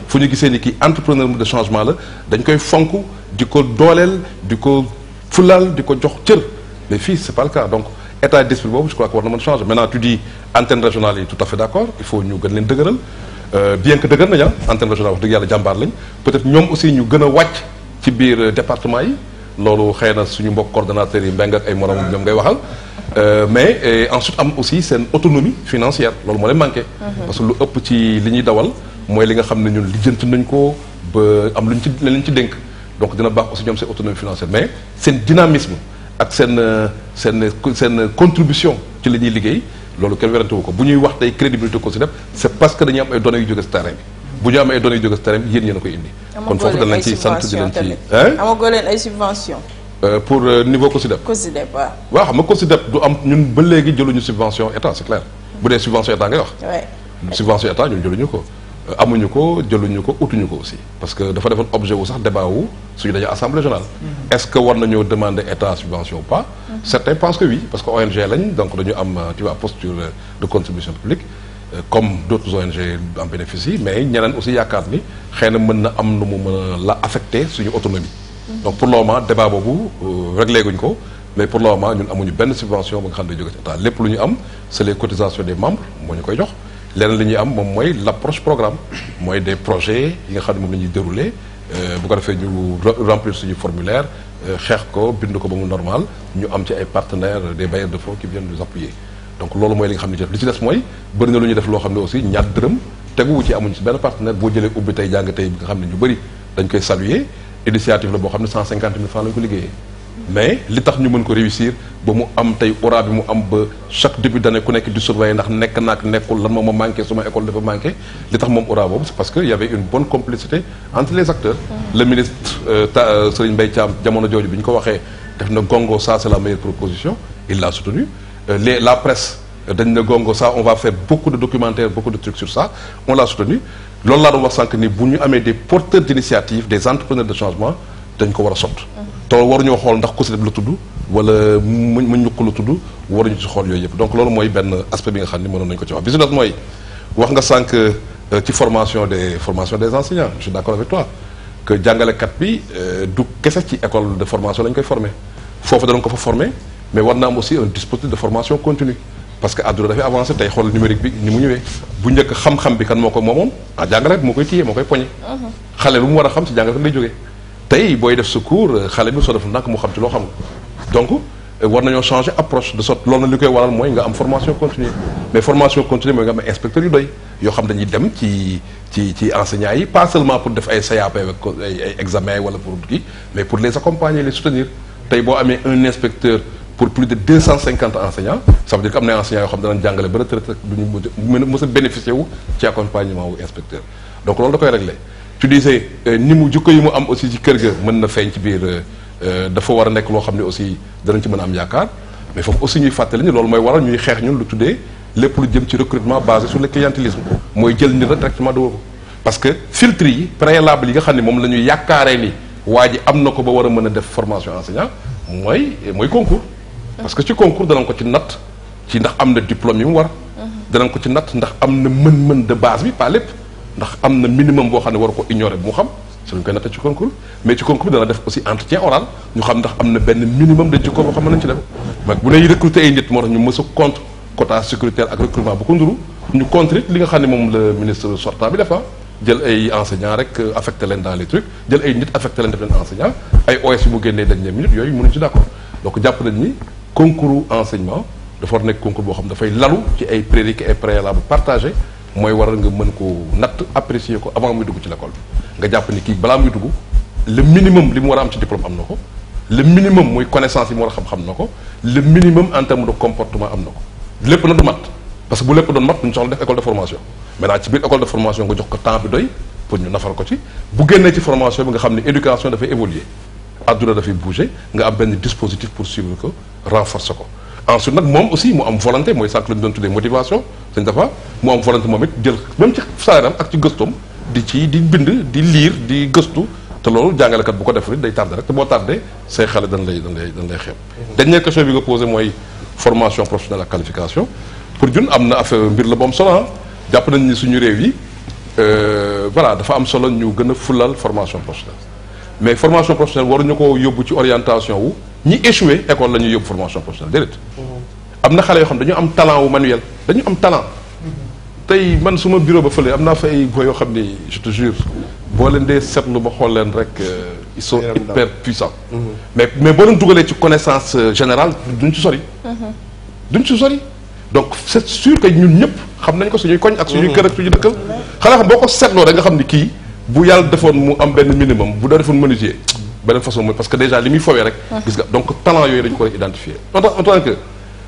Il faut que les entrepreneurs de changement fassent dañ koy fonk du code. foulal, du du coup, Mais coup, jox n'est mais ce c'est pas le cas donc état d'esprit je crois que war na change. maintenant tu dis antenne régionale est tout à fait d'accord il faut que nous leen euh, bien que dëgër nañ ah en terme régional wax dëgg yàlla jàmbaar lañ peut-être ñoom aussi ñu gën a wàcc ci biir euh, département yi loolu xëy na suñu mbokk coordonnateurs yi mbeng ak ay morom ñoom ngay waxal euh, mais ensuite am aussi seen autonomie financière loolu moo leen manqué mhm. parce que lu ëpp ci li ñuy dawal mooy li nga xam ne ñun lijjanti nañ ko ba am luñ ci leen ci dénk donc dina baax aussi ñoom seen autonomie financière mais seen dynamisme ak seen seen seen contribution ci li ñuy liggéey loolu kenn werantewu ko bu ñuy wax tey crédibilité COSYDEP c' est parce que dañuy am ay données yu jóge si terrain bi bu ñu am ay données yu jóge si terrain bi yéen yéen a koy indi kon foofu danañ ci sant di leen ci amagoo leen ay subvention euh, pour euh, niveau COSYDEP COSYDEP waaw waaw xam nga COSYDEP du am ñun ba léegi jëluñu subvention état c' est clair bu dee subvention état ngay wax subvention état ñun jëluñu ko amuñu ko jëluñu ko ko aussi parce que dafa defon objet wu sax débat wu suñu dañu assemblée générale. Mm-hmm. est-ce que war demande demander état subvention ou pas. Mm-hmm. certains pensent que oui parce que ONG lañ donc dañu am euh, tu vois posture euh, de contribution publique euh, comme d'autres ONG en bénéficient mais ñeneen aussi yaakaar ni xëy na mën na am nu mu la affecté suñu autonomie. Mm-hmm. donc pour le moment débat bobu réglé guñ ko. mais pour le moment ñun amuñu benn subvention ba nga xam ne jóge état am c'est les cotisations des membres moo koy jox leneen li ñuy am moom mooy l' approche programme mooy des projets yi nga xam ne moom la ñuy déroulé euh, bu ko defee ñu remplir suñu formulaire euh, xeex ko bind ko ba mu normal ñu am ci ay partenaires des bailleurs de fonds qui viennent nous appuyer donc loolu mooy li nga xam ne ci def li ci des mooy bëri na lu ñu def loo xam ne aussi ñaar dërëm teguwu ci amuñu ci benn partenaire boo jëlee ubbi tey jàng tey bi nga xam ne ñu bëri dañ koy saluer initiative la boo xam ne 150 000 francs lañ ko liggéeyee mais li tax ñu mën ko réussir ba mu am tey aura bi mu am ba chaque début d'année ku nekk di surveiller ndax nekk naak nekkul lan moo ma manqué suma école dafa manqué li tax moom aura boobu c'est parce que y avait une bonne complicité entre les acteurs le ministre euh, ta euh, Serigne Mbaye Thiam jamono jooju bi ñu ko waxee def na gongo ça c'est la meilleure proposition il l'a soutenu euh, les la presse dañ na gongo ça on va faire beaucoup de documentaires beaucoup de trucs sur ça on l'a soutenu loolu laa doon wax sànq ni bu ñu amee des porteurs d'initiative des entrepreneurs de changement dañ ko war a te waruñu xool ndax COSYDEP la tudd wala mu mu ñuq la tudd waruñu ci xool yooyu yëpp donc loolu mooy benn aspect bi nga xam ni mënoon nañu ko ci wax bi si mooy wax nga sànq euh, ci formation des formation des enseignants je suis d'accord avec toi que jàngalekat bi euh, du kese ci école de formation lañ koy former foofu danañ ko fa former mais war na am aussi un dispositif de formation continue parce que àdduna dafay avancé tey xool numérique bi ni mu ñëwee bu njëkk xam-xam bi kan moo ko moomoon ah jàngalekat moo koy téye moo koy poñe uh-huh. xale lu mu war a xam si jàngalekat lay jógee tey booy def secours eh, xale bi so def nak mu xam ci loo xam donc eh, war nañoo changer approche de sorte loolu na li koy waral mooy nga am formation continue mais formation continue mooy nga am inspecteur yu doy yoo xam dañuy dem ci ci ci enseignants yi pas seulement pour def ay CAP avec ay examen wala pour kii mais pour les accompagner les soutenir tey boo amee un inspecteur pour plus de 250 enseignants ça veut dire que am na enseignants yoo xam danañ jàngale ba retraite duñu mën a mos a bénéficier wu ci accompagnement wu inspecteur donc loolu da koy régler tu disais euh, ni mu jukko yi mu am aussi ci kër ga mën na feeñ ci biir euh, euh, dafa war a nekk loo xam ne aussi danañ ci mën a am yaakaar mais foofu aussi ñuy fàttali ni loolu mooy waral ñuy xeex ñun lu tuddee lépp lu jëm ci recrutement basé sur le clientélisme mooy jël nit rek directement dóor ko parce que filtre yi préalable yi nga xam ne moom la ñuy yaakaaree ni waa ji am na ko ba war a mën a def formation enseignant mooy mooy concours parce que ci concours danañ ko ci natt ci ndax am na diplôme yi mu war mhm. danañ ko ci natt ndax am na mën-mën de base bi pas lépp ndax am na minimum boo xam ne war ko ignorer bu mu xam su ñu koy nattee ci concours mais ci concours dana def aussi entretien oral ñu xam ndax am na benn minimum de jikko boo xam nañ ci def mag bu nay recruter ay nit moo tax ñu mësu a compte quota sécuritaire ak recrutement bu ko nduru ñu contre li nga xam ne moom le ministre sortant bi defa ah. jël ay enseignants rek euh, affecté leen dans les trucs jël ay nit affecté leen def leen enseignant ay OS bu mu génnee dernière minute yooyu mënuñ ci d'accord donc jàpp nañ ni concours enseignement dafa war nekk concours boo xam dafay lalu ci ay prérequis et préalable partagé mooy waral nga mën ko natt apprécier ko avant muy dugg ci l'école nga jàpp ni kii balaa muy dugg le minimum li mu war a am ci diplôme am na ko le minimum muy connaissance yi mu war a xam-xam na ko le minimum en comportement am na ko lépp na du mat parce que bu lépp doon mat duñu soxla def école de formation maintenant ci biir école de formation nga jox ko temps doy pour ñu nafar ko ci bu génnee ci formation bi nga xam ne éducation dafay évoluer adduna dafay bouger nga pour suivre ko renforcer ko ensuite nag moom aussi mu am volonté mooy sànq la ñu doon tuddee motivation sëñ dafa mu am volonté moom it jël même ci salaire ak ci gëstoom di ci di bind di liir di gëstu te loolu jàngalekat bu ko def day tardé rek te boo tardé say xale dañ lay dañ lay dañ lay xeeb. Mmh. dernière question bi nga posé mooy formation professionnelle ak qualification pour jun am na affaire mbir la bu am jàpp nañ ni suñu réew yi euh, voilà dafa am solo ñu gën a fulal formation professionnelle mais formation professionnelle waruñu ko yóbbu ci orientation wu. ñi échoué école la ñuy yóbbu formation professionnelle déedéet. Mm-hmm. am na xale yoo xam dañu am talent wu manuel dañu am talent. Mm-hmm. tey man suma bureau ba fële am naa fa ay boy yoo xam ni je te jure boo leen dee seetlu ba xool leen rek euh, ils sont hyper puissants mm-hmm. mais mais boo leen dugalee ci connaissance euh, générale duñ ci sori duñ ci sori donc c'est sûr que ñun ñëpp xam nañ ko suñuy koñ ak suñuy kër ak suñu dëkkal xanaa xam boo ko seetloo da nga xam ni kii bu yàlla defoon mu am benn minimum bu daa defoon menuisier beneen façon moy parce que déjà limi muy rek gis nga donc talent yoy dañ ko identifier en tant que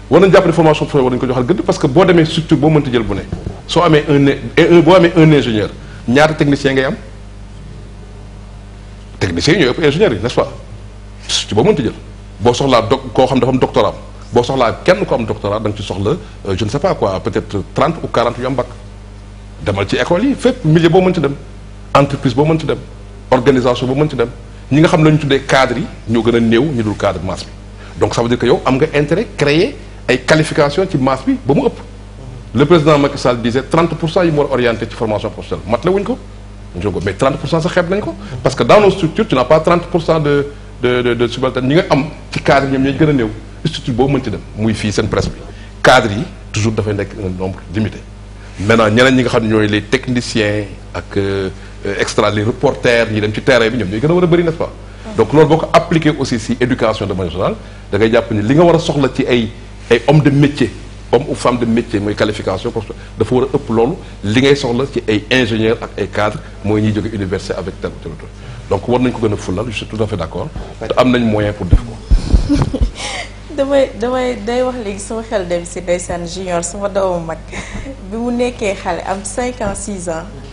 war nañu jàpp formation professionnelle war nañu ko joxal gëdd parce que boo demee structure boo mënta jël bu né so amé un bo amé un ingénieur ñaata technicien ngay am technicien ñoy ëpp ingénieur n'est-ce pas structure boo mënta jël bo soxla do ko xam dafa am doctorat boo soxlaa kenn ko am doctorat dang ci soxla euh, je ne sais pas quoi peut-être 30 ou 40 yu am bac demal ci école yi fépp milieu bo mën ci dem entreprise bo mën ci dem organisation bo mën dem ñi nga xam ne cadres yi ñoo gën a ñu dul cadre masse bi donc ça veut dire que yow am nga intérêt créer ay qualification ci masse bi ba mu ëpp le président Macky Sall disait 30 pour cent yi mu orienté ci formation professionnelle mat la wuñ ko ñu ko mais 30 pour cent sa xeeb nañ ko parce que dans nos structures tu n'as pas 30 de de de de subalterne ñi nga am ci cadre ñoom gën a néew dem muy fii seen presse bi cadre yi toujours dafay un nombre limité maintenant ñeneen ñi nga xam les techniciens ak euh, euh, extra les reporters yi dem ci terrain bi ñoom ñooy gën bëri n'est-ce pas donc lool boko appliquer aussi ci éducation de manière générale da ngay japp ni li nga wara soxla ci ay ay homme de métier homme ou femme de métier moy qualification parce que dafa war a ëpp loolu li ngay soxla ci ay ingénieur ak ay cadre moy ñi jóge université avec tel tel donc war nañ ko gëna fulal je suis tout à fait d'accord te am nañ moyen pour def ko damay damay day wax léegi sama xel dem si ndeysaan junior sama doomu mag bi mu nekkee xale am 5 ans 6 ans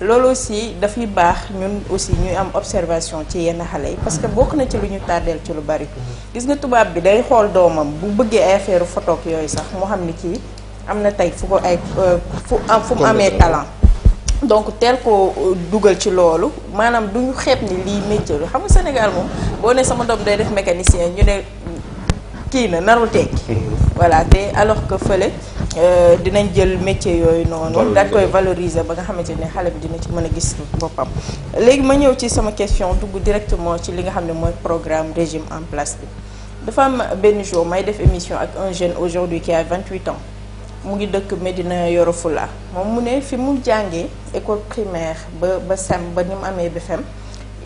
loolu aussi dafay baax ñun aussi ñuy am observation ci yenn xale yi parce que bokk na ci lu ñu tàddeel ci lu bari. gis nga tubaab bi day xool doomam bu bëggee ay affaire photo ak yooyu sax moo xam ni kii am na tey fu ko ay fu am fu mu amee talent. donc tel ko dugal ci loolu maanaam du ñu xeeb ni lii métier lu xam Sénégal moom boo ne sama doom day def mécanicien ñu ne. kii na narul tekki mhm. voilà té alors que euh dinañ jël métier yoy noonu non. koy valoriser ba nga xamante ne xale bi dina ci mëna gis bopam légui ma ñëw ci sama question dugg directement ci li nga xamné moy programme régime en place bi dafa am benn jour may def émission ak un jeune aujourd'hui qui a 28 ans mu ngi dëkk Medina Yoro Fula moom mu ne fi mu jàngee école primaire ba ba sem ba ni mu amee BFEM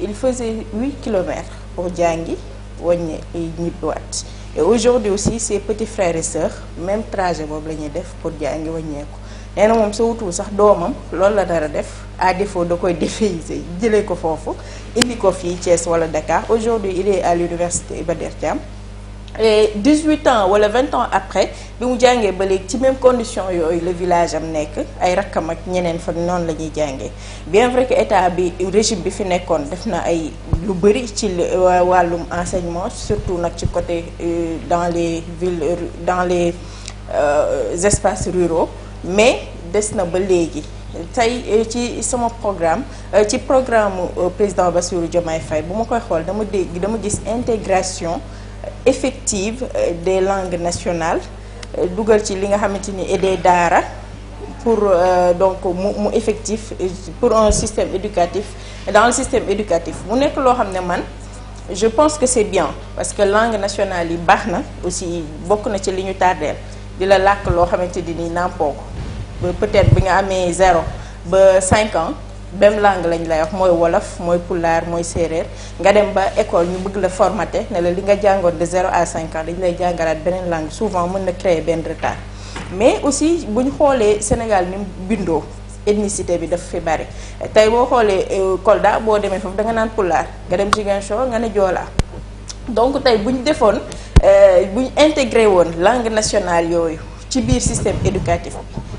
il faisait 8 kilomètres pour jàngi wàññi ñibbiwaat et aujourd'hui aussi ses petits frères et sœurs même trajet boobu la ñuy def pour jaay ngi wàññeeku nee na moom sa ça, sax doomam loolu la dara def à défaut da koy défayisé jëlee ko foofu indi ko fii Thiès wala Dakar aujourd'hui il est à l'université Ibadertiam et 18 ans wala 20 ans après bi mu jàngee ba légui ci même condition yoy le village am nek ay rakam ak ñeneen fa non lañuy jangé bien vrai que état bi régime bi fi nekkoon defna ay lu bari ci walum enseignement surtout nak ci côté euh, dans les villes dans les euh, espaces ruraux mais desna ba légui tay euh, ci sama programme euh, ci programme président Bassirou Diomaye Faye bu ma koy xol dama dégg dama gis intégration effective euh, des langues nationales euh, dougal ci li nga xamante ni et des daara pour euh, donc mu mu effectif euh, pour un système éducatif dans le système éducatif mu nek lo man je pense que c'est bien parce que langue nationale yi baax aussi bokk na ci liñu tardel dila di la làkk loo ni peut-être bi nga amé zéro ba cinq ans même langue lañ lay wax moy wolof moy pulaar moy séeréer nga dem ba école ñu bëgg la formaté né la li nga jàngoon de 0 à 5 ans dañ lay jàngalaat benen langue souvent mëna créer benn retard mais aussi buñ xolé Sénégal ni bindo ethnicité bi daf fi bari tay bo xolé euh, Kolda boo demee foofu da nga nan pulaar nga dem Ziguinchor nga né Joola donc tay buñ ñu defoon euh, bu ñu intégré langue nationale yoyu ci biir système éducatif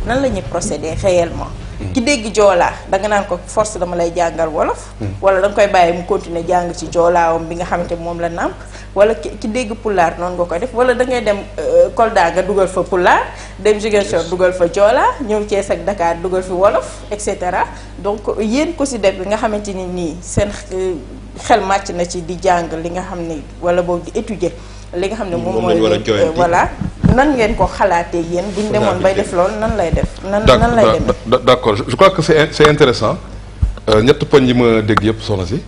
nan la procéder réellement ki dégg joolaa danga naan ko force dama lay jàngal wolof. Hmm. wala danga koy bàyyi mu continuer jàng ci joolaawam bi nga xamante moom la nàmp. wala ki dégg pulaar noonu nga ko def wala dangay dem euh, Kolda nga dugal fa pulaar dem Ziguinchor dugal fa joolaa ñëw Thiès ak Dakar dugal fi wolof et cetera donc yéen ko si def bi nga xamante ni nii seen euh, xel màcc na ci di jàng li nga xam ne wala boog di étudier. li nga xam ne moom mooy euh, voilà. nan ngeen ko xalaatee yeen bu ñu bay def lool nan lay def. nan nan lay bah, demee bah, d'accord je crois que c'est c'est intéressant euh, ñett poñ yi ma dégg yépp soxna si.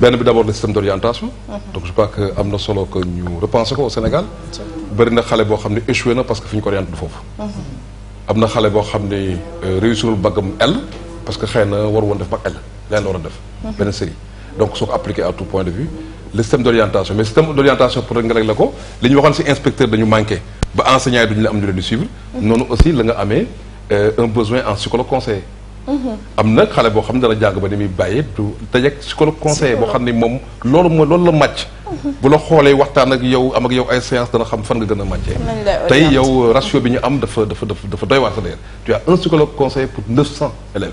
benn bi d'abord le système d' orientation. Mhm. donc je crois que am na solo que ñu repenser ko au Sénégal. bëri na xale boo xam ne échoué na parce que fi ñu ko orienté du foofu. Mhm. am na xale boo xam ne euh, réussirul baggam L parce que xëy na war woon def bac L leneen la war a def. Mhm. benn série donc soo ko appliqué à tout point de vue le système d' orientation mais système d' orientation pour rek nga rek la ko li ñu waxoon si inspecteur dañu manqué ba enseignant duñ la am ñu leen di suivre nonu aussi la nga amee euh, un besoin en psychologue conseil mm-hmm. am na xale boo xam dara dana ba ni muy bàyyi du dajeeg psychologue conseil bo xam mom lolu loolu mooy la match mm-hmm. bu la xolé waxtan ak yow am ak yow ay séance dana xam fan nga gëna matché tay yow ratio bi ñu am dafa dafa dafa dafa doy waar sa tu as un psychologue conseil pour 900 élèves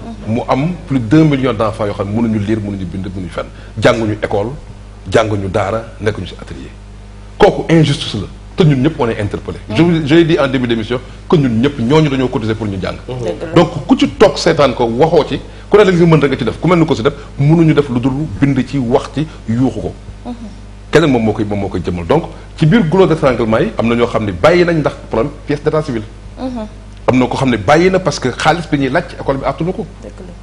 mu am plus de 2 millions d' enfants yoo xam ne mënuñu lire mënuñu bind mënuñu fenn jànguñu école jànguñu daara nekkuñu ci atelier kooku injustice la te ñun ñëpp on est interpellé. je vous je dit en début d'émission que ñun ñëpp ñoñu dañoo cotiser pour ñu jàng. donc ku ci tok sétane ko waxoo ci ku ne la nga mën rek nga ci def ku mel ko ci def mënuñu def lu dul bind ci wax ci yuuxu ko. keneen moom moo koy moom moo koy jëmal donc ci biir goulot d'étranglement yi am na ñoo xam ne bàyyi nañ ndax problème pièce d' état civil. Mmh amna ko xam bayina na parce que xaalis bi ñuy lacc école bi atunuko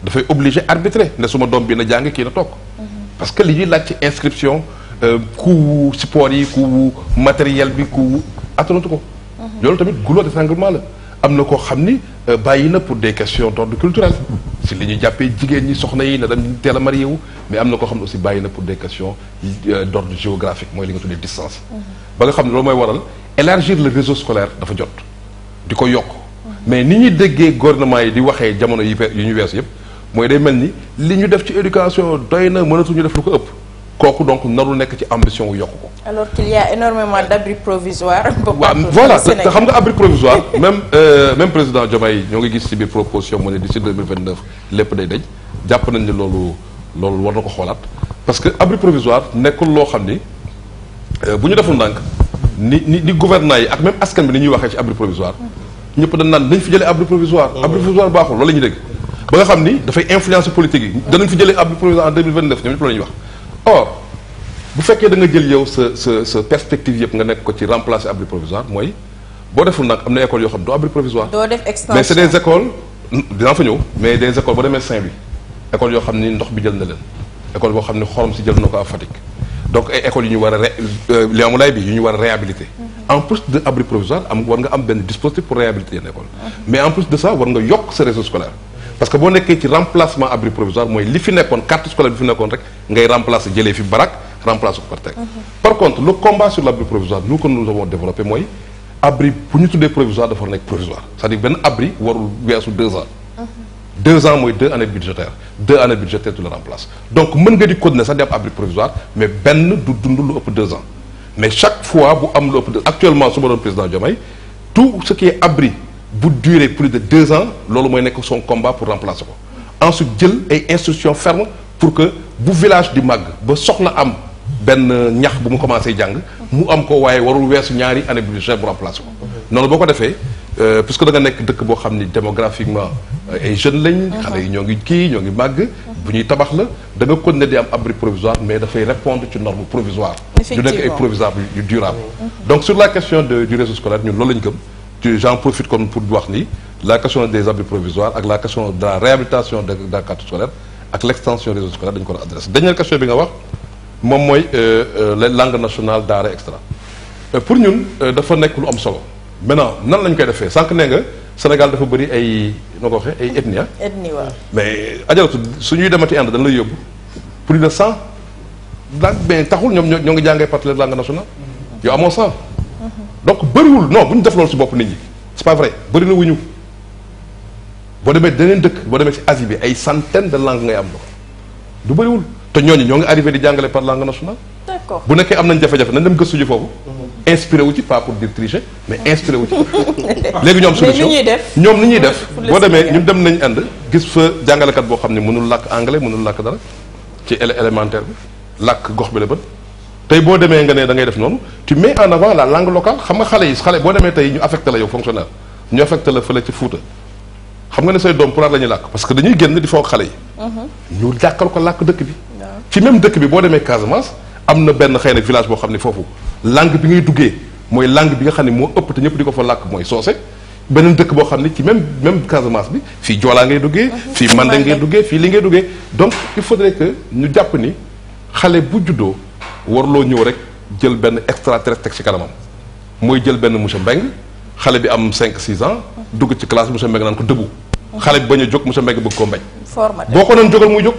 da fay obligé arbitrer ne suma dom bi na jang kii na tok mhm. parce que li ñuy lacc inscription inscription euh, coût support yi coût matériel bi coût attanatu ko mhm. loolu tamit goulot d'étranglement la amna ko xamni euh, bayina na pour des questions d'ordre culturel si li ñu jappé jigen ñi soxna yi na dem teel marié wu mais amna ko xamni aussi bayina na pour des questions euh, d'ordre géographique moy li nga tuddé distance mhm. ba nga xam ne loolu waral élargir le réseau scolaire dafa jot diko yok mais ni ñuy déggee gouvernement yi di waxee jamono yi yu ñu weesu yëpp mooy day mel ni li ñu def ci éducation doy na mënatuñu def lu ko ëpp kooku donc narul nekk ci ambition yu yokk ko. alors qu'il y a énormément d'abris provisoires. waaw voilà te xam nga abri provisoire même euh, même président Diomaye ñoo ngi gis ci biir proposition mu ne d'ici 2029 lépp day daj jàpp nañ ne loolu loolu war na ko xoolaat parce que abri provisoire nekkul loo xam ni euh, bu ñu deful ndànk ni ni gouvernement yi ak même askan bi ni ñuy waxee ci abri provisoire ñëpp dañ naan dañ fi jëlee abri provisoire ah, abri provisoire baaxul loolu la ñuy dégg ba nga xam ni dafay influencer politique yi ah. danañ fi jëlee abri provisoire en 2029 ñoom ñëpp la ñuy wax or bu fekkee da nga jël yow sa sa sa perspective yëpp nga nekk ko ci remplacer abri provisoire mooy boo deful nag am na école yoo xam doo abri provisoire doo def extension mais c'est des écoles dinaa fa ñëw mais des écoles boo demee saint bi école yoo xam ni ndox bi jël na leen école boo xam ni xorom si jël na ko à Fatick donc ay écoles yu ñu war a ré euh, Limamoulaye bi yu ñu war a réhabiliter hmm en plus de abri provisoire am war nga am dispositif pour réhabiliter l'école mais en plus de ça war nga yokk ce réseau scolaire parce que bonnet qui ci remplacement abri provisoire moy li fi nekkoon carte scolaire bi fi nekkoon rek ngay remplacer jëlee fi barak remplacer le par mhm. par contre le combat sur l'abri provisoire nous que nous avons développé moy abri bu ñu tuddee provisoire de nekk provisoire c'est-à-dire ben abri warul sous deux ans mhm. deux ans moy deux années budgétaires deux années budgétaires tu le remplaces donc même nga di code ça di provisoire mais ben du dund lu ëpp deux ans mais chaque fois actuellement président tout ce qui est abri vous durer plus de deux ans l'homme est que son combat pour remplacer il ensuite a une instruction ferme pour que le village du Mag, ba soxna am ben ñax bu commencé am ko warul remplacer remplacement. Non, euh, puisque da nga un dëkk bo xamni démographiquement euh, ay jeunes lañ. Uh-huh. xale yi ñoo ngi ki ñoo ngi màgg. Uh-huh. bu ñuy tabax la da nga continuer di am abri provisoire mais fay répondre ci norme provisoire. du nek ay durable. Uh-huh. donc sur la question de du réseau scolaire nous loolu lañ gëm. j'en profite comme pour wax ni la question des abris provisoires ak la question de la réhabilitation de la carte scolaire ak l'extension réseau scolaire dañ ko adresse. dernière question bi nga wax moom mooy euh, les langues nationales d'arrêt extra pour ñun dafa nekk lu am solo. maintenant nan lañ koy defee sànq neng nga Sénégal dafa bëri ay noo ko waxee ay ethnie ah. ethnie waaw mais su ñuy demati ànd dañ lay yóbbu plus de cent langue mais taxul ñoom ñoo ngi jàngee partie langue nationale mm-hmm. yow amoo ça mm-hmm. donc bëriwul non bu ñu def loolu si bopp nit ñi c'est pas vrai bëri na wuñu boo demee deneen dëkk boo demee si asi bi ay centaine de langue ngay am ko du bëriwul te ñooñu ñoo ngi arrivé di jàngale par langue nationale d'accord bu nekkee am nañ jafe nañ dem gëstu ji foofu mm-hmm. inspiré wu ci pas pour dire tricher mais inspiré ci. léegi ñoom solution ñoom ni ñuy def boo demee ñun dem nañ ànd gis fa jàngalekat boo xam ne mënul làkk anglais mënul làkk dara ci élémentaire bi làkk gox bi la bët tey boo demee nga ne da ngay def noonu tu mets en avant la langue locale xam nga xale yi xale boo demee tey ñu affecté la yow fonctionnaire ñu affecté la fële ci Fuuta xam nga ne say doom pulaar la ñuy làkk parce que dañuy génn di foog mm-hmm. ko làkk dëkk bi ci même dëkk bi boo demee Casamance amna ben benn xëy village bo xam fofu langue bi ngay duggee moy langue bi nga xam mo moo ëpp te ñëpp di fa làkk moy soose benen dëkk bo xam ci même même Casamance bi fi joolaa ngay duggee ah, fi mande ngay duggee li ngay duggee donc il faudrait que ñu japp ni xale bu juddoo warloo ñëw rek jël ben extraterrestre teg ci kanamam mooy jël ben monsieur Mbeng xale bi am 5 6 ans dugg ci classe monsieur Mbeng nan ko dëbu xale bi bañ jog jóg monsieur Mbeng bëgg koo mbañ boo ko doon jógal muy jóg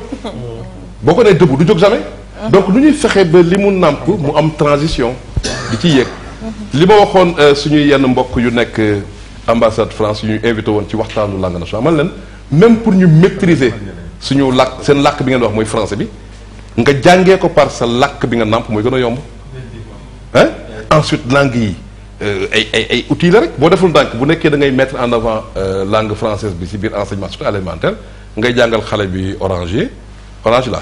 boo du jog jamais donc nu ñuy fexe ba limu namp mu am transition di ci yéeg li ma waxoon suñuy yenn mbokk yu nek ambassade France ñu invité won ci waxtanu langue nationale man leen même pour ñu maîtriser suñu làkk sen làkk bi ngeen wax moy français bi nga jàngee ko par sa làkk bi nga namp moy gëna yomb hein ensuite langue yi euh, ay ay ay outils la rek boo deful ndànk bu nekkee da ngay mettre en avant euh, langue française bi ci biir enseignement surtout alimentaire ngay jàngal xale bi oranger orange la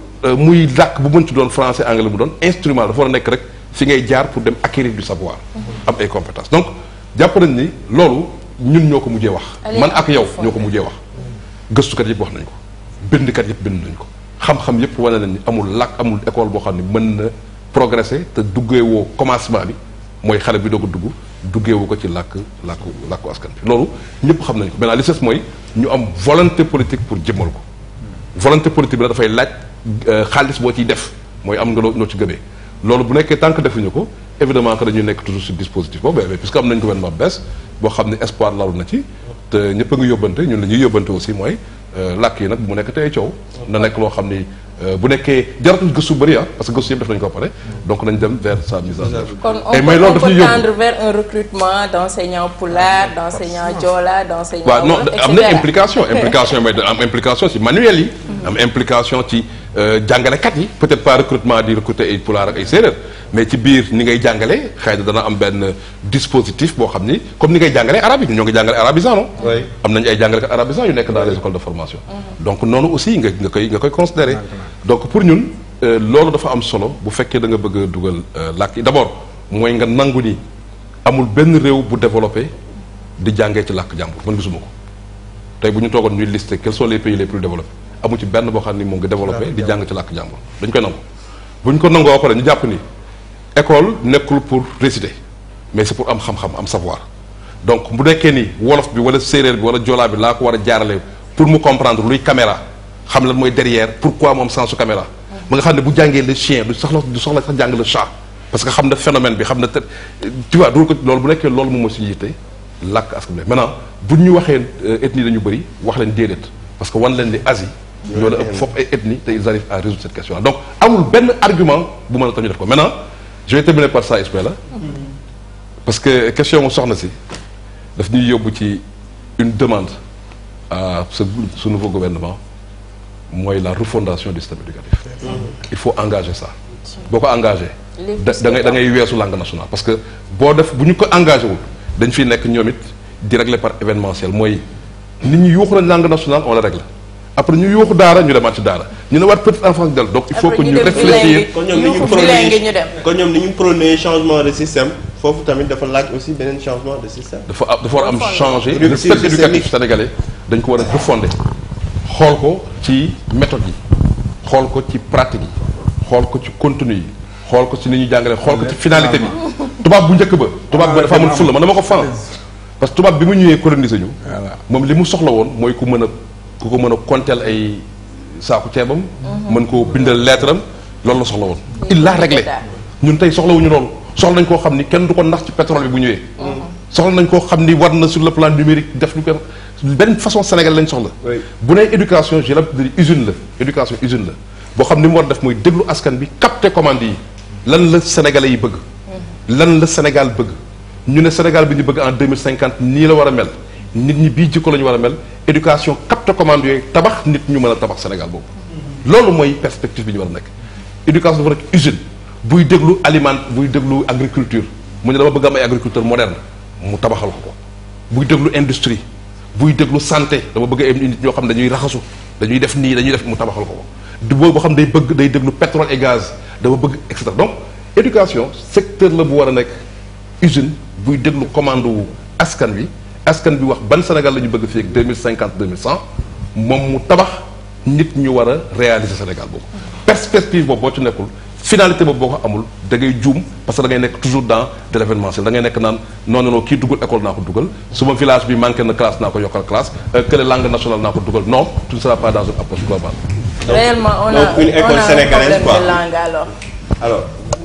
Euh, muy làkk bu mënti doon français anglais bu doon instrument dafa war a nekk rek fi ngay jaar pour dem acquérir du savoir. Mhm. am ay compétences donc jàpp nañ ni loolu ñun ñoo ko mujjee wax. man ak yow ñoo ko mujjee wax. gëstukat yëpp wax nañ ko bindkat yëpp bind nañ ko xam-xam yëpp wane nañ ni amul làkk amul école boo xam ne mën na progresser te duggee woo commencement bi mooy xale bi doog a dugg duggee woo ko ci làkk làkku làkku askan bi loolu ñëpp xam nañ ko maintenant li des mooy ñu am volonté politique pour jëmmal ko. volonté politique bi la dafay laaj euh, xaalis boo ciy def mooy am nga loo ci gëmee loolu bu nekkee tant defuñu ko évidemment que dañuy nekk toujours sur dispositif boobu mais puisque am nañ gouvernement bees boo xam ne espoir lalu na ci te ñëpp a ngi yóbbante ñun la ñuy yóbbante aussi mooy euh, làkk yi nag bu mu nekk tey coow na nekk loo xam ni Euh, bu nekkee gëstu ah, parce que gëstu def donc nañ vers sa mise en on peut tendre vers un recrutement d'enseignants poulard d'enseignants non implication manuel implication euh, kat yi peut-être pas recrutement di recruter ay poular ak ay séeréer mais ci biir ni ngay jàngale xëy dana am benn dispositif boo xam ni comme ni ngay jàngalee arabe yi ñoo ngi jàngale arabisant non am nañ ay kat arabisant yu nekk dans les écoles de formation mhm. donc noonu aussi nga nga koy nga koy considérer donc pour ñun euh, loolu dafa am solo bu fekkee da nga bëgg a dugal euh, làkk yi d'abord mooy nga nangu ni amul benn réew bu développé di jàngee ci làkk jàmbur man gisuma ko tey bu ñu toogoon ñuy lister quels sont les pays les plus développés amu ci benn boo di ci dañ ko école nekkul pour résider mais c'est pour am xam savoir donc bu nekkee ni wolof bi wala séeréer bi wala bi laa ko war a pour mu comprendre luy caméra xam lan derrière pourquoi moom sensu caméra ba nga xam ne bu le chien du soxla du soxla le chat parce que xam na phénomène bi tu vois bu maintenant euh, ethnie dañu bëri parce que wan Asie ils arrivent à résoudre cette question donc un bon argument bu m'entendez a maintenant je vais terminer par ça espèce parce que question est si daf ñuy a une demande à ce nouveau gouvernement moi, la refondation du système éducatif il faut engager ça beaucoup engager da langue nationale parce que si def engageons, pas ko engagé dañ par événementiel moi nous ñi la langue nationale on la règle après ñu yuuxu daara ñu demaat ci daara ñu ne waat petite enfance dal donc il faut que ñu réfléchir kon ñoom ni ñu prôné kon ñoom ni ñu prôné changement de système foofu tamit dafa laaj aussi beneen changement de système dafa am dafa war am changé le système éducatif dañ ko war a refondé xool ko ci méthode yi xool ko ci pratique yi xool ko ci continue yi xool ko ci ni ñu jàngale xool ko ci finalité bi tubaab bu njëkk ba tubaab bi ah, dafa amul fulla man dama ko fan parce que tubaab bi mu ñëwee coloniser ñu moom li mu soxla woon mooy ku mën a ku ko mën a konteel ay saaku ceebam. Mhm. mën koo bindal leetaram loolu la soxla woon. il l'a réglé ñun tey soxlawuñu loolu soxla nañ koo xam ni kenn du ko nax ci pétrole bi bu ñëwee. Mhm. soxla nañ koo xam ni war na sur le plan numérique def lu ko benn façon Sénégal lañ soxla. bu nee éducation je l'ai usine la éducation usine la boo xam ni mu war def mooy déglu askan bi capter commande yi lan la sénégalais yi bëgg. Mhm. lan la Sénégal bëgg ñu ne Sénégal bi ñu bëgg en deux mille nii la war a mel nit ñi bii jikko la ñu war a mel. éducation capte commande yooyu tabax nit ñu mën a tabax Sénégal boobu. loolu mooy perspective bi ñu war a nekk. éducation dafa nekk usine buy déglu aliment buy déglu agriculture mu ne dama bëgg am ay agriculteur moderne mu tabaxal ko ko buy déglu buy déglu santé dama bëgg ay ñoo xam ne dañuy raxasu dañuy def nii dañuy def mu tabaxal ko ko du boobu xam day bëgg day déglu pétrole gaz dama bëgg et donc éducation secteur la bu war a nekk usine buy déglu commande wu askan wi. askan bi wax ban Sénégal lañu bëgg fii ak deux mille moom mu tabax nit ñu war a réaliser Sénégal boobu. perspective boobu boo ci nekkul finalité boobu boo ko amul da ngay juum parce que da ngay nekk toujours dans de l' événementiel da ngay nekk naan non non kii dugal école naa ko dugal suma village bi manqué na classe naa ko yokkal classe euh, kële langue nationale naa ko dugal non tu ne seras pas dans une approche globale. réellement on a une école sénégalaise quoi alors.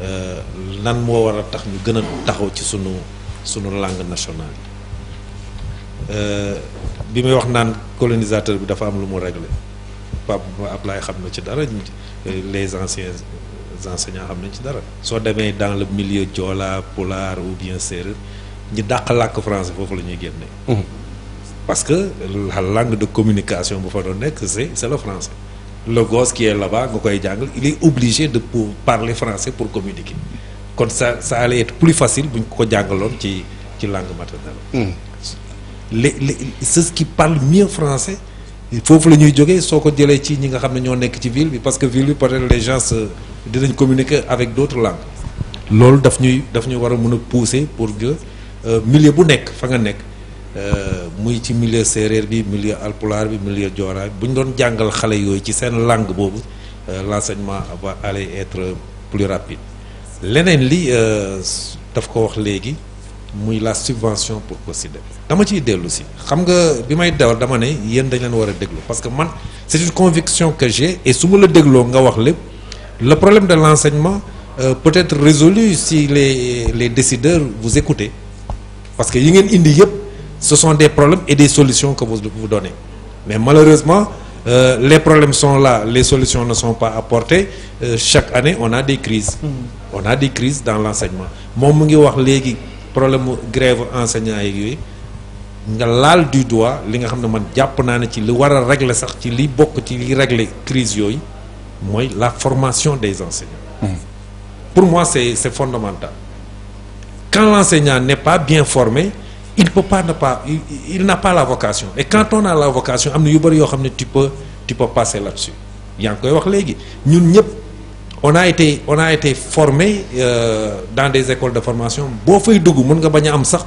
Euh, lan moo war a tax ñu gën a taxaw ci suñu sunu sunu national nationale euh, bi muy wax naan colonisateur bi dafa am lu mu réglé Pape Ablaye xam na ci dara les anciens enseignants xam nañ ci dara soo demee dans le milieu joola pulaar ou bien séeréer ñi dàq làkk français foofu la ñuy génne mmh. parce que la de communication bu fa doon nekk c'est c'est français le gosse qui est là-bas il est obligé de parler français pour communiquer Donc ça ça allait être plus facile pour ñu ko jàngaloon ci ci langue maternelle. Hmm. les ceux qui parlent mieux français. il faut ñuy jógee soo ko jëlee ci ñi nga xam ñoo nekk ci ville parce que ville bi peut-être les gens se communiquer avec d'autres langues L'ol daf ñuy daf pousser pour que euh, milieu bu nekk fa nga euh, muy ci milieu séeréer bi milieu alpulaar bi milieu jora buñ doon jangal xalé yoy ci sen langue bobu euh, l'enseignement va aller être plus rapide lenen li euh, daf ko wax legui muy la subvention pour considérer. dama ci dellu si xam nga bi may dawal dama ne yeen dañ leen wara a parce que man c'est une conviction que j'ai et su le la nga wax lépp le problème de l'enseignement euh, peut être résolu si les les décideurs vous écoutez parce que yi ngeen indi yëpp ce sont des problèmes et des solutions que vous, vous donnez. Mais malheureusement, euh, les problèmes sont là, les solutions ne sont pas apportées. Euh, chaque année, on a des crises. Mm-hmm. On a des crises dans l'enseignement. wax problème grève enseignants... du doigt li nga man ci régler sax ci la formation des enseignants. Mm-hmm. pour moi c'est c'est fondamental. quand l'enseignant n'est pas bien formé il peut pas ne pas il, n'a pas la vocation et quand on a la vocation am na yu bëri tu peux tu peux passer là-dessus yaa koy on a été on a été formé euh, dans des écoles de formation bo fay dugg mën nga baña am sax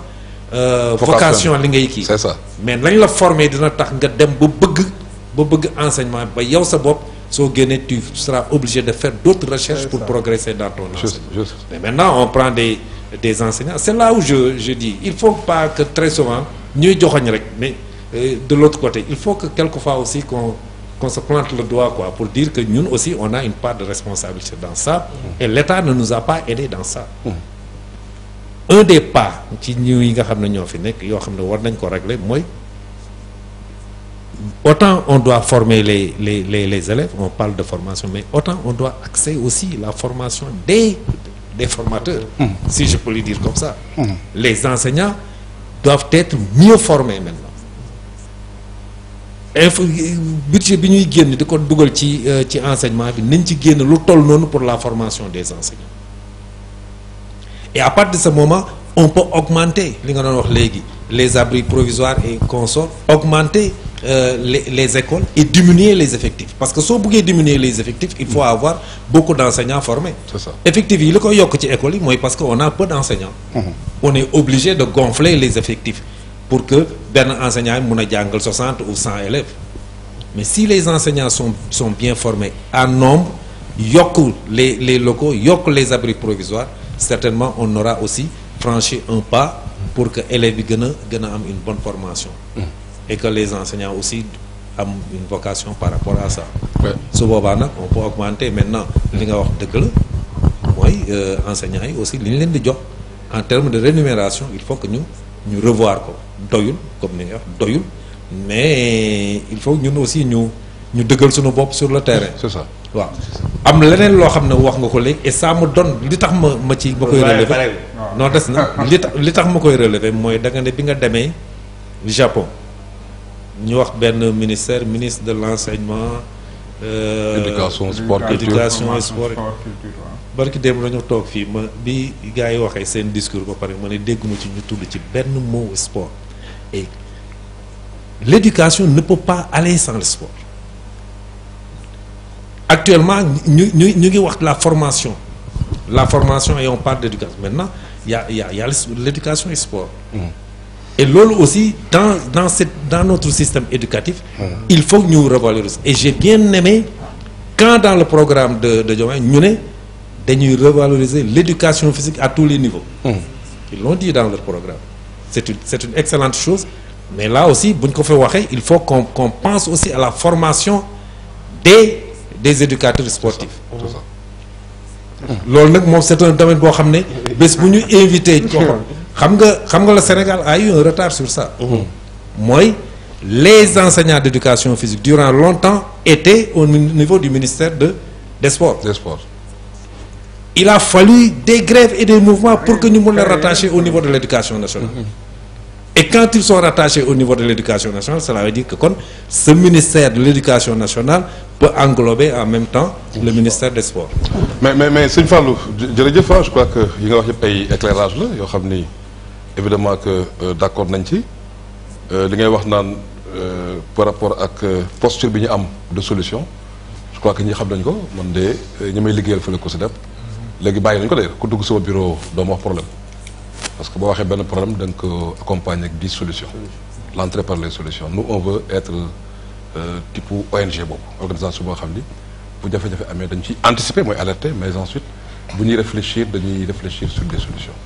euh, vocation li ngay ki c'est ça mais lañ la formé dina tax nga dem ba bëgg ba bëgg enseignement ba yow sa bop so génnee tu seras obligé de faire d'autres recherches pour progresser dans ton enseignement mais maintenant on prend des des enseignants c'est là où je je dis il faut pas que très souvent nous, mais euh, de l'autre côté il faut que quelquefois aussi qu'on se plante le doigt quoi pour dire que nous aussi on a une part de responsabilité dans ça et l'État ne nous a pas aidé dans ça un des pas autant on doit former les les les les élèves on parle de formation mais autant on doit accéder aussi la formation des des formateurs, mm. si je peux le dire comme ça. Mm. Les enseignants doivent être mieux formés maintenant. Le budget bi ñuy génn di ko dugal ci euh, ci enseignement bi nañ ci génn lu toll pour la formation des enseignants et à partir de ce moment on peut augmenter les abris provisoires et consorts augmenter euh, les, écoles et diminuer les effectifs. Parce que si vous voulez diminuer les effectifs, il faut avoir beaucoup d'enseignants formés. C'est ça. Effectivement, le parce qu'on a peu d'enseignants. Mhm. On est obligé de gonfler les effectifs pour que ben enseignant ait 60 ou 100 élèves. Mais si les enseignants sont, bien formés en nombre, les, locaux, les abris provisoires, certainement on aura aussi franchi un pas pour que l'élève ait une bonne formation. Mhm et que les enseignants aussi am une vocation par rapport à ça. su boobaa nag on peut augmenter maintenant li nga wax euh, enseignants aussi li ñu di jox en termes de rémunération il faut que nous nous revoir ko doyul comme ni nga wax doyul mais il faut nous aussi nous ñu dëggal suñu sur le terrain. c'est ça waaw am leneen loo xam ne wax nga ko et ça me donne li tax ma ma ci koy relever non des na li tax li tax ma koy relever mooy da nga bi nga Japon ñu wax benn ministère ministre de l'enseignement. Euh, éducation sport culture éducation sport culture barki démb la ñu toog fii ma bi gars yi waxee discours ba pare ma ne dégguma ci ñu tudd ci benn mot sport et l'éducation ne peut pas aller sans le sport actuellement ñu ñu nous ngi wax la formation la formation et on parle d'éducation maintenant y a y a y a l'éducation et sport. Mm. Et l'autre aussi, dans, notre système éducatif, il faut que nous revalorisons. Et j'ai bien aimé, quand dans le programme de, de nous avons revaloriser l'éducation physique à tous les niveaux. Mmh. Ils l'ont dit dans leur programme. C'est une, excellente chose. Mais là aussi, il faut qu'on pense aussi à la formation des, éducateurs sportifs. C'est un domaine invité. xam nga le Sénégal a eu un retard sur ça. Mmh. Moi, les enseignants d'éducation physique durant longtemps étaient au niveau du ministère des sports. il a fallu des grèves et des mouvements pour que nous nous rattachions au niveau de l'éducation nationale. Mmh. et quand ils sont rattachés au niveau de l'éducation nationale cela veut dire que quand ce ministère de l'éducation nationale peut englober en même temps le ministère des sports. mais mais mais ah, je crois que il y a des pays éclairage évidemment que euh, d'accord nañ ci euh, li ngay wax naan euh, par rapport ak posture bi ñu am de solution je crois que ñi xam nañ ko man de ñi may liggéeyal fële ko si def léegi bàyyi nañ ko d'ailleurs ku dugg sama bureau doomu wax problème parce que boo waxee benn problème da nga ko accompagner ak dix solutions l'entrée par les solutions nous on veut être type ONG boobu organisation boo xam ni bu jafe-jafe amee dañ ciy anticiper mooy alerter mais ensuite bu ñuy réfléchir dañuy réfléchir sur des solutions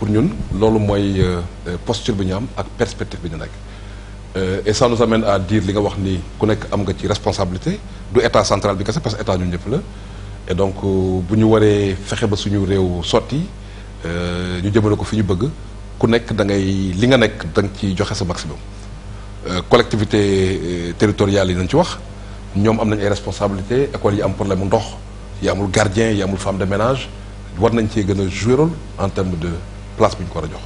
pour ñun loolu mooy euh, posture bi ñu am ak perspective bi ñu euh, et ça nous amène à dire li nga wax ni ku nekk am nga ci responsabilité du état central bi kese parce que état ñun ñëpp la et donc euh, bu ñu waree fexe ba suñu réew sotti ñu jëmale ko fi ñu bëgg ku nekk da ngay li nga nekk da nga ci joxe sa maximum collectivité territoriale yi nañ ci wax ñoom am nañ ay responsabilité école yi am problème ndox il amul gardien yi amul femme de ménage war nañ cee gën jouer rôle en termes de place bu ñu ko war a jox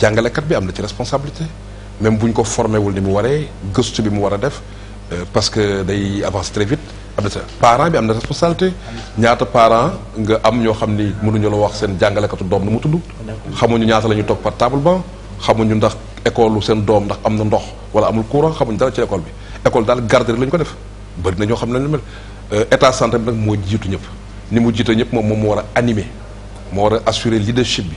jàngalekat bi am na ci responsabilité même bu ñu ko formé wul ni mu waree gëstu bi mu war a def euh, parce que day avance très vite am parent bi am na responsabilité ñaata parent nga am ñoo xam ni mënuñu la wax seen jàngalekatu doom nu mu tudd xamuñu ñaata la ñuy toog par table banc xamuñu ndax école seen doom ndax am na ndox wala amul courant xamuñu dara ci école bi école daal garde la ñu ko def bëri na ñoo xam ne lu mel euh, état santé nag moo jiitu ñëpp ni mu ñëpp moom moom moo war a animer moo war a assurer leadership bi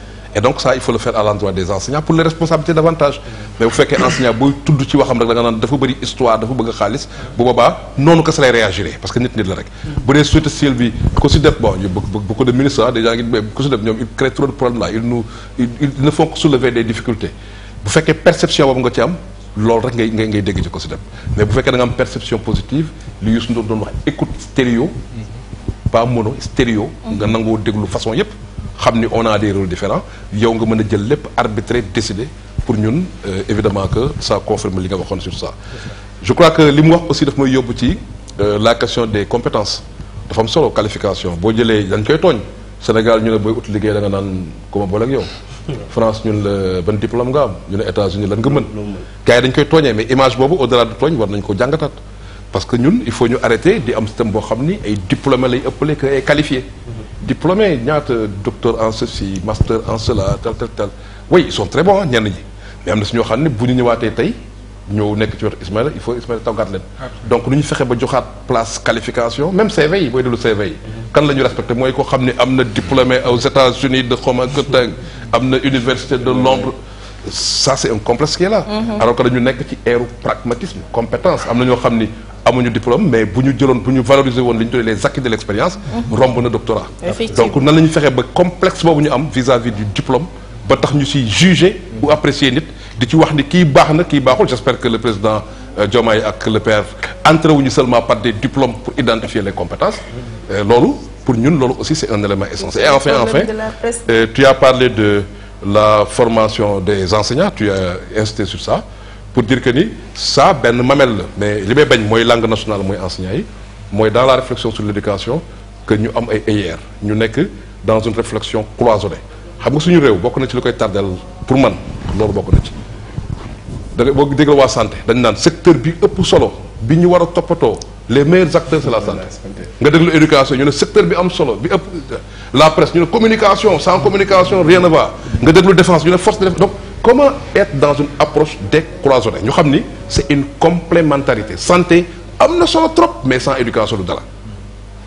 et donc ça il faut le faire à l'endroit des enseignants pour les responsabilités davantage mais vous faites qu'un enseignant vous tout ci waxam rek da nga histoire, histoire, bëri histoire dafa bëgg a xaalis bu ne noonu pas réagir parce que nit nit la rek bu dee suite Sylvie. bi bon, ah, il y bon beaucoup de ministres des gens qui trop de problèmes là ils nous ne font que soulever des difficultés faites que perception vous nga ci am loolu rek ngay ngay dégg ci mais bu fekkee perception positive li avez Ndour écoute stéréo pas mono stéréo nga nangoo une façon yépp xamni on a des rôles différents yow nga mëna jël lepp arbitrer décider pour ñun euh, évidemment que ça confirme li nga waxone sur ça je crois que li wax aussi daf moy yob ci euh, la question des compétences dafa am solo qualification bo jëlé dañ koy togn Sénégal ñu ne boy out liggéey da nga nan comme bol ak yow France ñun le ban diplôme nga am ñu États-Unis lan nga mën kay dañ koy togné mais image bobu au delà du togn war nañ ko jangatat parce que ñun il faut ñu arrêter di am système bo xamni ay diplômé lay ëppale que ay qualifié diplômés ñaata docteur en ceci master en cela tel tel tel oui ils sont très bons hein, ñenn ñi mais amna suñu si bu ñu ñëwaatee tay, ñëw nekk ci Ismaël, il faut tant qu'à leen. donc nous fexé ba joxat place qualification même CV boy booy le CV quand kan lañu ñu respecté mooy ko xam amna diplômé aux États-Unis de Khoma ma amna université de Londres. ça c'est un complexe qui est là. Mm-hmm. alors que dañu nekk ci pragmatisme compétence Amna na ñoo mon diplôme mais pour nous valoriser won li les acquis de l'expérience, expérience. Mhm. doctorat. donc nan lañu fexé ba complexe boobu ñu am vis-à-vis du diplôme ba tax ñu si juger ou apprécier nit di ci wax ni ki baax qui est baaxul que le président euh, Diomaye ak le père entre seulement par des diplômes pour identifier les compétences euh, lolu pour nous, lolu aussi c'est un élément essentiel. et enfin enfin euh, tu as parlé de la formation des enseignants tu as insisté sur ça pour dire que ni ça ben mamel mais li may bañ mooy langue nationale moi enseignant Moi dans la réflexion sur l'éducation que ñu am ay nous ñu nekk dans une réflexion cloisonnée xam nga suñu réew bokk na ci li koy tardeel pour man loolu bokk na ci da boo déggal waa santé dañ naan secteur bi ëpp solo bi ñu war a toppatoo les meilleurs acteurs c'est la santé nga l'éducation, éducation ñu y secteur bi am solo la presse ñu communication sans communication rien ne va nga la défense ñu force de défense donc comment être dans une approche décloisonnée Nous savons que c'est une complémentarité santé am solo trop mais sans éducation Éducation,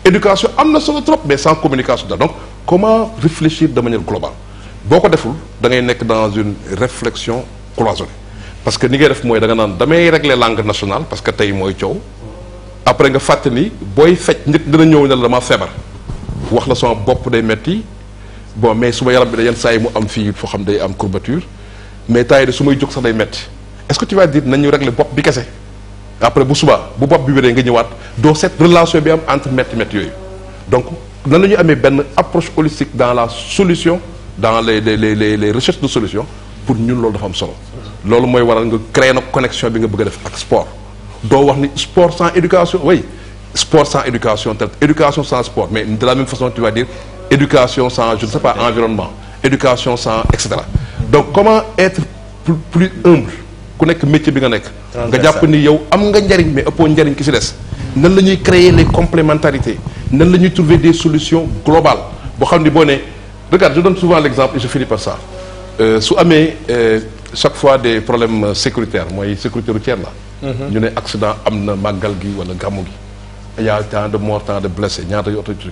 la éducation en solo trop mais sans communication donc comment réfléchir de manière globale Beaucoup de deful da ngay dans une réflexion cloisonnée parce que ni ngay def dans da nga langue nationale parce que tey mooy après nga fatani boy booy fecc nit dina ñew ne la dama febar wax la sama bop day metti bon mais su ma yaram bi da say mu am fi fo xam day am courbature mais tay de su may sax day metti est-ce que tu vas dire nañu régler bop bi kese après bu suba bu bop bi wéré nga ñëwaat do cette relation bi am entre metti metti yoyu donc nan la ñu amee approche holistique dans la solution dans les les les les recherches de solution pour ñun loolu dafa am solo loolu mooy waral nga créer na connexion bi nga bëgg def ak sport sport sans éducation oui sport sans éducation éducation sans sport mais de la même façon tu vas dire éducation sans je ne sais pas environnement éducation sans etc donc comment être plus humble ku le métier de nga nek nga japp ni mais ëppoo ki des. nan créer les complémentarités nan trouver des solutions globales boo regarde je donne souvent l'exemple et je finis par ça euh, sous amee euh, chaque fois des problèmes sécuritaires mooy sécurité routière Mm-hmm. ñu ne accident am na màggal gi wala gàmmu gi y a tant de morts tant de blessés ñaata yu oto truc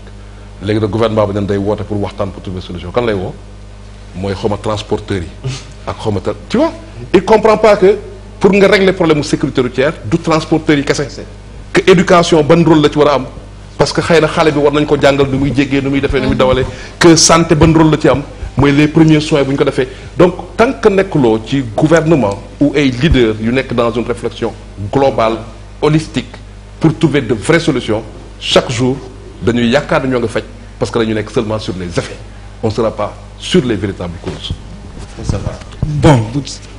léegi nag gouvernement bi dañ day woote pour waxtaan pour trouver solution kan lay woo mooy xoma transporteur yi ak xawma tu vois il comprend pas que pour nga régler problème mu sécurité routière du transporteur yi kese que éducation ban rôle la ci war a am parce que xëy na xale bi war nañ ko jàngal nu muy jéggee nu muy defee nu muy mm-hmm. dawalee que santé ban rôle la ci am moy les premiers soins buñ ko défé donc tant que nekkuloo ci gouvernement ou ay leaders yu nek dans une réflexion globale holistique pour trouver de vraies solutions chaque jour dañuy yakkar ñoo nga fajj parce que dañu nek seulement sur les effets on sera pas sur les véritables causes. bon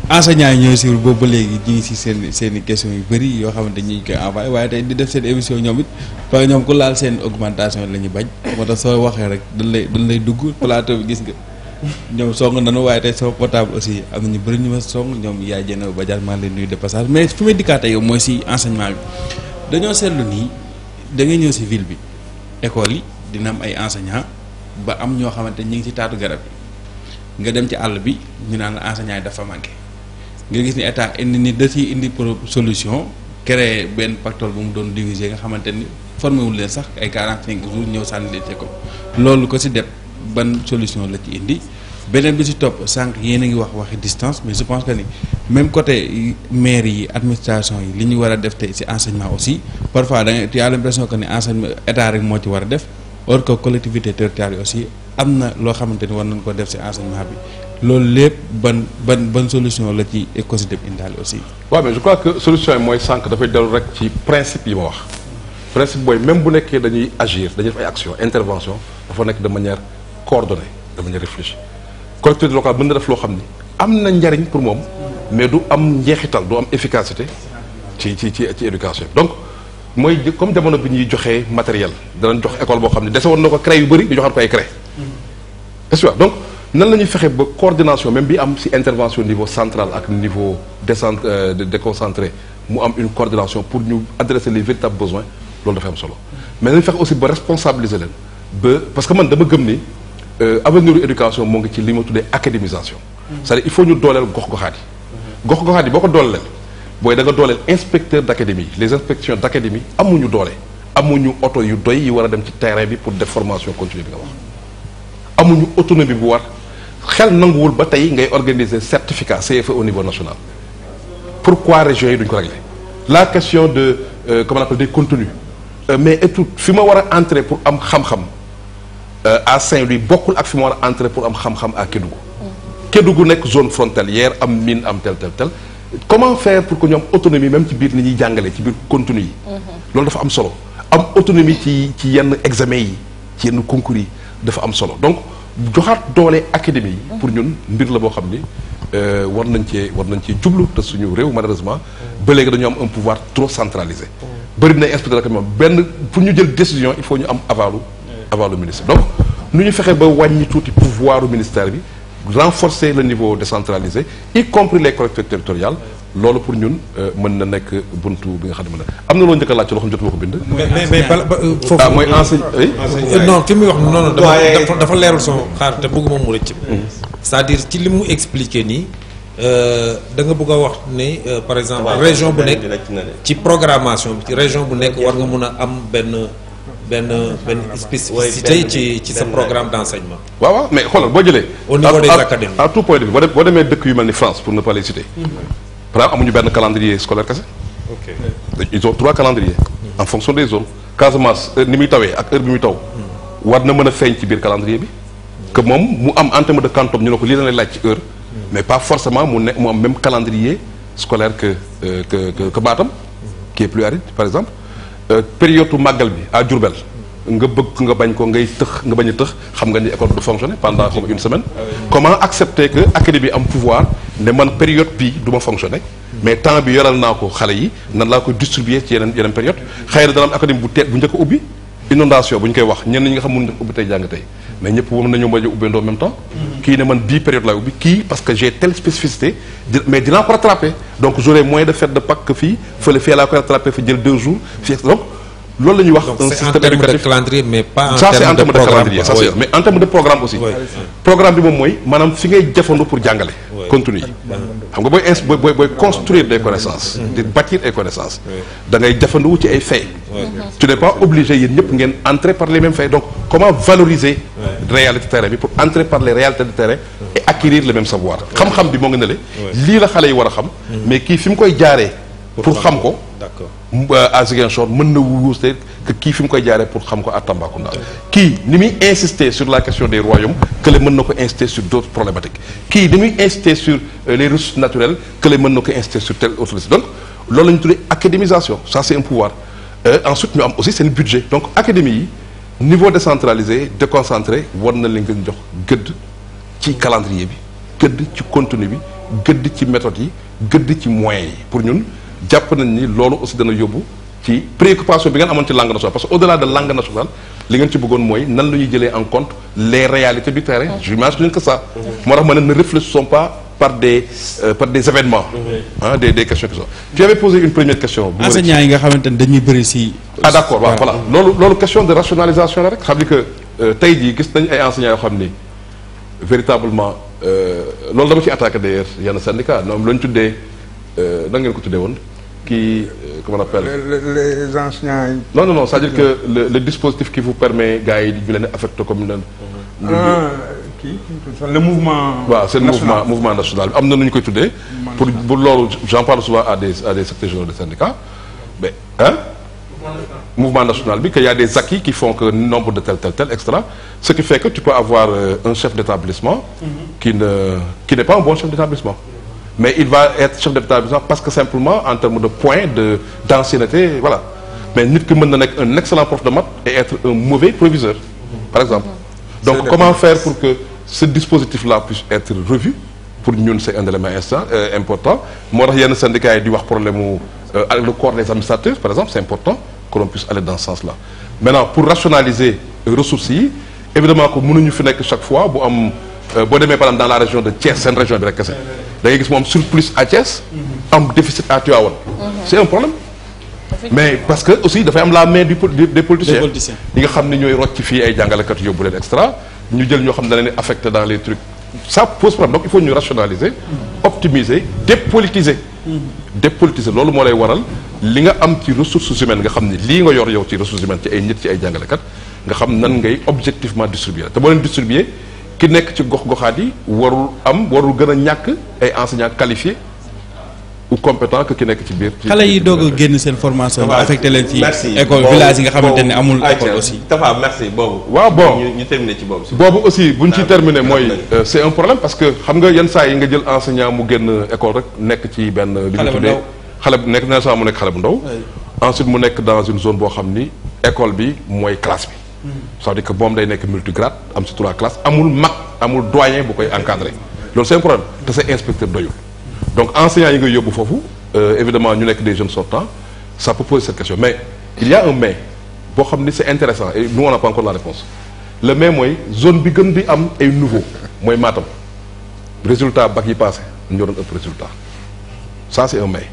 enseignants yi ñooy suivre boobu ba léegi ñu ngi si seen question yu bari yo xamante ñi ñu envoyé waaye tey di def seen émission ñoom it parce que ñoom ku laal sen augmentation lañu bañ moo tax soo waxee rek dañ lay dañ lay dugg plateau gis nga. ñoom song nanu waaye tey sama portable aussi am ñu bëri ñu ma song ñoom yaay jënd ba jaar maa ngi leen nuyu de passage mais fu may dikkaate yow mooy si enseignement bi dañoo seetlu nii da ngay ñëw si ville bi école yi dina am ay enseignants ba am ñoo xamante ñu ngi ci taatu garab yi nga dem ci àll bi ñu naan la enseignants yi dafa manqué nga gis ni état indi ni da ciy indi pour solution créer benn pactole bu mu doon diviser nga xamante ni formé wul leen sax ay quarante cinq ñëw sànni leen ci loolu ko si def. ban solution la ci indi benen bi ci top sank yéen a ngi wax waxi distance mais je pense que ni même côté maire yi administration yi li ñu war def tey enseignement aussi parfois da nga tu as l'impression que ni enseignement état rek mo ci wara def or que collectivité territoriale aussi amna lo xamanteni xamante ni war nañ ko def ci enseignement bi loolu lépp ban ban ban solution la ci écosystème indal aussi. ouais mais je crois que solution moy sank da fay del rek ci principe yi wax. principe boy même bu nekkee dañuy agir dañuy fay action intervention dafa nek de manière coordonné de manière réfléchie collectivité locale mën na def loo xam amener njariñ pour moi, mais du am yéhital, du am efficacité ci ci ci ti éducation donc moi, comme jamono bi ñuy joxee matériel dans jox école boo xam ne dese woon na ko CREI yu bëri ñu joxaat ko ay est-ce que donc nan allons ñuy fexe coordination même bien am ci intervention niveau central à niveau décent euh, déconcentré mu am une coordination pour nous adresser les véritables besoins le fait am solo mais nous faire aussi ba responsabiliser les parce que man dama gëm ni euh, avenir éducation mo ngi ci li ma académisation cest dire il faut ñu dolel gox-goxaat gox-goxaat yi dolel boy da nga dolel inspecteur d'académie les inspections d'académie amuñu doole amuñu auto yu doy yi wara dem ci terrain bi pour des formations continue bi nga wax amuñu autonomie bu war xel nanguwul ba tey ngay organiser certificat CFA e au niveau national pourquoi régions yi duñ ko régler la question de euh, comment on appelle des contenus euh, mais et tout fi ma war a entrer pour am xam-xam euh, à Saint-Louis beaucoup ak fi mu war pour am xam-xam à Kédougou. Mm. Kédougou nekk zone frontalière am mine am tel tel tel comment faire pour que ñu am autonomie même ci biir ni ñuy jàngale ci biir contenu yi. Mm-hmm. loolu dafa am solo am autonomie ci ci yenn examen yi ci yenn concours yi dafa am solo donc joxaat doole académie yi. pour ñun mbir la boo xam ni euh, war nañ cee war nañ cee jublu te suñu réew malheureusement. ba léegi dañu am un pouvoir trop centralisé. Mm. bëri na inspecteur académie Ben, pour ñu jël décision il faut ñu am avalu avant le ministre donc nu ñu fexe ba wàññi tuuti pouvoir au ministère bi renforcer le niveau décentralisé y compris les collectivités territoriales Lolo pour ñun euh, mën nek buntu bi nga xam ne mën na am na loo njëkk a laaj ci loo xam ne jotuma bind. mais mais bala ba euh, ah, foofu mooy enseigne non ki muy wax non. dafa dafa leerul son xaar te bëgguma mu rëcc. Mm-hmm. c'est-à-dire ci li mu ni. nii euh, da nga bëgg wax ne par exemple région bu nekk ci programmation bi ci région bu nekk war nga mun am ben c'est spécificité qui programme d'enseignement. mais au niveau des à tout point de vue France pour ne pas les citer. Mm-hmm. par exemple calendrier scolaire ils ont trois calendriers. Mm-hmm. en fonction des zones calendrier que mais pas forcément même calendrier scolaire que euh, que que mm-hmm. qui est plus aride par exemple. Euh, période magal bi à Djourbel nga bëgg nga bañ ko ngay tëx nga bañ a tëx xam nga ni école du fonctionner pendant comme une semaine comment accepter que académie am pouvoir ne man période bi duma fonctionner mais temps bi yoral naa ko xale yi nan laa ko distribuer ci yeneen yeneen période xëy na dana am académie bu teel bu njëkk a ubbi inondation bu ñu koy wax ñenn ñi nga xam mun njëkk ubbi tey jàng tey mais ñëpp war nañu mën a en même temps. Qui ne man bii période laay ubbi kii parce que j'ai telle spécificité mais dinaa ko rattraper donc j'aurai moyen de faire de Pâques que fii fële fii laa ko rattrapé fa jël deux jours donc loolu la ñuy wax un système éducatif calendrier mais pas en ça c'est en terme de calendrier ça c'est mais en terme de programme aussi programme bi moom mooy maanaam fi ngay jafandu pour jàngale continue xam nga booy ins booy booy construire des connaissances di bâtir des connaissances da ngay jafandu ci ay faits tu n'es pas obligé yéen ñëpp ngeen entrer par les mêmes faits donc comment valoriser réalité terrain bi pour entrer par les réalités de terrain et acquérir le même savoir xam-xam bi moo ngi ne le lii la xale yi war a xam mm. mais kii fi mu koy jaaree pour xam ko d'accord euh, à Ziguinchor na wuute que qui fume koy pour xam ko à ni insister sur la question des royaumes que les gens insister sur d'autres problématiques qui ni insister sur euh, les ressources naturelles que les gens insister sur telle autre chose donc l'on la l'académisation académisation ça c'est un pouvoir euh, ensuite ñu aussi aussi le budget donc académie niveau décentralisé déconcentré war na leen calendrier bi contenu bi gëdd ci méthode yi gëdd ci moyens pour nous jàpp nañ ni loolu aussi dana yóbbu ci préoccupation bi ngeen amoon ci langue nationale parce que au delà de langue nationale li ngeen ci bëggoon mooy nan la ñuy jëlee en compte les réalités du terrain j'imagine que ça moo tax ma ne ne réfléchissons pas par des euh, par des événements ah des des questions que ça tu avais posé une première question enseignants yi nga xamante ne dañuy bëri si ah d' accord waaw voilà loolu loolu question de rationalisation la rek xam ni que euh, tey jii gis nañ ay enseignants yoo xam ni véritablement euh, loolu dama ci attaqué d'ailleurs yenn syndicat ñoom la ñu tuddee nan ngeen ko tuddee woon qui, euh, comment on appelle les, enseignants. Non, non, non, c'est-à-dire que le, dispositif qui vous permet, Gaï, de affecter comme ah, le, qui, le mouvement. c'est le mouvement, mouvement national. nous Pour, pour j'en parle souvent à des, à des secteurs généraux des syndicats. Mais, hein? mouvement national, qu'il y a des acquis qui font que nombre de tel, tel, tel, etc. Ce qui fait que tu peux avoir euh, un chef d'établissement mm-hmm. qui ne qui n'est pas un bon chef d'établissement mais il va être chef d'établissement parce que simplement en termes de points d'ancienneté voilà mais nous ne un excellent prof de maths et être un mauvais proviseur par exemple mm-hmm. donc comment faire pour que ce dispositif là puisse être revu pour nous, c'est un élément euh, important Moi, tax yenn syndicats qui di wax problème euh, avec le corps des administrateurs par exemple c'est important que l'on puisse aller dans ce sens là maintenant pour rationaliser euh, ressources évidemment que ne faisons que chaque fois Si dans la région de c'est une région de la da ngay gis surplus à Thiès. Mhm. am déficit à Tivaouane. Mhm. c'est un problème. mais parce que aussi dafay am la main du des politiciens ñi nga xam ne ñooy rocc fii ay jàngalekat yóbbu leen extra ñu jël ñoo xam affecté dans les trucs ça pose problème donc il faut nous rationaliser mhm. optimiser dépolitiser dépolitiser loolu moo lay waral li nga am ci ressources humaines nga xam ne lii nga yor yow ci ressources humaines ci ay nit ci ay jàngalekat nga xam nan ngay objectivement distribué te boo distribuer ki nekk ci gox-goxaat yi warul am warul gën a ñàkk ay enseignants qualifiés ou compétents que ki nekk ci biir. xale yi doog a génn seen formation. affecté leen ci école village yi nga xamante ne amul école aussi. Tafa merci boobu. waaw bon ñu ñu terminer ci boobu. boobu aussi bu ñu ci ah, terminer mooy. Ah, euh, c' est un problème parce que xam nga yenn saa yi nga jël enseignant mu génn école rek nekk ci benn. li ñu tuddee xale bu nekk na saa mu nekk xale bu ndaw. ensuite mu nekk dans une zone boo xam ni école bi mooy classe bi ça veut dire que si day nek multigrade am ci trois classes amul mac, amul doyen bu koy encadré lolu c'est un problème c'est sa inspecteur l'eau. donc enseignants yi yobou fofu euh, évidemment ñu sommes des jeunes sortants ça peut poser cette question mais il y a un mais Pour xamni c'est intéressant et nous on n'a pas encore la réponse le mais une zone bi gën di am ay nouveau moy Matam résultat bac yi passé avons un autre résultat ça c'est un mais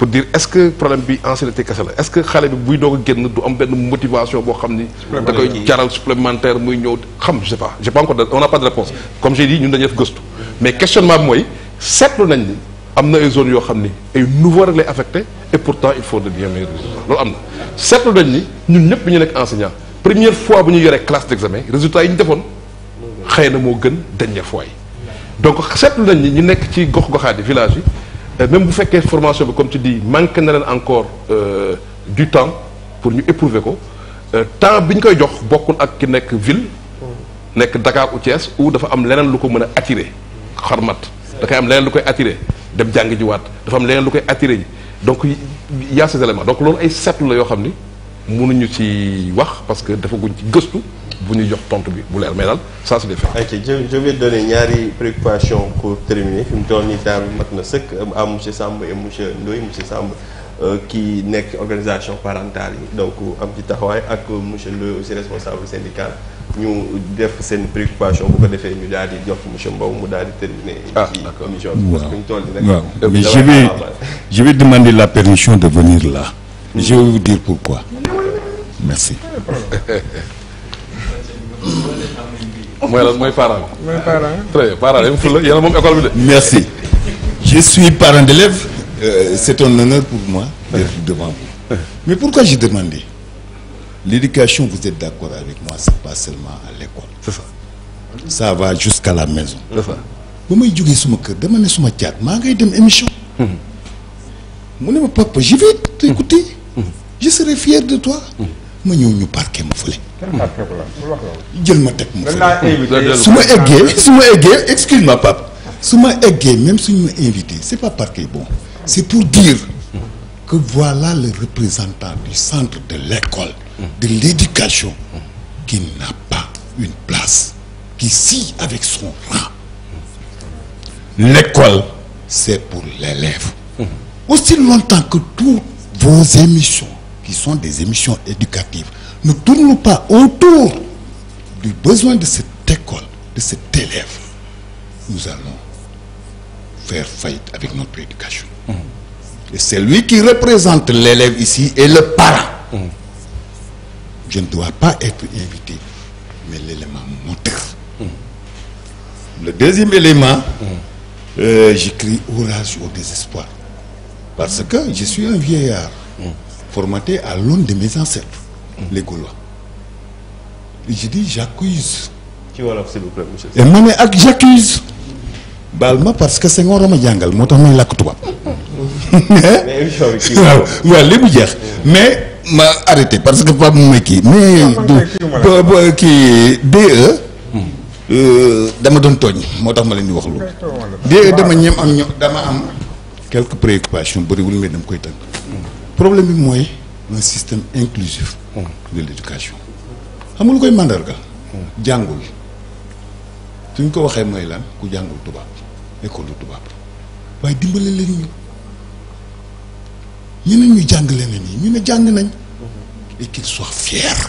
pour dire est-ce que problème bi ancienneté cassé? la est-ce que xalé bi buy doog genn du am ben motivation bo xamni da koy jaral supplémentaire muy ñëw xam je sais pas j'ai pas encore on n'a pas de réponse comme j'ai dit ñun dañ def gëstu mais questionnement moy mooy nañ ni amna ay zone yo xamni ay nouveau rek lay affecté et pourtant il faut de bien meilleurs résultats loolu am na nañ ni ñun ñep ñu nek enseignant première fois bu ñu yoré classe d'examen résultats yi ñu defone xeyna mo moo dernière fois donc seetlu nañ ni ñu nek ci gox-goxaat village yi euh, même bu fekkee formation bi comme tu dis manque na leen encore euh, du temps pour nous éprouver quoi euh, temps bi ñu koy jox bokkul ak ki nekk ville nekk Dakar ou Thiès ou dafa am leneen lu ko attirer xarmat da koy am leneen lu koy attirer dem jàng jiwaat dafa am leneen lu koy attirer donc il y a ces éléments donc loolu ay seetlu la yoo xam mënuñu ci wax parce que dafa guñ ci gëstu bu ñu jox tontu bi bu leer mais daal ça se défend. ok je je vais donner ñaari préoccupation pour terminer fi mu toll nii temps mat na sëkk à monsieur Samb et monsieur Ndoye monsieur Samb euh, qui nekk organisation parentale yi donc am ci taxawaay ak monsieur Ndoye aussi responsable syndical ñu def seen préoccupation bu ko defee ñu daal di jox monsieur Mbow mu daal di terminer. ah d'accord ci commission bi parce que ñu toll nii nag. mais je vais je vais demander la permission de venir là. Je vais vous dire pourquoi. Merci. parent. merci je suis parent d'élève. Euh, c'est un honneur pour moi d'être devant vous. mais pourquoi j'ai demandé l'éducation vous êtes d'accord avec moi c'est pas seulement à l'école. ça. va jusqu'à la maison. que émission. Hum. je vais t'écouter je serais fier de toi. ma nous ñu parqué excuse moi papa Souma même si nous invité ce n'est pas parqué bon C'est pour dire que voilà le représentant du centre de l'école de l'éducation qui n'a pas une place qui scie avec son rang l'école c'est pour l'élève aussi longtemps que toutes vos émissions qui sont des émissions éducatives, ne tournons pas autour du besoin de cette école, de cet élève, nous allons faire faillite avec notre éducation. Mm-hmm. Et c'est lui qui représente l'élève ici et le parent. Mm-hmm. Je ne dois pas être invité, mais l'élément moteur. Mm-hmm. Le deuxième élément, euh, j'écris rage au désespoir. Parce que je suis un vieillard formaté à l'onde de mes ancêtres, mmh. les Gaulois. Et je dis j'accuse. Qui va s'il vous plaît, monsieur Et moi, j'accuse. Balma parce que c'est un homme qui a toi. Hmm. Mais m'a arrêté parce que pas mon qui. Mais qui euh, DE hmm. euh, dama don togn motax ma len di wax loolu. DE dama ñem am dama am quelques préoccupations wul mais dama koy tënk problème bi un système inclusif hmm. de l'éducation xam nga lu koy màndarga hmm. jàngul suñ ko waxee moy lan ku jangul tuba école du tuba way dimbalé leen ñu ñeneen ñu jàng leneen yi ñu ne jang nañ hmm. et qu'ils soient fiers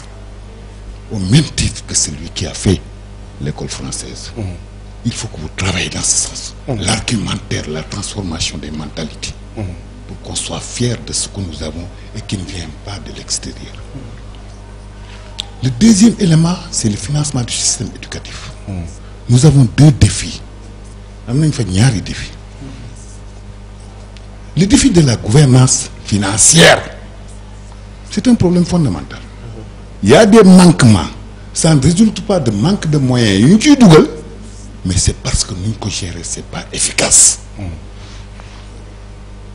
au même titre que celui qui a fait l'école française il faut que vous travaillez dans ce sens l'argumentaire la transformation des mentalités pour qu'on soit fier de ce que nous avons et qui ne vient pas de l'extérieur. Le deuxième élément, c'est le financement du système éducatif. Nous avons deux défis. défis. Le défi de la gouvernance financière, c'est un problème fondamental. Il y a des manquements. Ça ne résulte pas de manque de moyens. Mais c'est parce que nous, gérons, ce n'est pas efficace.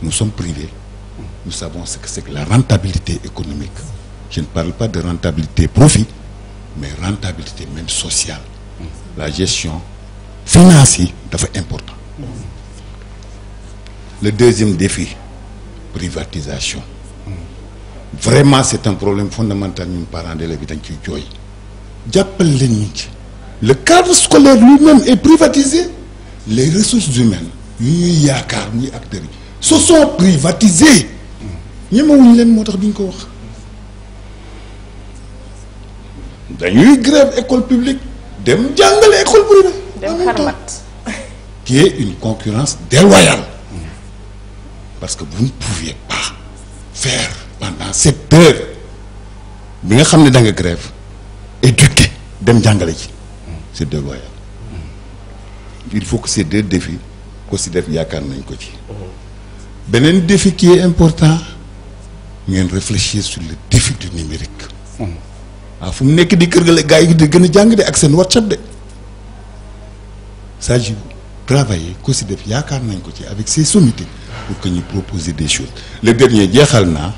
Nous sommes privés. Nous savons ce que c'est que la rentabilité économique. Je ne parle pas de rentabilité profit, mais rentabilité même sociale. La gestion financière est important. Le deuxième défi, privatisation. Vraiment, c'est un problème fondamental. Nous parents niches. Le cadre scolaire lui-même est privatisé. Les ressources humaines, il y a acteurs se sont privatisés ñemewuñu leen moo motax duñ ko wax dañuy grève école publique dem école privée dem qui une concurrence déloyale parce que vous ne pouviez pas faire pendant sept heures bi nga xamné da grève éduquer dem jàngale ci c'est déloyal il faut que ces deux défis ko si def un défi qui est important de réfléchir sur le défi du numérique Il faut que les di kër ga de WhatsApp de travailler avec ces sommités pour que nous proposions des choses le dernier jeexal naa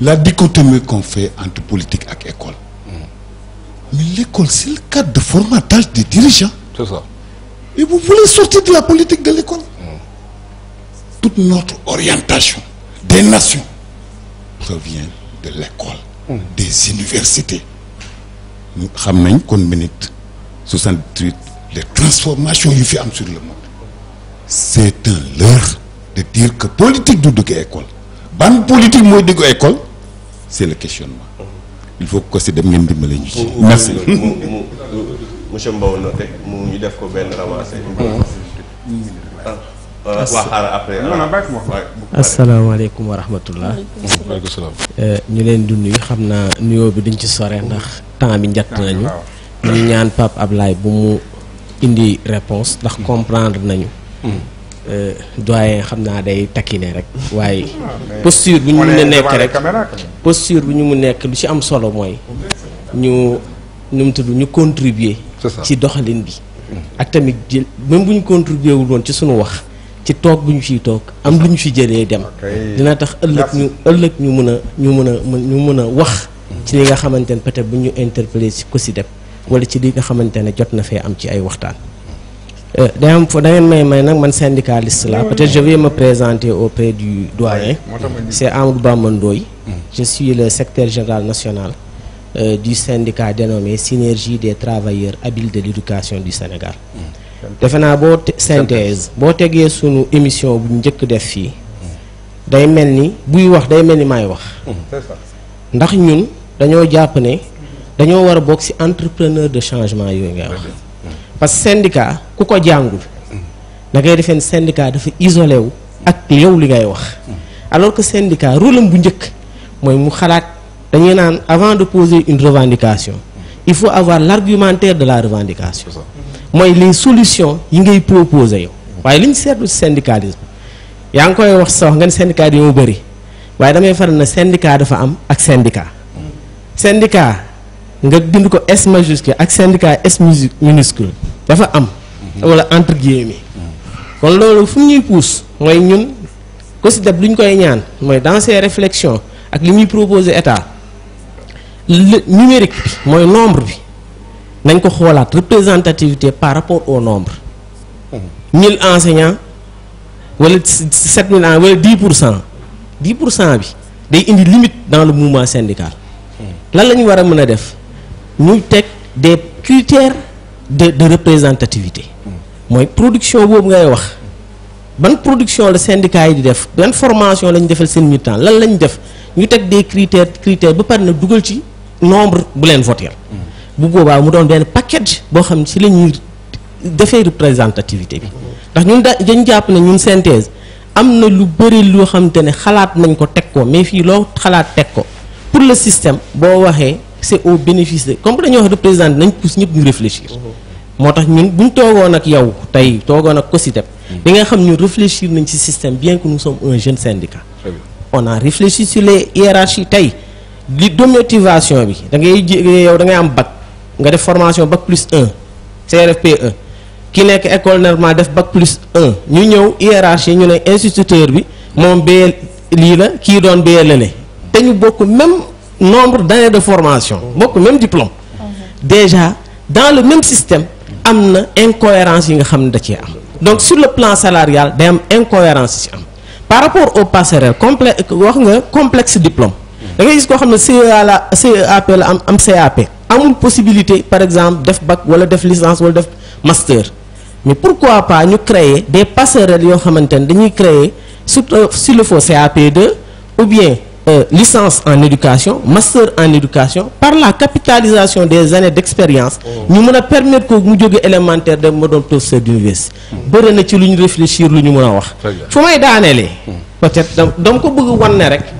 la dichotomie qu'on fait entre politique et école hmm. mais l'école c'est le cadre de formatage des dirigeants c'est ça et vous voulez sortir de la politique de l'école toute notre orientation des nations provient de l'école, des universités. Nous savons qu'on minute 68 les transformations qui ferment sur le monde. C'est un leurre de dire que politique de l'école. Ban politique de l'école c'est le questionnement. Il faut que c'est de Merci. Euh, waa xaaral après wa rahmatullah waaleykum euh, ñu leen dund nuyu xam naa nuyoo bi dañ ci sore ndax temps bi njatt ah, nañu ñu ñaan Pape Ablaye bu mu indi réponse ndax hmm. comprendre nañu hmm. euh, doyen xam naa day takkine rek waaye ah, posture bu ñu bu ñu mu nekk lu ci am solo mooy ñu nu mu ñu contribuer ci doxalin bi hmm. ak tamit jël même bu ñu contribuer wul woon ci suñu wax ci tok buñ ñu tok am luñ ñu fi jëlee dem dina tax ëllëg ñu ëllëg ñu mëna ñu mëna ñu mëna wax ci li nga xamantene peut-être bu ñu interpellé ci ko si dem wala ci li nga xamantene ne jot na fee am ci ay waxtaan day am fo da ngeen may may nak man syndicaliste la peut-être je vais me présenter auprès du doyen c'est Amadou Bamandoy mm. je suis le secteur général national euh, du syndicat dénommé Synergie des travailleurs habiles de l'éducation du Sénégal mm. defe naa boo synthèse boo tegee sunu émission bu njëkk def fii day mel ni buy wax day mel ni maay wax ndax ñun dañoo jàpp ne dañoo war a bokk ci entrepreneur de changement yooyu ngay wax parce que ku ko jàngul da ngay defee syndicat dafa isolé wu ak yow li ngay wax alors que syndicat rôle bu njëkk mooy mu xalaat dañuy naan avant de poser une revendication il faut avoir l'argumentaire de la revendication mooy les solution yi ngay proposer yow waaye li ñu seetlu ci yaa ngi koy wax sax nga ni syndicat dañoo bëri waaye damay faral na syndicat dafa am ak syndicat syndicat nga bind ko S majuscule ak syndicat S minuscule dafa am wala entre guillemets kon loolu fu ñuy pousse mooy ñun COSYDEP lu ñu koy ñaan mooy dans ses réflexions ak lu muy proposer état numérique bi mooy nombre bi Nous ko la représentativité par rapport au nombre. 1000 enseignants 7000 enseignants, 10 10 limite dans le mouvement syndical. lan des critères de représentativité. la production de production la syndicat formation nous des critères critères nombre de bu boobaa mu doon benn package boo xam ci la ñuy defee représentativité bi ndax ñun da dañ jàpp ne ñun synthèse am na lu bëri loo xamante ne xalaat nañ ko teg ko mais fii loo xalaat teg ko pour le système boo waxee c'est au bénéfice de comme dañu wax représenté nañ pousse ñëpp ñu réfléchir moo tax ñun buñ toogoon ak yow tey toogoon ak COSYDEP mm. di xam ñu réfléchir nañ ci système bien que nous sommes un jeune syndicat on a réfléchi sur les hiérarchies tey de motivation bi da ngay yow da ngay am bac nga def formation bac plus 1 CRFPE Qui nekk école normale def bac plus 1 ñu ñëw hiérarchie ñu ne instituteur bi moom bee lii la kii doon bee même nombre d'années de formation bokk même diplôme déjà dans le même système am na incohérence yi nga donc sur le plan salarial il am incohérence ci am par rapport au passerelle complexe wax nga complexe diplôme da ngay gis koo xam ne CEAP CAP une possibilité par exemple def bac wala def licence wala def master mais pourquoi pas ñu créer des passerelles yo xamantene dañuy créer surtout euh, s'il le faut CAP2 ou bien euh, licence en éducation master en éducation par la capitalisation des années d'expérience oh. nous permettons permettre ko mu jóge élémentaire de ma doon professeur d'université bëri na ci lu réfléchir lu ñu a wax fu may daaneelee hmm. peut-être donc, ko bëgg wonné rek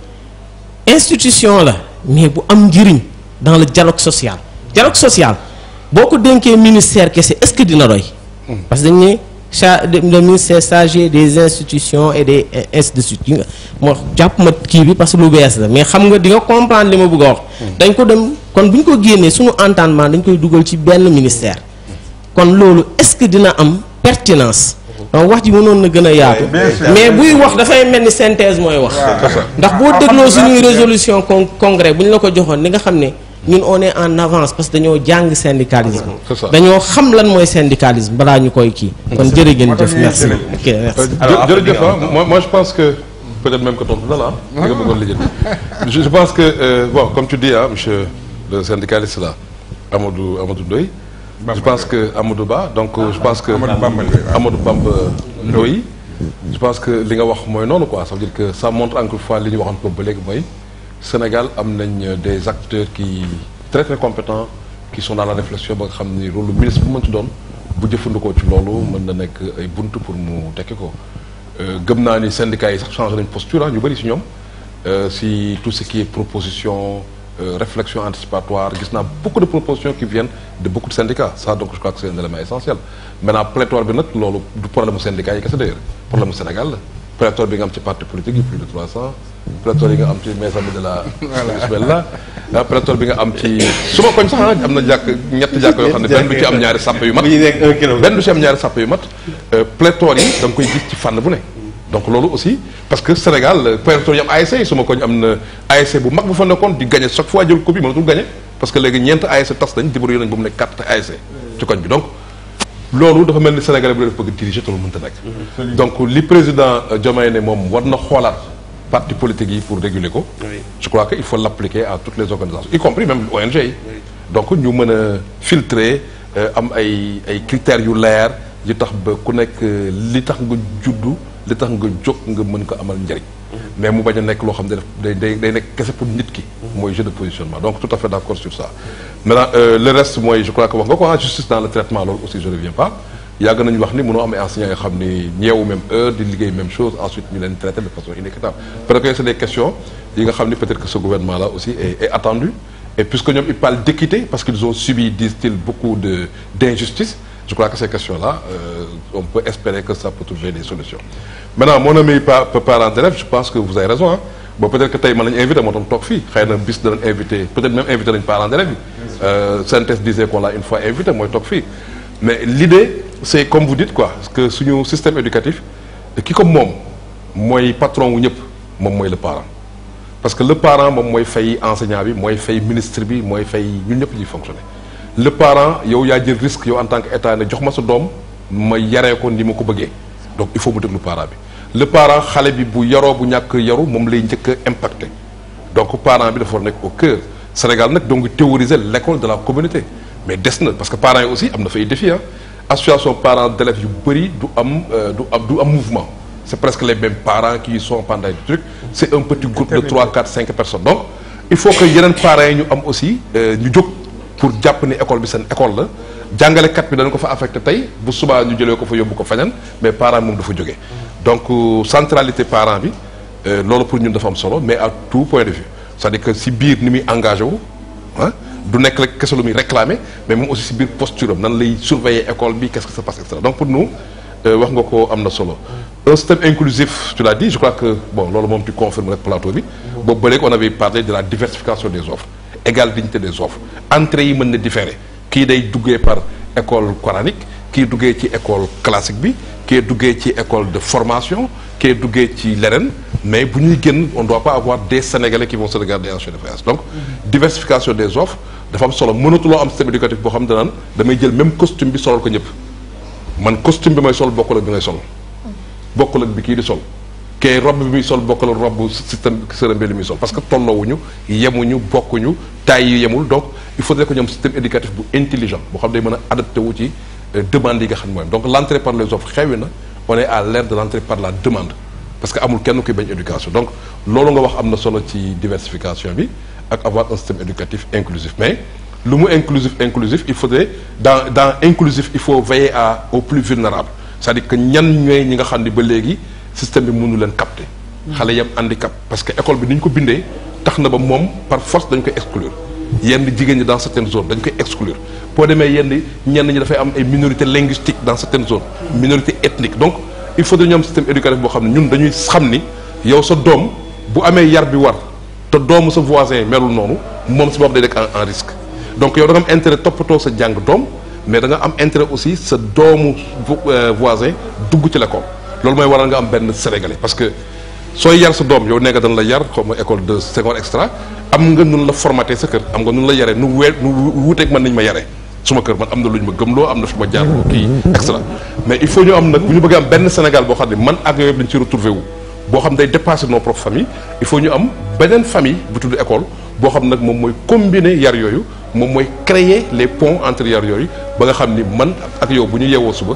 institution la mais bu am njëriñ dans le dialogue social dialogue social boko denké ministère ministère c'est est-ce que dina doy hmm. parce que dañ le ministère chargé des institutions et des eh, institutions. Moi, japp ma ki bi parce que lu la mais xam nga di nga comprendre lima ma bëgg wax hmm. dañ ko dem kon buñ ko génnee suñu entendement dañ koy dugal ci ben ministère kon lolu est-ce que dina am pertinence wax ji mënoon na gën a yaatu mais buy wax dafay mel ni synthèse mooy wax ndax boo ah, dégloo suñuy résolution con congrès bu ñu la ko joxoon ni nga xam ne ñun on est en avance parce que dañoo jàng syndicalisme dañoo xam lan mooy syndicalisme balaa ñu koy kii kon jërë ngeen jëf merci ok merci euh, jërëjëf ah, moi moi je pense que peut-être même que tontu na la ah nga bëggoon lijjanti je pense que euh, bon comme tu dis ah monsieur le syndicaliste là Amadou Amadou Ndoye je pense que Amadou Ba donc euh, je pense que Amadou Bamba Ndoye je pense que les nga wax non quoi ça veut dire que ça montre encore fois li ñu waxoon ko Sénégal amène euh, des acteurs qui très très compétents qui sont dans la réflexion ba xam ni rôle ministre bu vous donne doon bu jëfandikoo ci loolu mën na nekk ay bunt pour mu tekki quoi euh, gëm ni syndicats ils sax changé posture ah ñu signer, si si tout ce qui est proposition euh, réflexion anticipatoire. Il a beaucoup de propositions qui viennent de beaucoup de syndicats. Ça, donc, je crois que c'est un élément essentiel. Maintenant, pléthore, du problème syndicat, C'est y a d'ailleurs. problème au Sénégal, pléthore, il y petit parti politique, plus de 300. Pléthore, il a un mes amis de la Venezuela. Ah, pléthore, de y un petit. Souvent comme ça, il y a ñett jàkk yoo benn du ci am donc lolu aussi parce que Sénégal le yi ASC suma koñ amna ASC bu mag bu fa nekkoon di gagner chaque fois jël coupe bi mënatul gagner parce que léegi ñent ASC tas nañ débrouillé nañ ba mu nekk quatre ASC ci koñ donc lolu dafa melni Sénégalais bu def dafa bëgg diriger tout le mënta nekk mm-hmm. donc li président euh, Diomaye mom moom war na parti politique yi pour réguler ko je crois que il faut l'appliquer à toutes les organisations y compris même ONG donc ñu mën filtrer euh, am ay ay critères yu leer yu tax ba ku nekk euh, li tax nga juddu li tax nga jóg nga mën ko amal njëriñ mais mu bañ a nekk loo xam ne day day day nekk kese pour nit ki mooy jeu de positionnement donc tout à fait d' accord sur ça maintenant euh, le reste mooy je crois que wax nga ko ah justice dans le traitement loolu aussi je reviens pas yàgg nañ wax ni mënoo am ay enseignants yoo xam ni ñeewu même heure di liggéey même chose ensuite ñu leen traité de façon inéquitable parce que c'est des questions yi nga xam ni peut-être que ce gouvernement là aussi est, est attendu et puisque ñoom ils parlent d'équité parce qu'ils ont subi disent-ils beaucoup de d'injustice je crois que ces questions-là, euh, on peut espérer que ça peut trouver des solutions. Maintenant, mon ami parent d'élève, je pense que vous avez raison. Hein. peut-être que tu as invité, mon top fi Khayna Bis invité, peut-être même invité une parent d'élève. Euh, Synthèse disait qu'on l'a une fois invité, moi top fi Mais l'idée, c'est comme vous dites, quoi, que sur notre système éducatif, qui comme moi, moi, patron ou moi, moi, le parent. Parce que le parent, moi, moi, failli enseignant, moi, failli ministre, moi, failli, nous, nous, fonctionner le parent yow ya jël risque yow en tant que état ne jox ma sa dom ma yaré ko ni ma ko donc il faut mu déglu parent bi le parent xalé bi bu yaro bu ñak yaru mom lay ñëk a impacté donc parent bi dafa au cœur Sénégal nak donc théoriser l'école de la communauté mais parce que le parent aussi am na fay défi hein. association parents d'élèves yu bëri du am euh, du am du am mouvement C'est presque les mêmes parents qui sont pendant le truc C'est un petit groupe de 3 4 5 personnes donc il faut que yenen parents ñu am aussi euh, ñu jox pour jàpp ni école bi seen école la kat bi dañ ko fa affecté tay bu subaa ñu jëlee ko fa yóbbu ko feneen mais parent moom dafa jóge donc euh, centralité parent bi euh, loolu pour ñun dafa am solo mais à tout point de vue c'est-à-dire que si biir ni muy engagé wu ah du nekk rek kese lu muy réclamer mais moom aussi si biir posture am nan lay surveiller école bi qu'est-ce que ça passe et donc pour nous euh, wax nga ko am solo. un système inclusif tu l'as dit je crois que bon loolu moom tu confirmes rek plateau bi. boobu ba léegi on avait parlé de la diversification des offres égalité des offres entrée yi mën na différer Qui day duggé par école coranique est éduqué ci école classique bi est éduqué ci école de formation est éduqué ci leneen mais bu ñuy on doit pas avoir des sénégalais qui vont se regarder en chef de France. donc diversification des offres dafa am solo mënatuloo am système éducatif boo xam ne damay jël même costume bi solo ko ñëpp man costume bi may sol bokkul ak bi ngay sol bokkul ak bi ki di sol kay robb bi sol bokkal robb si sëram bi li sol parce que tolloowuñu yemuñu bokkuñu taille yi yemul donc il faudrait ait un système éducatif bu intelligent pour xam day mën adapté wu ci euh, demande yi nga xam donc l'entrée par les offres xewi on est à l'ère de l'entrée par la demande parce que amul kenn kuy bañ éducation donc l'on nga wax amna solo ci diversification bi ak avoir un système éducatif inclusif mais le mot inclusif inclusif il faudrait dans dans inclusif il faut veiller à aux plus vulnérables c'est-à-dire que ñan ñoy ñi nga xam ni ba légui système bi mënu leen capté xalé yam handicap parce que école bi niñ ko bindé tax na ba mom par force dañ koy exclure yenn jigéen ñi dans certaines zones dañ koy exclure Pour demee yenn ñenn ñi dafay am ay minorités linguistiques dans certaines zones minorité ethnique donc il faut dañu am système éducatif boo xam ne ñun dañuy xam ni yow sa doom bu amee yar bi war te doomu sa voisin melul noonu moom si bopp day nekk en risque donc yow da nga am intérêt toppatoo sa jàng doom mais da nga am intérêt aussi sa doomu euh, voisin dugg ci l'école lolou moy waral nga am ben sénégalais parce que soy yar sa dom yow nek dañ la yar comme école de secondaire extra am nga nun la formater sa kër am nga nun la yaré nu wee nu man nañ ma yaré suma kër man amna luñ ma gëmloo am na fu ma ki extra mais il faut ñu am nak ñu am ben Sénégal bo xam man ak yooyu dañ ci retrouver wu bo xam day dépasser nos propres familles il faut ñu am benen famille bu tuddu école bo xam nak mom moy combiner yar yoyu mom moy créer les ponts entre yar yoyu ba nga xam ni man ak yow bu ñu suba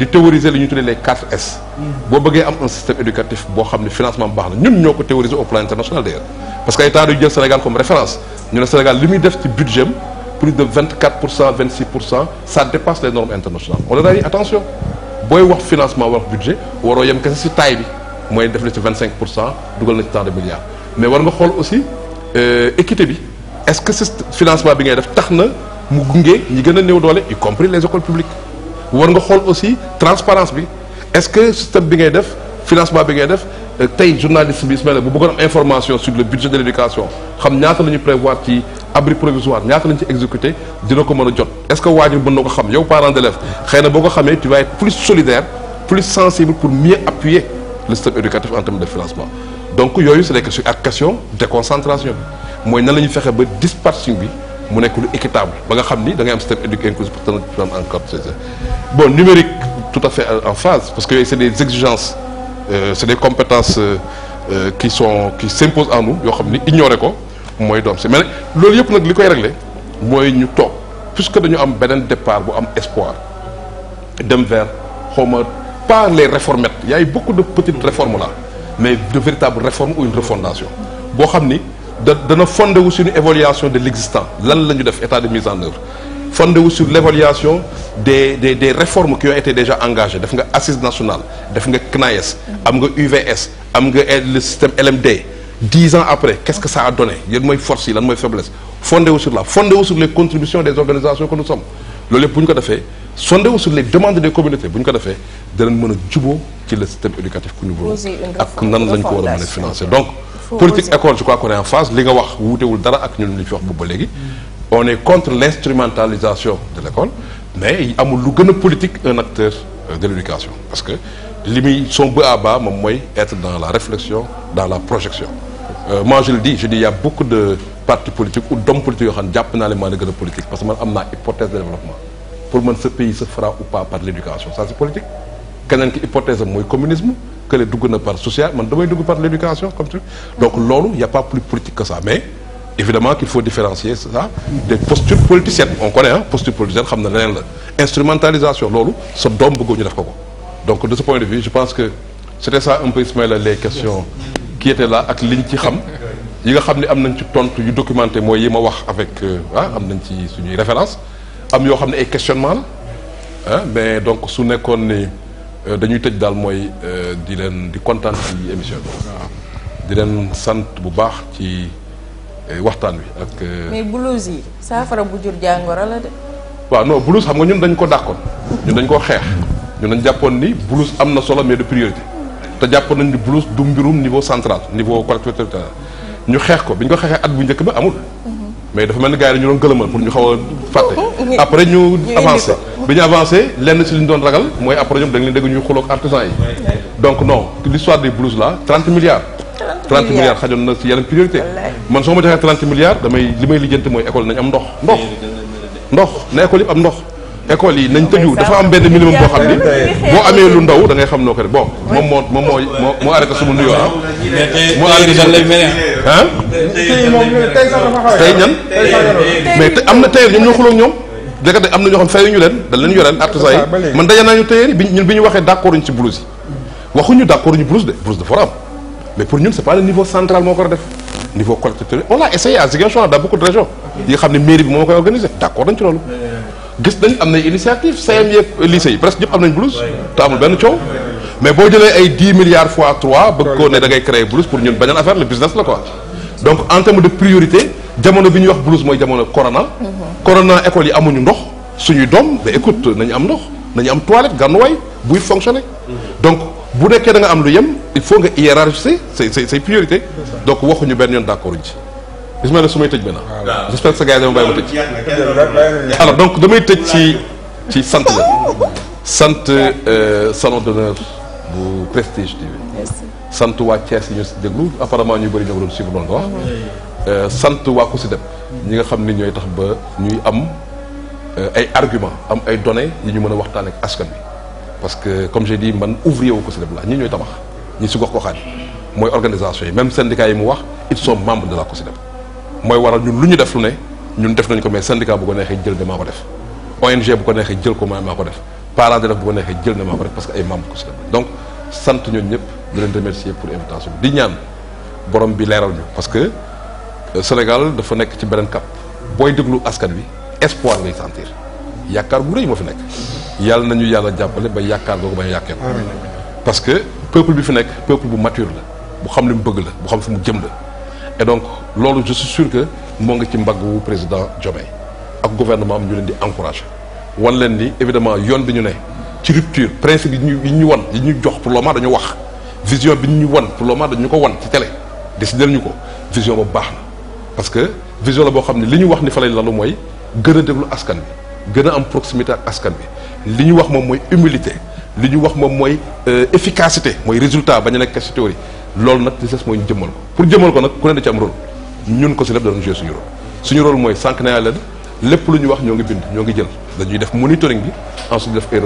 de théoriser les 4 S. vous vous am un système éducatif boo xam financement nous, nous nous ñoo théoriser au plan international d'ailleurs parce que ay temps yu Sénégal comme référence Nous le Sénégal li muy budget plus de 24 26 ça dépasse les normes internationales on a dit attention si wax financement un budget vous yem kese c'est taille bi def 25 nous cent un de milliards mais war nga aussi euh, équité bi est-ce que ce financement est ngay def tax mu y compris les écoles publiques war nga aussi transparence bi est-ce que le système bi ngay def financement bi ngay def euh, tey journaliste bi Ismaïla bu bëggoon am information sur le budget de l'éducation xam ñaata la ñu prévoir ci abri provisoire ñaata la ñu ci exécuté dina ko mën a jot est-ce que waajur mën na ko xam yow parent d'élève xëy na boo tu vas être plus solidaire plus sensible pour mieux appuyer le système éducatif en termes de financement donc il y des questions ak question déconcentration bi mooy nan la ñuy fexe ba dispatching bi mon école équitable ba nga xam système éducatif pour te am encore bon numérique tout à fait euh, en phase parce que c'est des exigences euh, c'est des compétences euh, euh, qui sont qui s'imposent à nous yoo xam ni ignorer ko mooy doom mais le lieu pour nous c'est que régler mooy ñu puisque nous am un départ un espoir d'un vers ne pas les réformettes il y a eu beaucoup de petites réformes là mais de véritables réformes ou une refondation boo xam de dana fondé wu sur une évaluation de l'existant lan la état de mise en œuvre fondé sur l'évaluation des des des réformes qui ont été déjà engagées def assise nationale def nga CNAES am UVS am le système LMD dix ans après qu'est-ce que ça a donné a une force y lan une faiblesse fondé wu sur la fondé wu sur les contributions des organisations que nous sommes Lolé yëpp ko sur les demandes des communautés bu ñu ko defee danañ mën du juboo ci le système éducatif que nous voulons ak donc politique école je crois qu'on est en phase on est contre l'instrumentalisation de l'école mais il y a une politique un acteur euh, de l'éducation parce que les mi son ba à bas mais être dans la réflexion dans la projection euh, moi je le dis, je dis il y a beaucoup de partis politiques ou d'hommes politiques qui ont train de politique parce que moi j'ai une hypothèse de développement. Pour moi ce pays se fera ou pas par l'éducation, ça c'est politique. Quand une hypothèse, mon communisme, les dugg part par social man damay dugg par l'éducation, comme tu donc il n'y a pas plus politique que ça mais évidemment qu'il faut différencier ça des postures politiciennes on connaît hein posture politicienne xam la instrumentalisation sa donc de ce point de vue je pense que c'était ça un peu les questions qui étaient là avec liñ ci il a nga un ne am nañ ci documenté avec euh, ah am référence am questionnement hein, mais donc su nekkoon ni Euh, dañuy tëj daal mooy euh, di leen di kontaan ci émission ah. di leen sant bu baax ci eh, waxtaan wi ak. Euh, mais blouse yi saafara bu jur jàngoro la de. waaw non blouse xam nga ñun dañ ko dàqoon ñun dañ koo xeex ñun dañ jàppoon ni blouse am na solo mais de priorité te jàppoon nañ ni blouse du mbirum niveau central niveau collectivité ñu xeex ko bi ñu ko xeexee at bu njëkk bi amul. mais dafa mel ni gars yi dañu doon gëlëmal pour ñu xaw a fàtte après ñu avancé bi ñu avancé lenn si li ñu doon ragal mooy après ñoom da dégg ñuy xuloog artisan yi donc non l'histoire des blouses la 30 milliards 30 milliards xajoon na si yeneen priorité man soo ma joxee 30 milliards damay li may lijjanti mooy école nañ am ndox ndox ndox na école yëpp am ndox école yi nañ tëju dafa am benn minimum boo xam ni boo amee lu ndaw da ngay xam noo ko moom moo moo moo arrêté suma ah. tey ñan mais am na tey ñoom ñoo xuloo ñoom. dëgg de am na ñoo xam fayu ñu leen dañ leen yoreen artisan yi man daje nañu tey bi ñun bi ñu waxee d'accord ñu ci blouse yi waxuñu d'accord ñu blouse de blouse de mais pour ñun c'est pas niveau central moo ko def niveau collectivité on l'a essayé à Ziguinchor dans beaucoup de régions yi nga xam ne mairie bi moo koy organiser d'accord dañ ci loolu gis nañ am na initiative CM yeeg lycée yi presque am nañ blouse te amul benn mais boo jëlee ay 10 milliards fois 3 bëgg koo ne da ngay créer bourse pour ñun beneen affaire le business la quoi donc en terme de priorité jamono bi ñuy wax bourse mooy jamono corona mhm. corona école yi amuñu ndox suñuy doom mais écoute nañu am ndox nañu am toilette gannuwaay buy fonctionner mhm. donc bu nekkee da nga am lu yem il faut nga hiérarchiser say say say priorité donc waxuñu benn yoon d'accord ci Ismaël su may tëj maintenant j'espère que sa gars yi dama bàyyi ma tëj alors donc damay tëj ci ci sant la sant euh, salon d'honneur bu Prestige TV. sant waa Thiès ñu déglu apparemment ñu bëri ñoo ko doon suivre doon wax. Euh, sant waa ku si dem. ñi nga xam ni ñooy tax ba ñuy am euh, ay arguments am ay données yi ñu mën a waxtaan ak askan bi parce que comme j'ai dit man ouvrier wu ko si dem laa ñi ñooy tabax ñi si gox goxaan yi mooy organisation yi même syndicat yi mu wax ils sont membres de la ko si dem mooy waral ñun lu ñu def lu ne ñun def nañ ko mais syndicat bu ko neexee jël de maa ko def ONG bu ko neexee jël ko maa maa ko def parent d'élève bu ma neexee na ma parce que ay membres donc sant ñoon ñëpp de leen remercier pour invitation di ñaan borom bi ñu parce que euh, Sénégal dafa nekk ci beneen cap booy déglu askan wi espoir ngay sentir yakar gu rëy moo fi nekk n'y nañu la diable ba yaakaar googu ba ñu parce que peuple bi fi nekk peuple bu mature la bu xam li mu bëgg la bu xam mu jëm la et donc loolu je suis sûr que mon ngi ci président Diomaye ak gouvernement am ñu leen di wan leen ni évidemment yoon bi ñu ne ci rupture principe yi ñu yi ñu wan yi ñu jox pour le moment dañu wax vision bi ñu wan pour le moment dañu ko wan ci télé décider ñu ko vision boobu baax na parce que vision la boo xam ne li ñu wax ni fa lay lalu mooy gën a déglu askan bi gën a am proximité ak askan bi li ñu wax moom mooy humilité li ñu wax moom mooy euh, efficacité mooy résultat bañ a nekk ci théorie loolu nag li des mooy ñu jëmmal ko pour jëmmal ko nag ku ne da ci am rôle ñun ko si lépp dañu jouer suñu rôle suñu rôle mooy sànq naa leen les lu wax bind monitoring ensuite def ay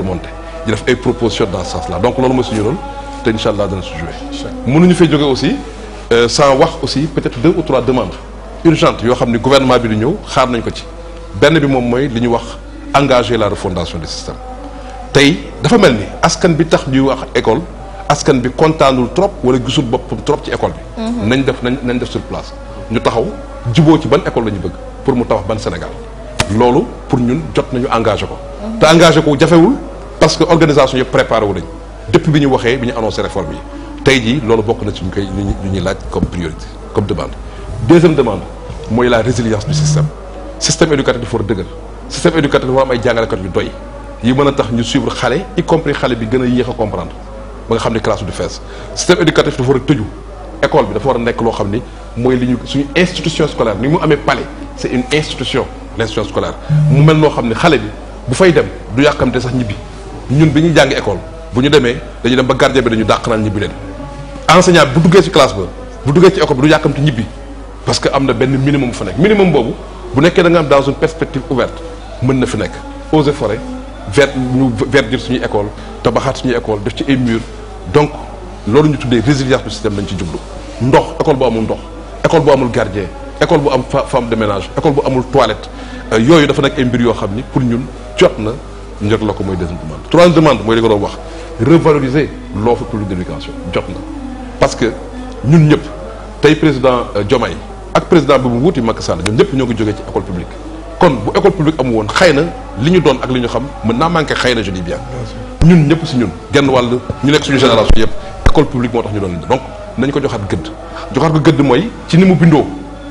def ay propositions dans ce sens là donc loolu mooy suñu rôle te incha allah dana jouer. aussi euh, sans wax aussi peut-être deux ou trois demandes urgentes yoo gouvernement bi di xaar nañ ko ci benn bi la refondation du système. tey dafa mel askan bi tax ñuy wax école askan bi trop wala gisul trop ci école bi. Mhm. nañ def nañ def sur place ñu taxaw école pour mu ban Sénégal lolu pour ñun jot nañu engager ko. ta engager ko jafewul parce que organisation yëpp préparé wu depuis biñu waxé biñu annoncer réforme yi tay ji lolu bokk na ci ñu ñu laaj comme priorité comme demande. deuxième demande moy la résilience du système système éducatif dafa deugal a système éducatif wa am ay kat yu doy yi mëna a tax ñu suivre xalé y compris xalé bi gëna a comprendre ba nga xam ne classe du fess système éducatif dafa war école bi dafa wara a nekk loo xam ni mooy li ñu suñu institution scolaire ni mu amee palais c'est une institution l'institution scolaire mu mel noo xam ne xale bi bu fay dem du yàkkamte sax ñibbi ñun bi ñuy jàngi école bu ñu demee dañu dem ba gardien bi dañu dàq naan ñibbi leen enseignant bu duggee ci classe ba bu duggee ci école bi du yàkkamte ñibbi parce que am na benn minimum fa nekk minimum boobu bu nekkee da nga am dans une perspective ouverte mën na fi nekk eaux et forêt vert ñu verdir suñu école tabaxaat suñu école def ci ay mur donc loolu ñu tuddee résilience du système lañ ci jublu ndox école bu amul ndox école bu amul gardien école bu am femme de ménage école bu amul toilette euh, yooyu dafa nekk ay mbir yoo xam ni pour ñun jot na njot la ko mooy deuxième demande troisième demande mooy li ko doon wax revaloriser l'offre publique d'éducation jot na parce que ñun ñëpp tey président euh, Diomaye ak président bi mu wuuti Macky Sall ñoom ñëpp ñoo ngi jógee ci école publique kon bu école publique amu woon xëy na li ñu doon ak li ñu xam mën naa manqué xëy na je dis bien ñun ñëpp si ñun genn wàll ñu nekk suñu génération yëpp école publique moo tax ñu doon donc nañ ko joxaat gëdd joxaat ko gëdd mooy ci ni mu bindoo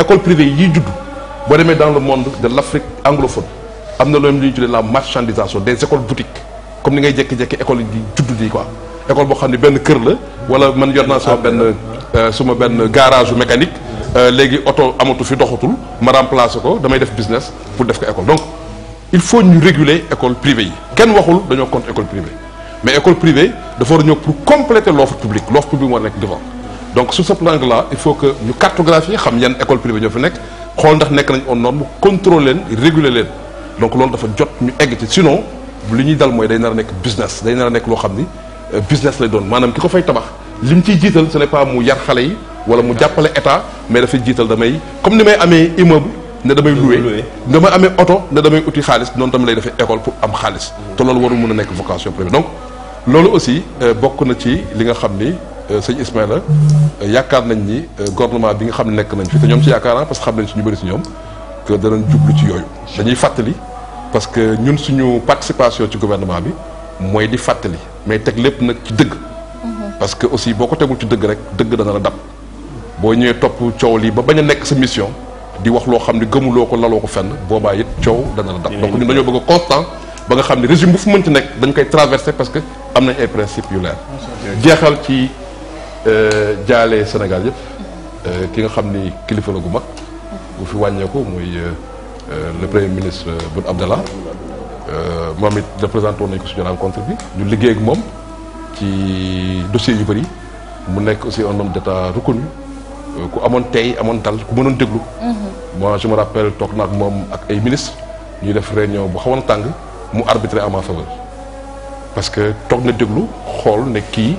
école privée yi judd bo dans le monde de l'Afrique anglophone amna na la marchandisation des écoles boutiques comme ni ngay jékki-jékki école yi judd di quoi école bo xamni ben kër la wala man yor na sama euh, suma ben garage mécanique euh, légui auto amatu fi doxatul ma remplacer ko damay def business pour def ko école donc il faut ñu réguler école privée yi kenn waxul dañoo compte école privée mais école privée dafa war pour compléter l'offre publique L'offre publique moo nekk devant donc sous ce plan là il faut que nous cartographier xam yan école privée ñoo fi nekk xool ndax nek nañ on normes contrôler leen réguler leen donc lolu dafa jot ñu egg ci sinon li ñuy dal moy day nar nek business day nar nek lo xamni euh, business lay doon manam kiko fay tabax lim ci jital ce n'est pas mu yar xalé yi wala mu jappalé état mais dafa jital damay comme ni may amé immeuble ne damay loué dama amé auto ne damay outil xaliss non tam lay defee école pour am xaliss mm. te lolu waru mëna nek vocation privée donc lolu aussi euh, bokku na ci li nga xamni Euh, seigne Ismaïla euh, yaakaar nañ ni euh, gouvernement bi nga xamni nek nañ fi te ñom ci yaakaar parce que xam nañ suñu bari ci ñom que danañ djublu ci yoyu dañuy fatali parce que ñun suñu participation ci gouvernement bi moy di fatali mais tek lepp nak ci deug parce que aussi boko tegul ci deug rek deug da na dab bo ñëwee top ciow li ba baña a sa mission di wax lo xamni ne loko la loko fenn boba yit ciow da na dab donc ñun dañu bëgg constant ba nga xamni régime bu fu mënti nek dañ koy traverser parce que amna ay principes yu leer jéxal ci Euh, jaale Sénégal yëpp euh, ki nga xam ni kilifa la gu mag bu fi wàññeeku muy euh, le premier ministre Boun Abdallah moom it représenté woon nañu ko suñu rencontre bi ñu liggéey ak moom ci dossier yu bëri mu nekk aussi un homme d'état reconnu ku amoon tey amoon dal ku mënoon déglu mm-hmm. moi je me rappelle toog na ak moom ak ay ministres ñuy def réunion bu xawoon tàng mu arbitré à ma faveur parce que toog na déglu xool ne kii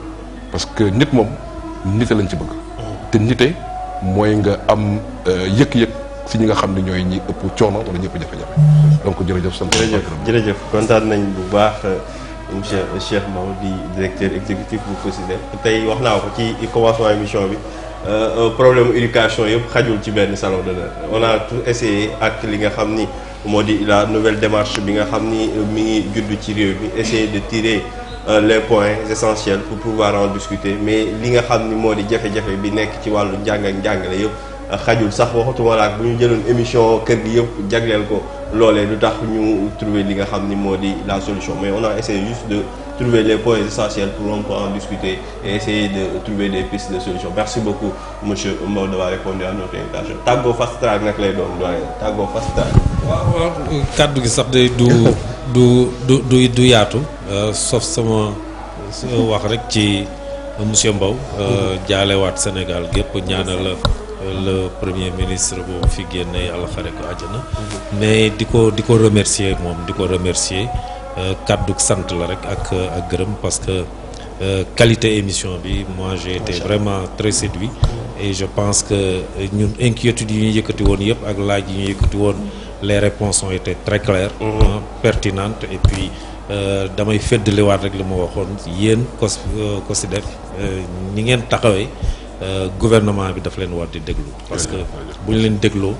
parce que nit moom nit lañ ci bëgg. te nite mooy nga am euh, yëg-yëg si ñi nga xam ne ñooy ñi ëpp coono wala ñëpp jafe-jafe. donc jërëjëf sant jërëjëf kontaan nañ bu baax euh, monsieur euh, Cheikh Mao di directeur exécutif tey wax naa ko ci commencement émission bi. Euh, problème éducation yëpp xajul ci benn salon de on a tout essayé ak li nga xam ni moo di la nouvelle démarche bi nga xam ni mi ngi judd ci réew bi essayer de tirer Euh, les points essentiels pour pouvoir en discuter mais li nga vous ni moo di jafe-jafe bi nekk ci wàllu njàng ak njàngale yëpp euh, xajul sax waxatuma la ak bu émission kër gi yëpp jagleel ko loolee lu tax ñu trouver li nga la solution mais on a essayé juste de trouver les points essentiels pour on en discuter et essayer de trouver des pistes de solution merci beaucoup monsieur Mbow d'avoir répondu à notre invitation Tago fast track nag lay doon doyen tàggoo fast track waaw waaw kàddu gi sax day du du du du yaatu euh, sauf sama wax rek ci euh, monsieur mbaw Mbow euh, wat Sénégal gep ñaanal le premier ministre bo fi génne yàlla xare ko àjjana mais diko diko remercier mom diko ko remercier kaddu sante la rek ak ak gërëm parce que Euh, qualité émission bi moi j'ai été vraiment très séduit et je pense que ñun inquiétude yi ñu yëkëti won yëpp ak laaj yi ñu yëkëti won les réponses ont été très claires mm-hmm. hein, pertinentes et puis Euh, damay feddaliwaat rek li ma waxoon yéen cos euh, COSYDEP ñi euh, ngeen taxawee gouvernement bi daf leen war di déglu parce que bu ñu leen dégloo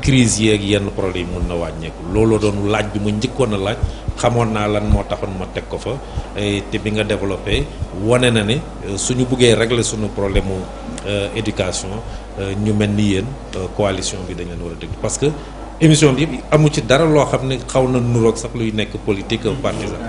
crise yeeg yenn problème mun na wàññeeku looloo doon laaj bi mu njëkkoon a laaj xamoon naa lan moo taxoon ma teg ko fa te bi nga développé wane na ne suñu buggee regle sunu problème mu éducation ñu mel ni yéen coalition bi dañ leen war a déglu parce que émission bi yëpp amu ci dara loo xam ne xaw na nuroog sax luy nekk politique partisan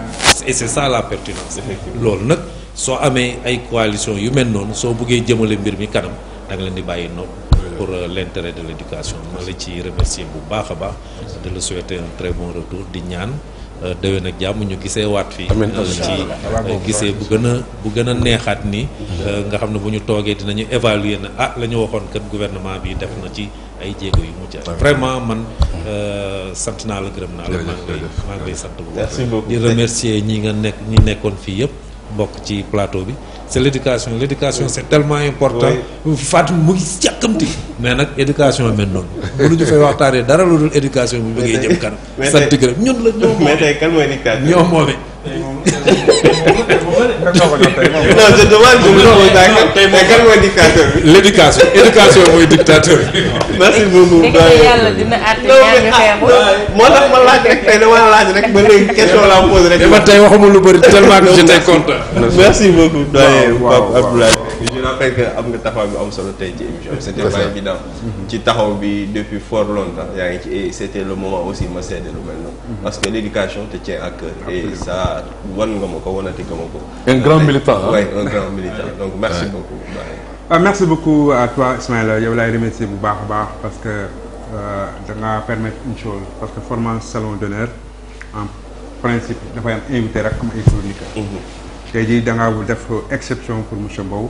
et c'est ça la pertinence loolu nag soo amee ay coalition yu mel noonu soo buggee jëmale mbir mi kanam da leen di bàyyi noonu pour euh, l'intérêt de l'éducation ma la ci remercier bu baax a baax de le souhaiter un très bon retour di ñaan Euh, déwén nag jàmm ñu gisee waat fii euh, ci euh, gisee bu gën a bu gën a neexaat ni mm-hmm. nga xam ne bu ñu toogee dinañu évaluer na ah la ñu waxoon kat gouvernement bi def na ci ay jéego yu mucc vraiment man mm-hmm. sant naa la gërëm naa la maa ngi maa ngi sant bu baax di remercier ñi nga nekk ñi nekkoon fii yëpp bokk ci plateau bi c'est l'éducation l'éducation c'est tellement important Fatou mu ngi jàkkamti mais nag éducation mel noonu mënuñu fay waxtaanee dara lu dul éducation bi mu ngi jëm kanam sant gërëm ñun la ñoo moome ñoo moome non je demande de me poser mais kan mooy dictateur ah, ma laaj rek tey dama laaj rek ba léegi question la pose rek. mais man tey waxuma lu bëri tellement que j'étais content. merci beaucoup doyen je rappelle que am nga taxaw bi am solo tey ci émission c'était pas évident. Mhm. ci taxaw bi depuis fort longtemps yaa et c'était le moment aussi ma seede lu mhm. parce que l'éducation te tient à cœur. et ça wan nga ma ko wanati nga ko. un grand militant hein. oui un grand militant donc merci beaucoup. ah merci beaucoup à toi Ismaël yow laay remercier bu baax parce que euh, da nga permettre une chose parce que le salon d'honneur en principe dafay am invité rek comme ay chroniqueur. Mhm. tey jii da faire def exception pour monsieur Mbow.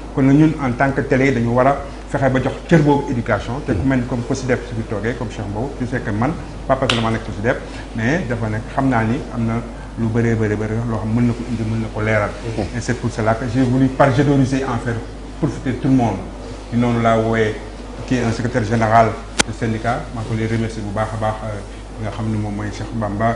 kon ñun en tant que télé dañu wara fexé ba jox cër boobu éducation té ku mel comme COSYDEP su fi togué comme Cheikh Mbow tu sais que man papa que nek nekk COSYDEP mais dafa nek xamna ni amna lu bëree bëri bëri loo xam mën ko indi mëna ko léral mhm. et c'est pour cela que j'ai voulu par générosité en faire profiter tout le monde non la woyé qui est un secrétaire général du syndicat maa ko lay remercier bu baaxa a baax euh, nga xam mom moy Cheikh Bamba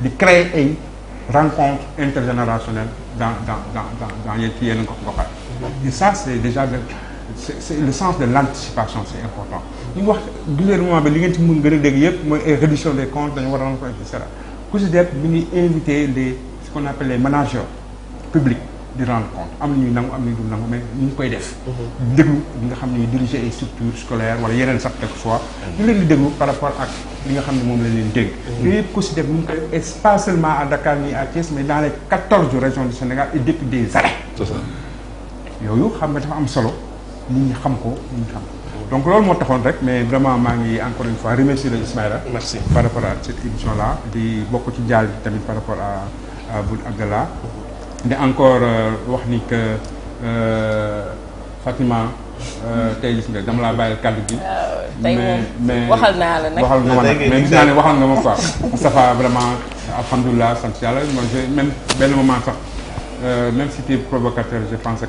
de créer une rencontre intergénérationnelle dans dans dans dans dans et ça c'est déjà le sens de l'anticipation, c'est important. Il y a des gens qui ont des gën réduction des comptes etc. war a ko inviter bi inviter les ce qu'on appelle les managers publics. di rendre compte am ñuy nangu am ñuy dul nangu mais ñu koy def. Mhm. déglu ñi nga xamni diriger ay structure scolaire wala yeneen sax quelque fois. Mhm. ñu leen di déglu par rapport ak li nga xamni mom la leen dégg. Mhm. yooyu yëpp ko ci def ñu koy et pas seulement à Dakar ni à Thiès mais dans les 14 régions du Sénégal et depuis des années. c'est ça yooyu xam nga dafa am solo nit ñi xam ko nit ñi xam donc lool mo taxone rek mais vraiment ma ngi encore une fois remercier le Ismaïla. merci par rapport à cette émission là di bokku ci jaal tamit par rapport à à Abdallah. de encore euh, wax ni que euh, Fatima euh, gis ah, mais la ah, mais vraiment même moment même si tu es provocateur, je pense qu'à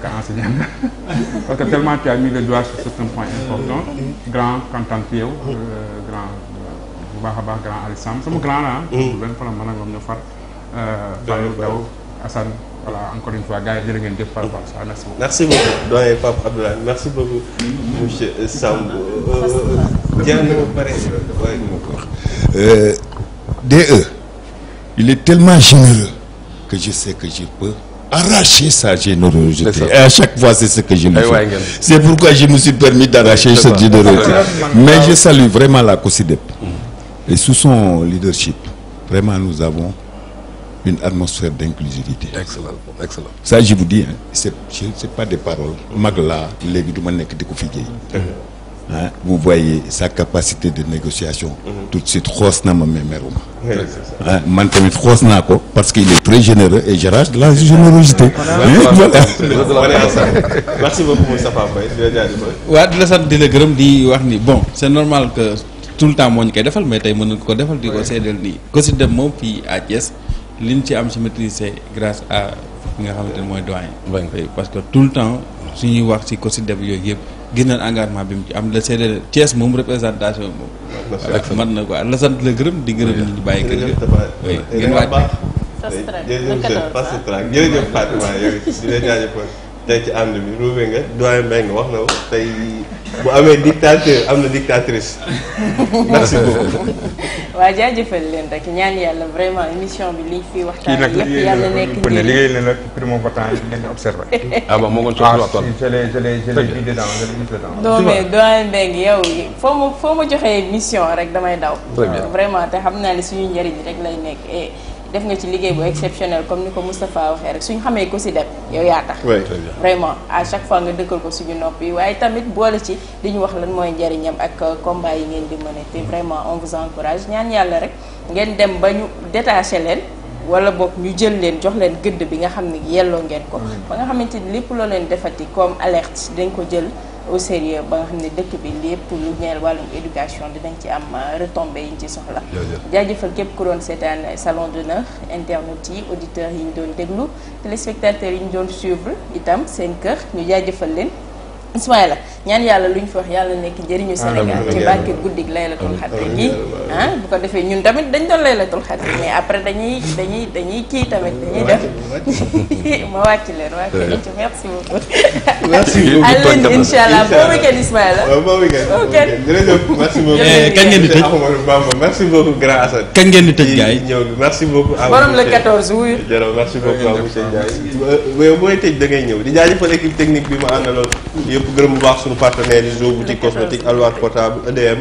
Parce que tellement tu as mis le doigt sur ce point important, Grand grand, grand grand grand voilà encore une fois gars merci beaucoup. merci beaucoup monsieur euh, e, il est tellement généreux que je sais que je peux arracher sa générosité. Et à chaque fois, c'est ce que je me fais. C'est pourquoi je me suis permis d'arracher cette générosité. Mais je salue vraiment la COSIDEP. Et sous son leadership, vraiment, nous avons une atmosphère d'inclusivité. Excellent, excellent. Ça, je vous dis, hein, ce n'est pas des paroles. Mhm. Hein, vous voyez sa capacité de négociation. Mhm. Tout de suite, hein, parce qu'il est très généreux et de la générosité. Merci beaucoup, Bon, c'est normal que tout le temps, je mais je Je suis liñ ci am si maîtrise c'est grâce à ki nga xamante ne mooy doyen. Mbaye parce que tout le temps suñuy wax si ko si def yooyu yëpp gis nañ engagement bi mu ci am la seede Thiès moom représentation moom. ak man na quoi la sant la gërëm di gërëm ñu bàyyi kër ga. tey ci ànd bi ruube nga doyen Mbengue wax na ko am na dictatrice merci beaucoup. waaw leen rek ñaan yàlla vraiment émission bi liñ fi waxtaan yëpp yàlla nekk njëriñ liggéey la nag primo votant yi ngeen di observé. ah bon moo gën soxla waxtaan ah, je l'ai foo ma joxee mission rek damay daw. vraiment te xam naa ne suñu njëriñ rek lay nekk def nga ci liggéey bu exceptionnel comme ni ko Moustapha waxee rek suñu xamee ko si dem yow yaa tax vraiment à chaque fois nga dëkkal ko suñu nopp yi waaye tamit boole ci li ñu wax lan mooy njariñam ak euh, combat yi ngeen di mëne te vraiment on vous encourage ñaan yàlla rek ngeen dem ba ñu détaché leen wala boog ñu jël leen jox leen gëdd bi nga xam ne yelloo ngeen ko ba nga xamante ni lépp loo leen defati comme alerte dañ ko jël au sérieux ba nga xam dëkk bi lépp lu ñeel walum éducation dinañ ci am retombées yi ñu ci soxla. jaajëfal képp ku doon seetaan salon d'honneur internautes yi auditeurs yi ñu doon déglu téléspectateurs yi ñu doon suivre itam seen kër ñu jaajëfal leen. Ismaïla ñaan yàlla lu ñu fi wax yàlla nekk njëriñu Sénégal ci barke guddig laylatul xadri gi ah, bu ko defee ñun tamit dañ doon laylatul xadri mais après dañuy dañuy dañuy kii tamit dañuy def ma wàcc leen wàcc leen ci merci beaucoup. merci beaucoup à lundi incha allah bon week-end Ismaïla. bon week-end jërëjëf merci eh, di tëj merci beaucoup grand Assane. kañ ngeen di tëj gars ñëw merci beaucoup. borom la euh, technique bi ma àndaloon yëpp gërëm bu baax suñu partenaire yi boutique cosmétique Alwar portable EDM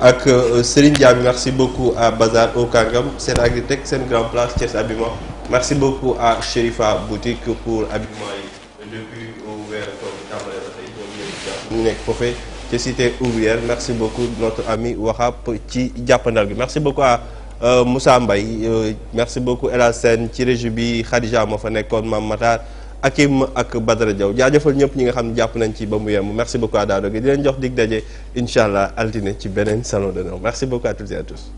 ak euh, Serigne Diab merci beaucoup à Bazar au Kangam seen Agritech seen Grand Place Thiès Habillement merci beaucoup à Chérifa boutique pour habillement depuis ouvert comme nekk foofee ci cité ouvrière merci beaucoup notre ami Wahab ci jàppandal bi merci beaucoup à euh, Moussa Mbaye euh, merci beaucoup à Elasen, Sène ci régie bi Khadija moo fa nekkoon Mame Hakim ak Badara Diaw jaajëfal ñëpp ñi nga xam ne jàpp nañ ci ba mu yem merci beaucoup à Dado gi di leen jox dig daje incha allah altine ci beneen salon d'honneur merci beaucoup à toutes